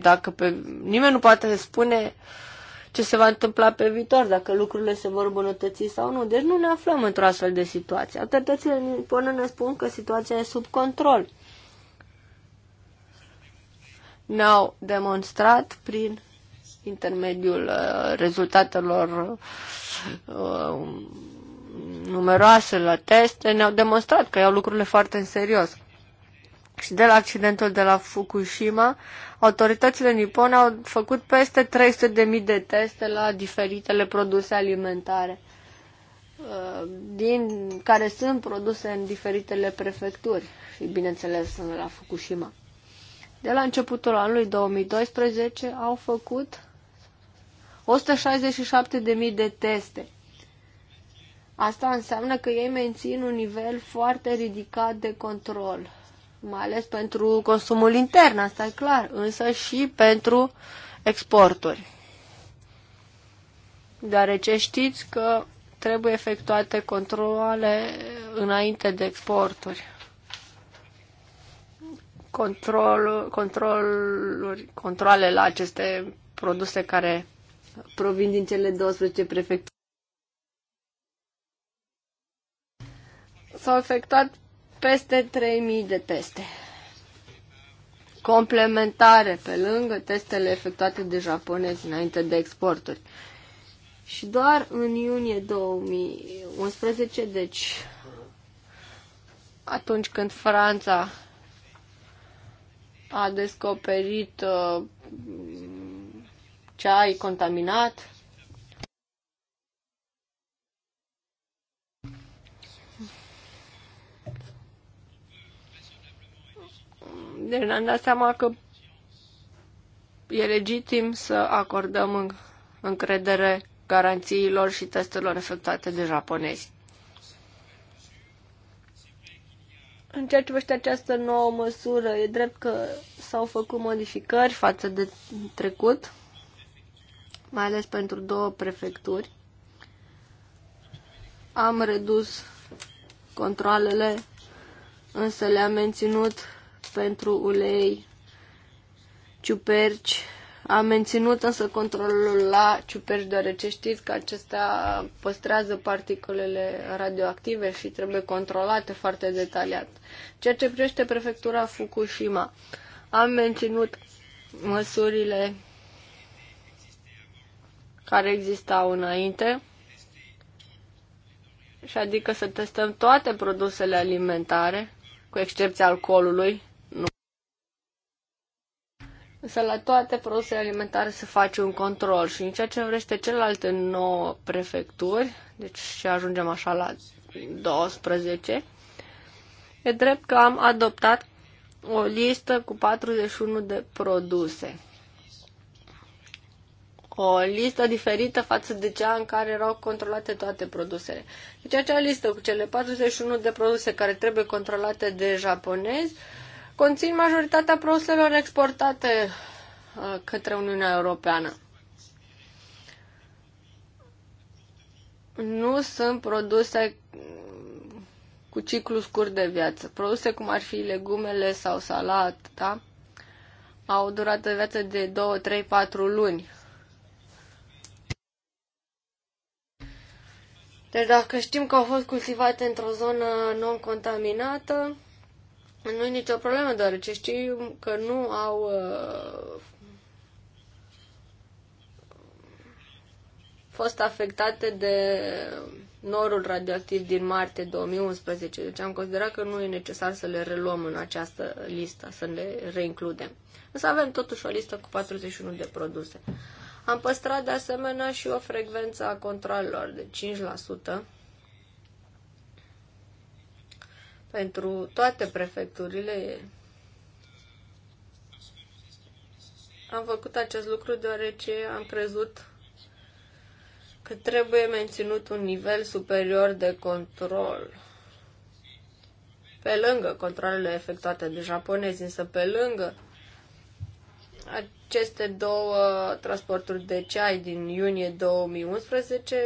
Speaker 2: dacă pe, nimeni nu poate spune uh, ce se va întâmpla pe viitor, dacă lucrurile se vor îmbunătăți sau nu. Deci nu ne aflăm într-o astfel de situație. Autoritățile până ne spun că situația e sub control. Ne-au demonstrat prin intermediul uh, rezultatelor uh, numeroase la teste, ne-au demonstrat că iau lucrurile foarte în serios și de la accidentul de la Fukushima, autoritățile nipone au făcut peste 300.000 de teste la diferitele produse alimentare, uh, din care sunt produse în diferitele prefecturi și, bineînțeles, la Fukushima. De la începutul anului 2012 au făcut 167.000 de teste. Asta înseamnă că ei mențin un nivel foarte ridicat de control mai ales pentru consumul intern, asta e clar, însă și pentru exporturi. Deoarece știți că trebuie efectuate controle înainte de exporturi. Control, controluri, controle la aceste produse care provin din cele 12 prefecturi. S-au efectuat peste 3000 de teste complementare pe lângă testele efectuate de japonezi înainte de exporturi. Și doar în iunie 2011, deci atunci când Franța a descoperit uh, ce ai contaminat, Deci ne-am dat seama că e legitim să acordăm încredere garanțiilor și testelor efectuate de japonezi. În ceea ce vește această nouă măsură, e drept că s-au făcut modificări față de trecut, mai ales pentru două prefecturi. Am redus controlele, însă le-am menținut pentru ulei, ciuperci. Am menținut însă controlul la ciuperci, deoarece știți că acestea păstrează particulele radioactive și trebuie controlate foarte detaliat. Ceea ce privește prefectura Fukushima, am menținut măsurile care existau înainte, și adică să testăm toate produsele alimentare, cu excepția alcoolului, Însă la toate produsele alimentare se face un control și în ceea ce vrește celelalte 9 prefecturi, deci și ajungem așa la 12, e drept că am adoptat o listă cu 41 de produse. O listă diferită față de cea în care erau controlate toate produsele. Deci acea listă cu cele 41 de produse care trebuie controlate de japonezi conțin majoritatea produselor exportate uh, către Uniunea Europeană. Nu sunt produse cu ciclu scurt de viață. Produse cum ar fi legumele sau salat, da? Au o durată de viață de 2, 3, 4 luni. Deci dacă știm că au fost cultivate într-o zonă non-contaminată, nu e nicio problemă, deoarece știi că nu au uh, fost afectate de norul radioactiv din martie 2011, deci am considerat că nu e necesar să le reluăm în această listă, să le reincludem. Însă avem totuși o listă cu 41 de produse. Am păstrat de asemenea și o frecvență a controlelor de 5%, pentru toate prefecturile. Am făcut acest lucru deoarece am crezut că trebuie menținut un nivel superior de control. Pe lângă controlele efectuate de japonezi, însă pe lângă aceste două transporturi de ceai din iunie 2011,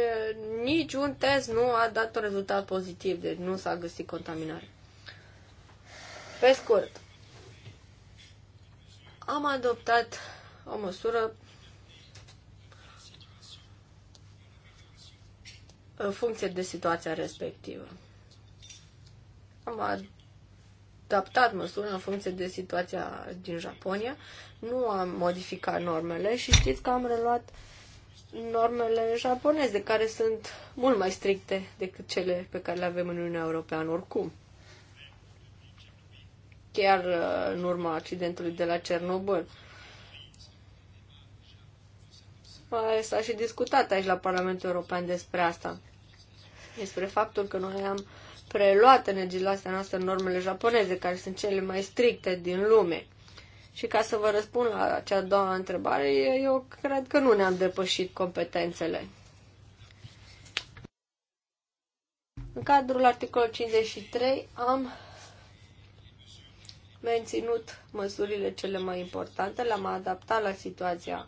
Speaker 2: niciun test nu a dat un rezultat pozitiv, deci nu s-a găsit contaminare. Pe scurt, am adoptat o măsură în funcție de situația respectivă. Am adaptat măsura în funcție de situația din Japonia, nu am modificat normele și știți că am reluat normele japoneze, care sunt mult mai stricte decât cele pe care le avem în Uniunea Europeană oricum chiar uh, în urma accidentului de la Cernobâl. S-a și discutat aici la Parlamentul European despre asta, despre faptul că noi am preluat în legislația noastră normele japoneze, care sunt cele mai stricte din lume. Și ca să vă răspund la acea doua întrebare, eu cred că nu ne-am depășit competențele. În cadrul articolului 53 am menținut măsurile cele mai importante, le-am adaptat la situația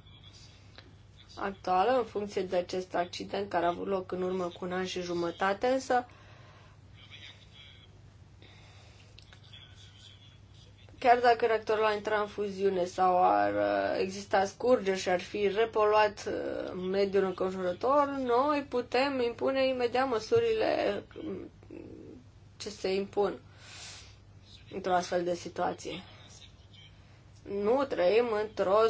Speaker 2: actuală în funcție de acest accident care a avut loc în urmă cu un an și jumătate, însă chiar dacă reactorul a intrat în fuziune sau ar uh, exista scurge și ar fi repoluat uh, mediul înconjurător, noi putem impune imediat măsurile mm, ce se impun într-o astfel de situație. Nu trăim într-o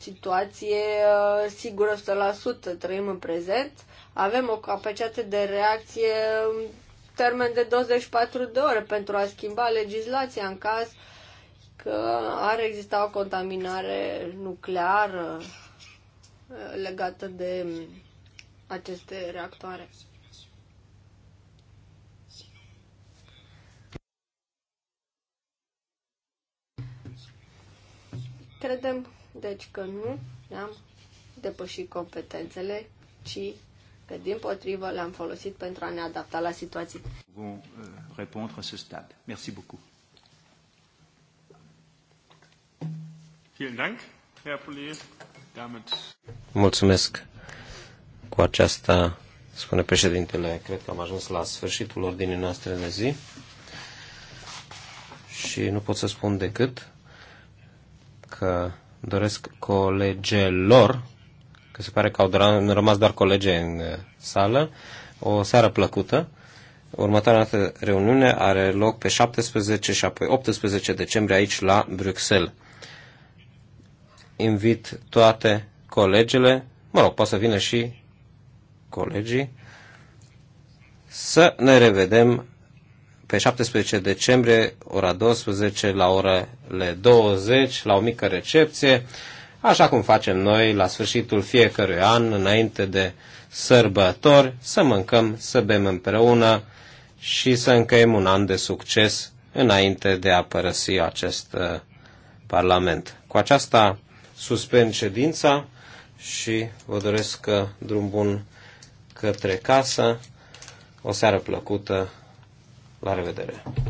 Speaker 2: situație uh, sigură 100%, trăim în prezent, avem o capacitate de reacție în termen de 24 de ore pentru a schimba legislația în caz că ar exista o contaminare nucleară
Speaker 3: uh,
Speaker 2: legată de aceste reactoare. Credem, deci, că nu ne-am depășit competențele, ci că, din potrivă, le-am folosit pentru a ne adapta la situații.
Speaker 3: Vom uh, răspunde la acest stade. Mersi beaucoup. Mulțumesc. Cu aceasta, spune președintele, cred că am ajuns la sfârșitul ordinii noastre de zi și nu pot să spun decât că doresc colegelor, că se pare că au rămas doar colege în uh, sală, o seară plăcută. Următoarea dată reuniune are loc pe 17 și apoi 18 decembrie aici la Bruxelles. Invit toate colegele, mă rog, poate să vină și colegii, să ne revedem pe 17 decembrie, ora 12, la orele 20, la o mică recepție, așa cum facem noi la sfârșitul fiecărui an, înainte de sărbători, să mâncăm, să bem împreună și să încheiem un an de succes înainte de a părăsi acest uh, Parlament. Cu aceasta suspend ședința și vă doresc uh, drum bun către casă, o seară plăcută la revedere!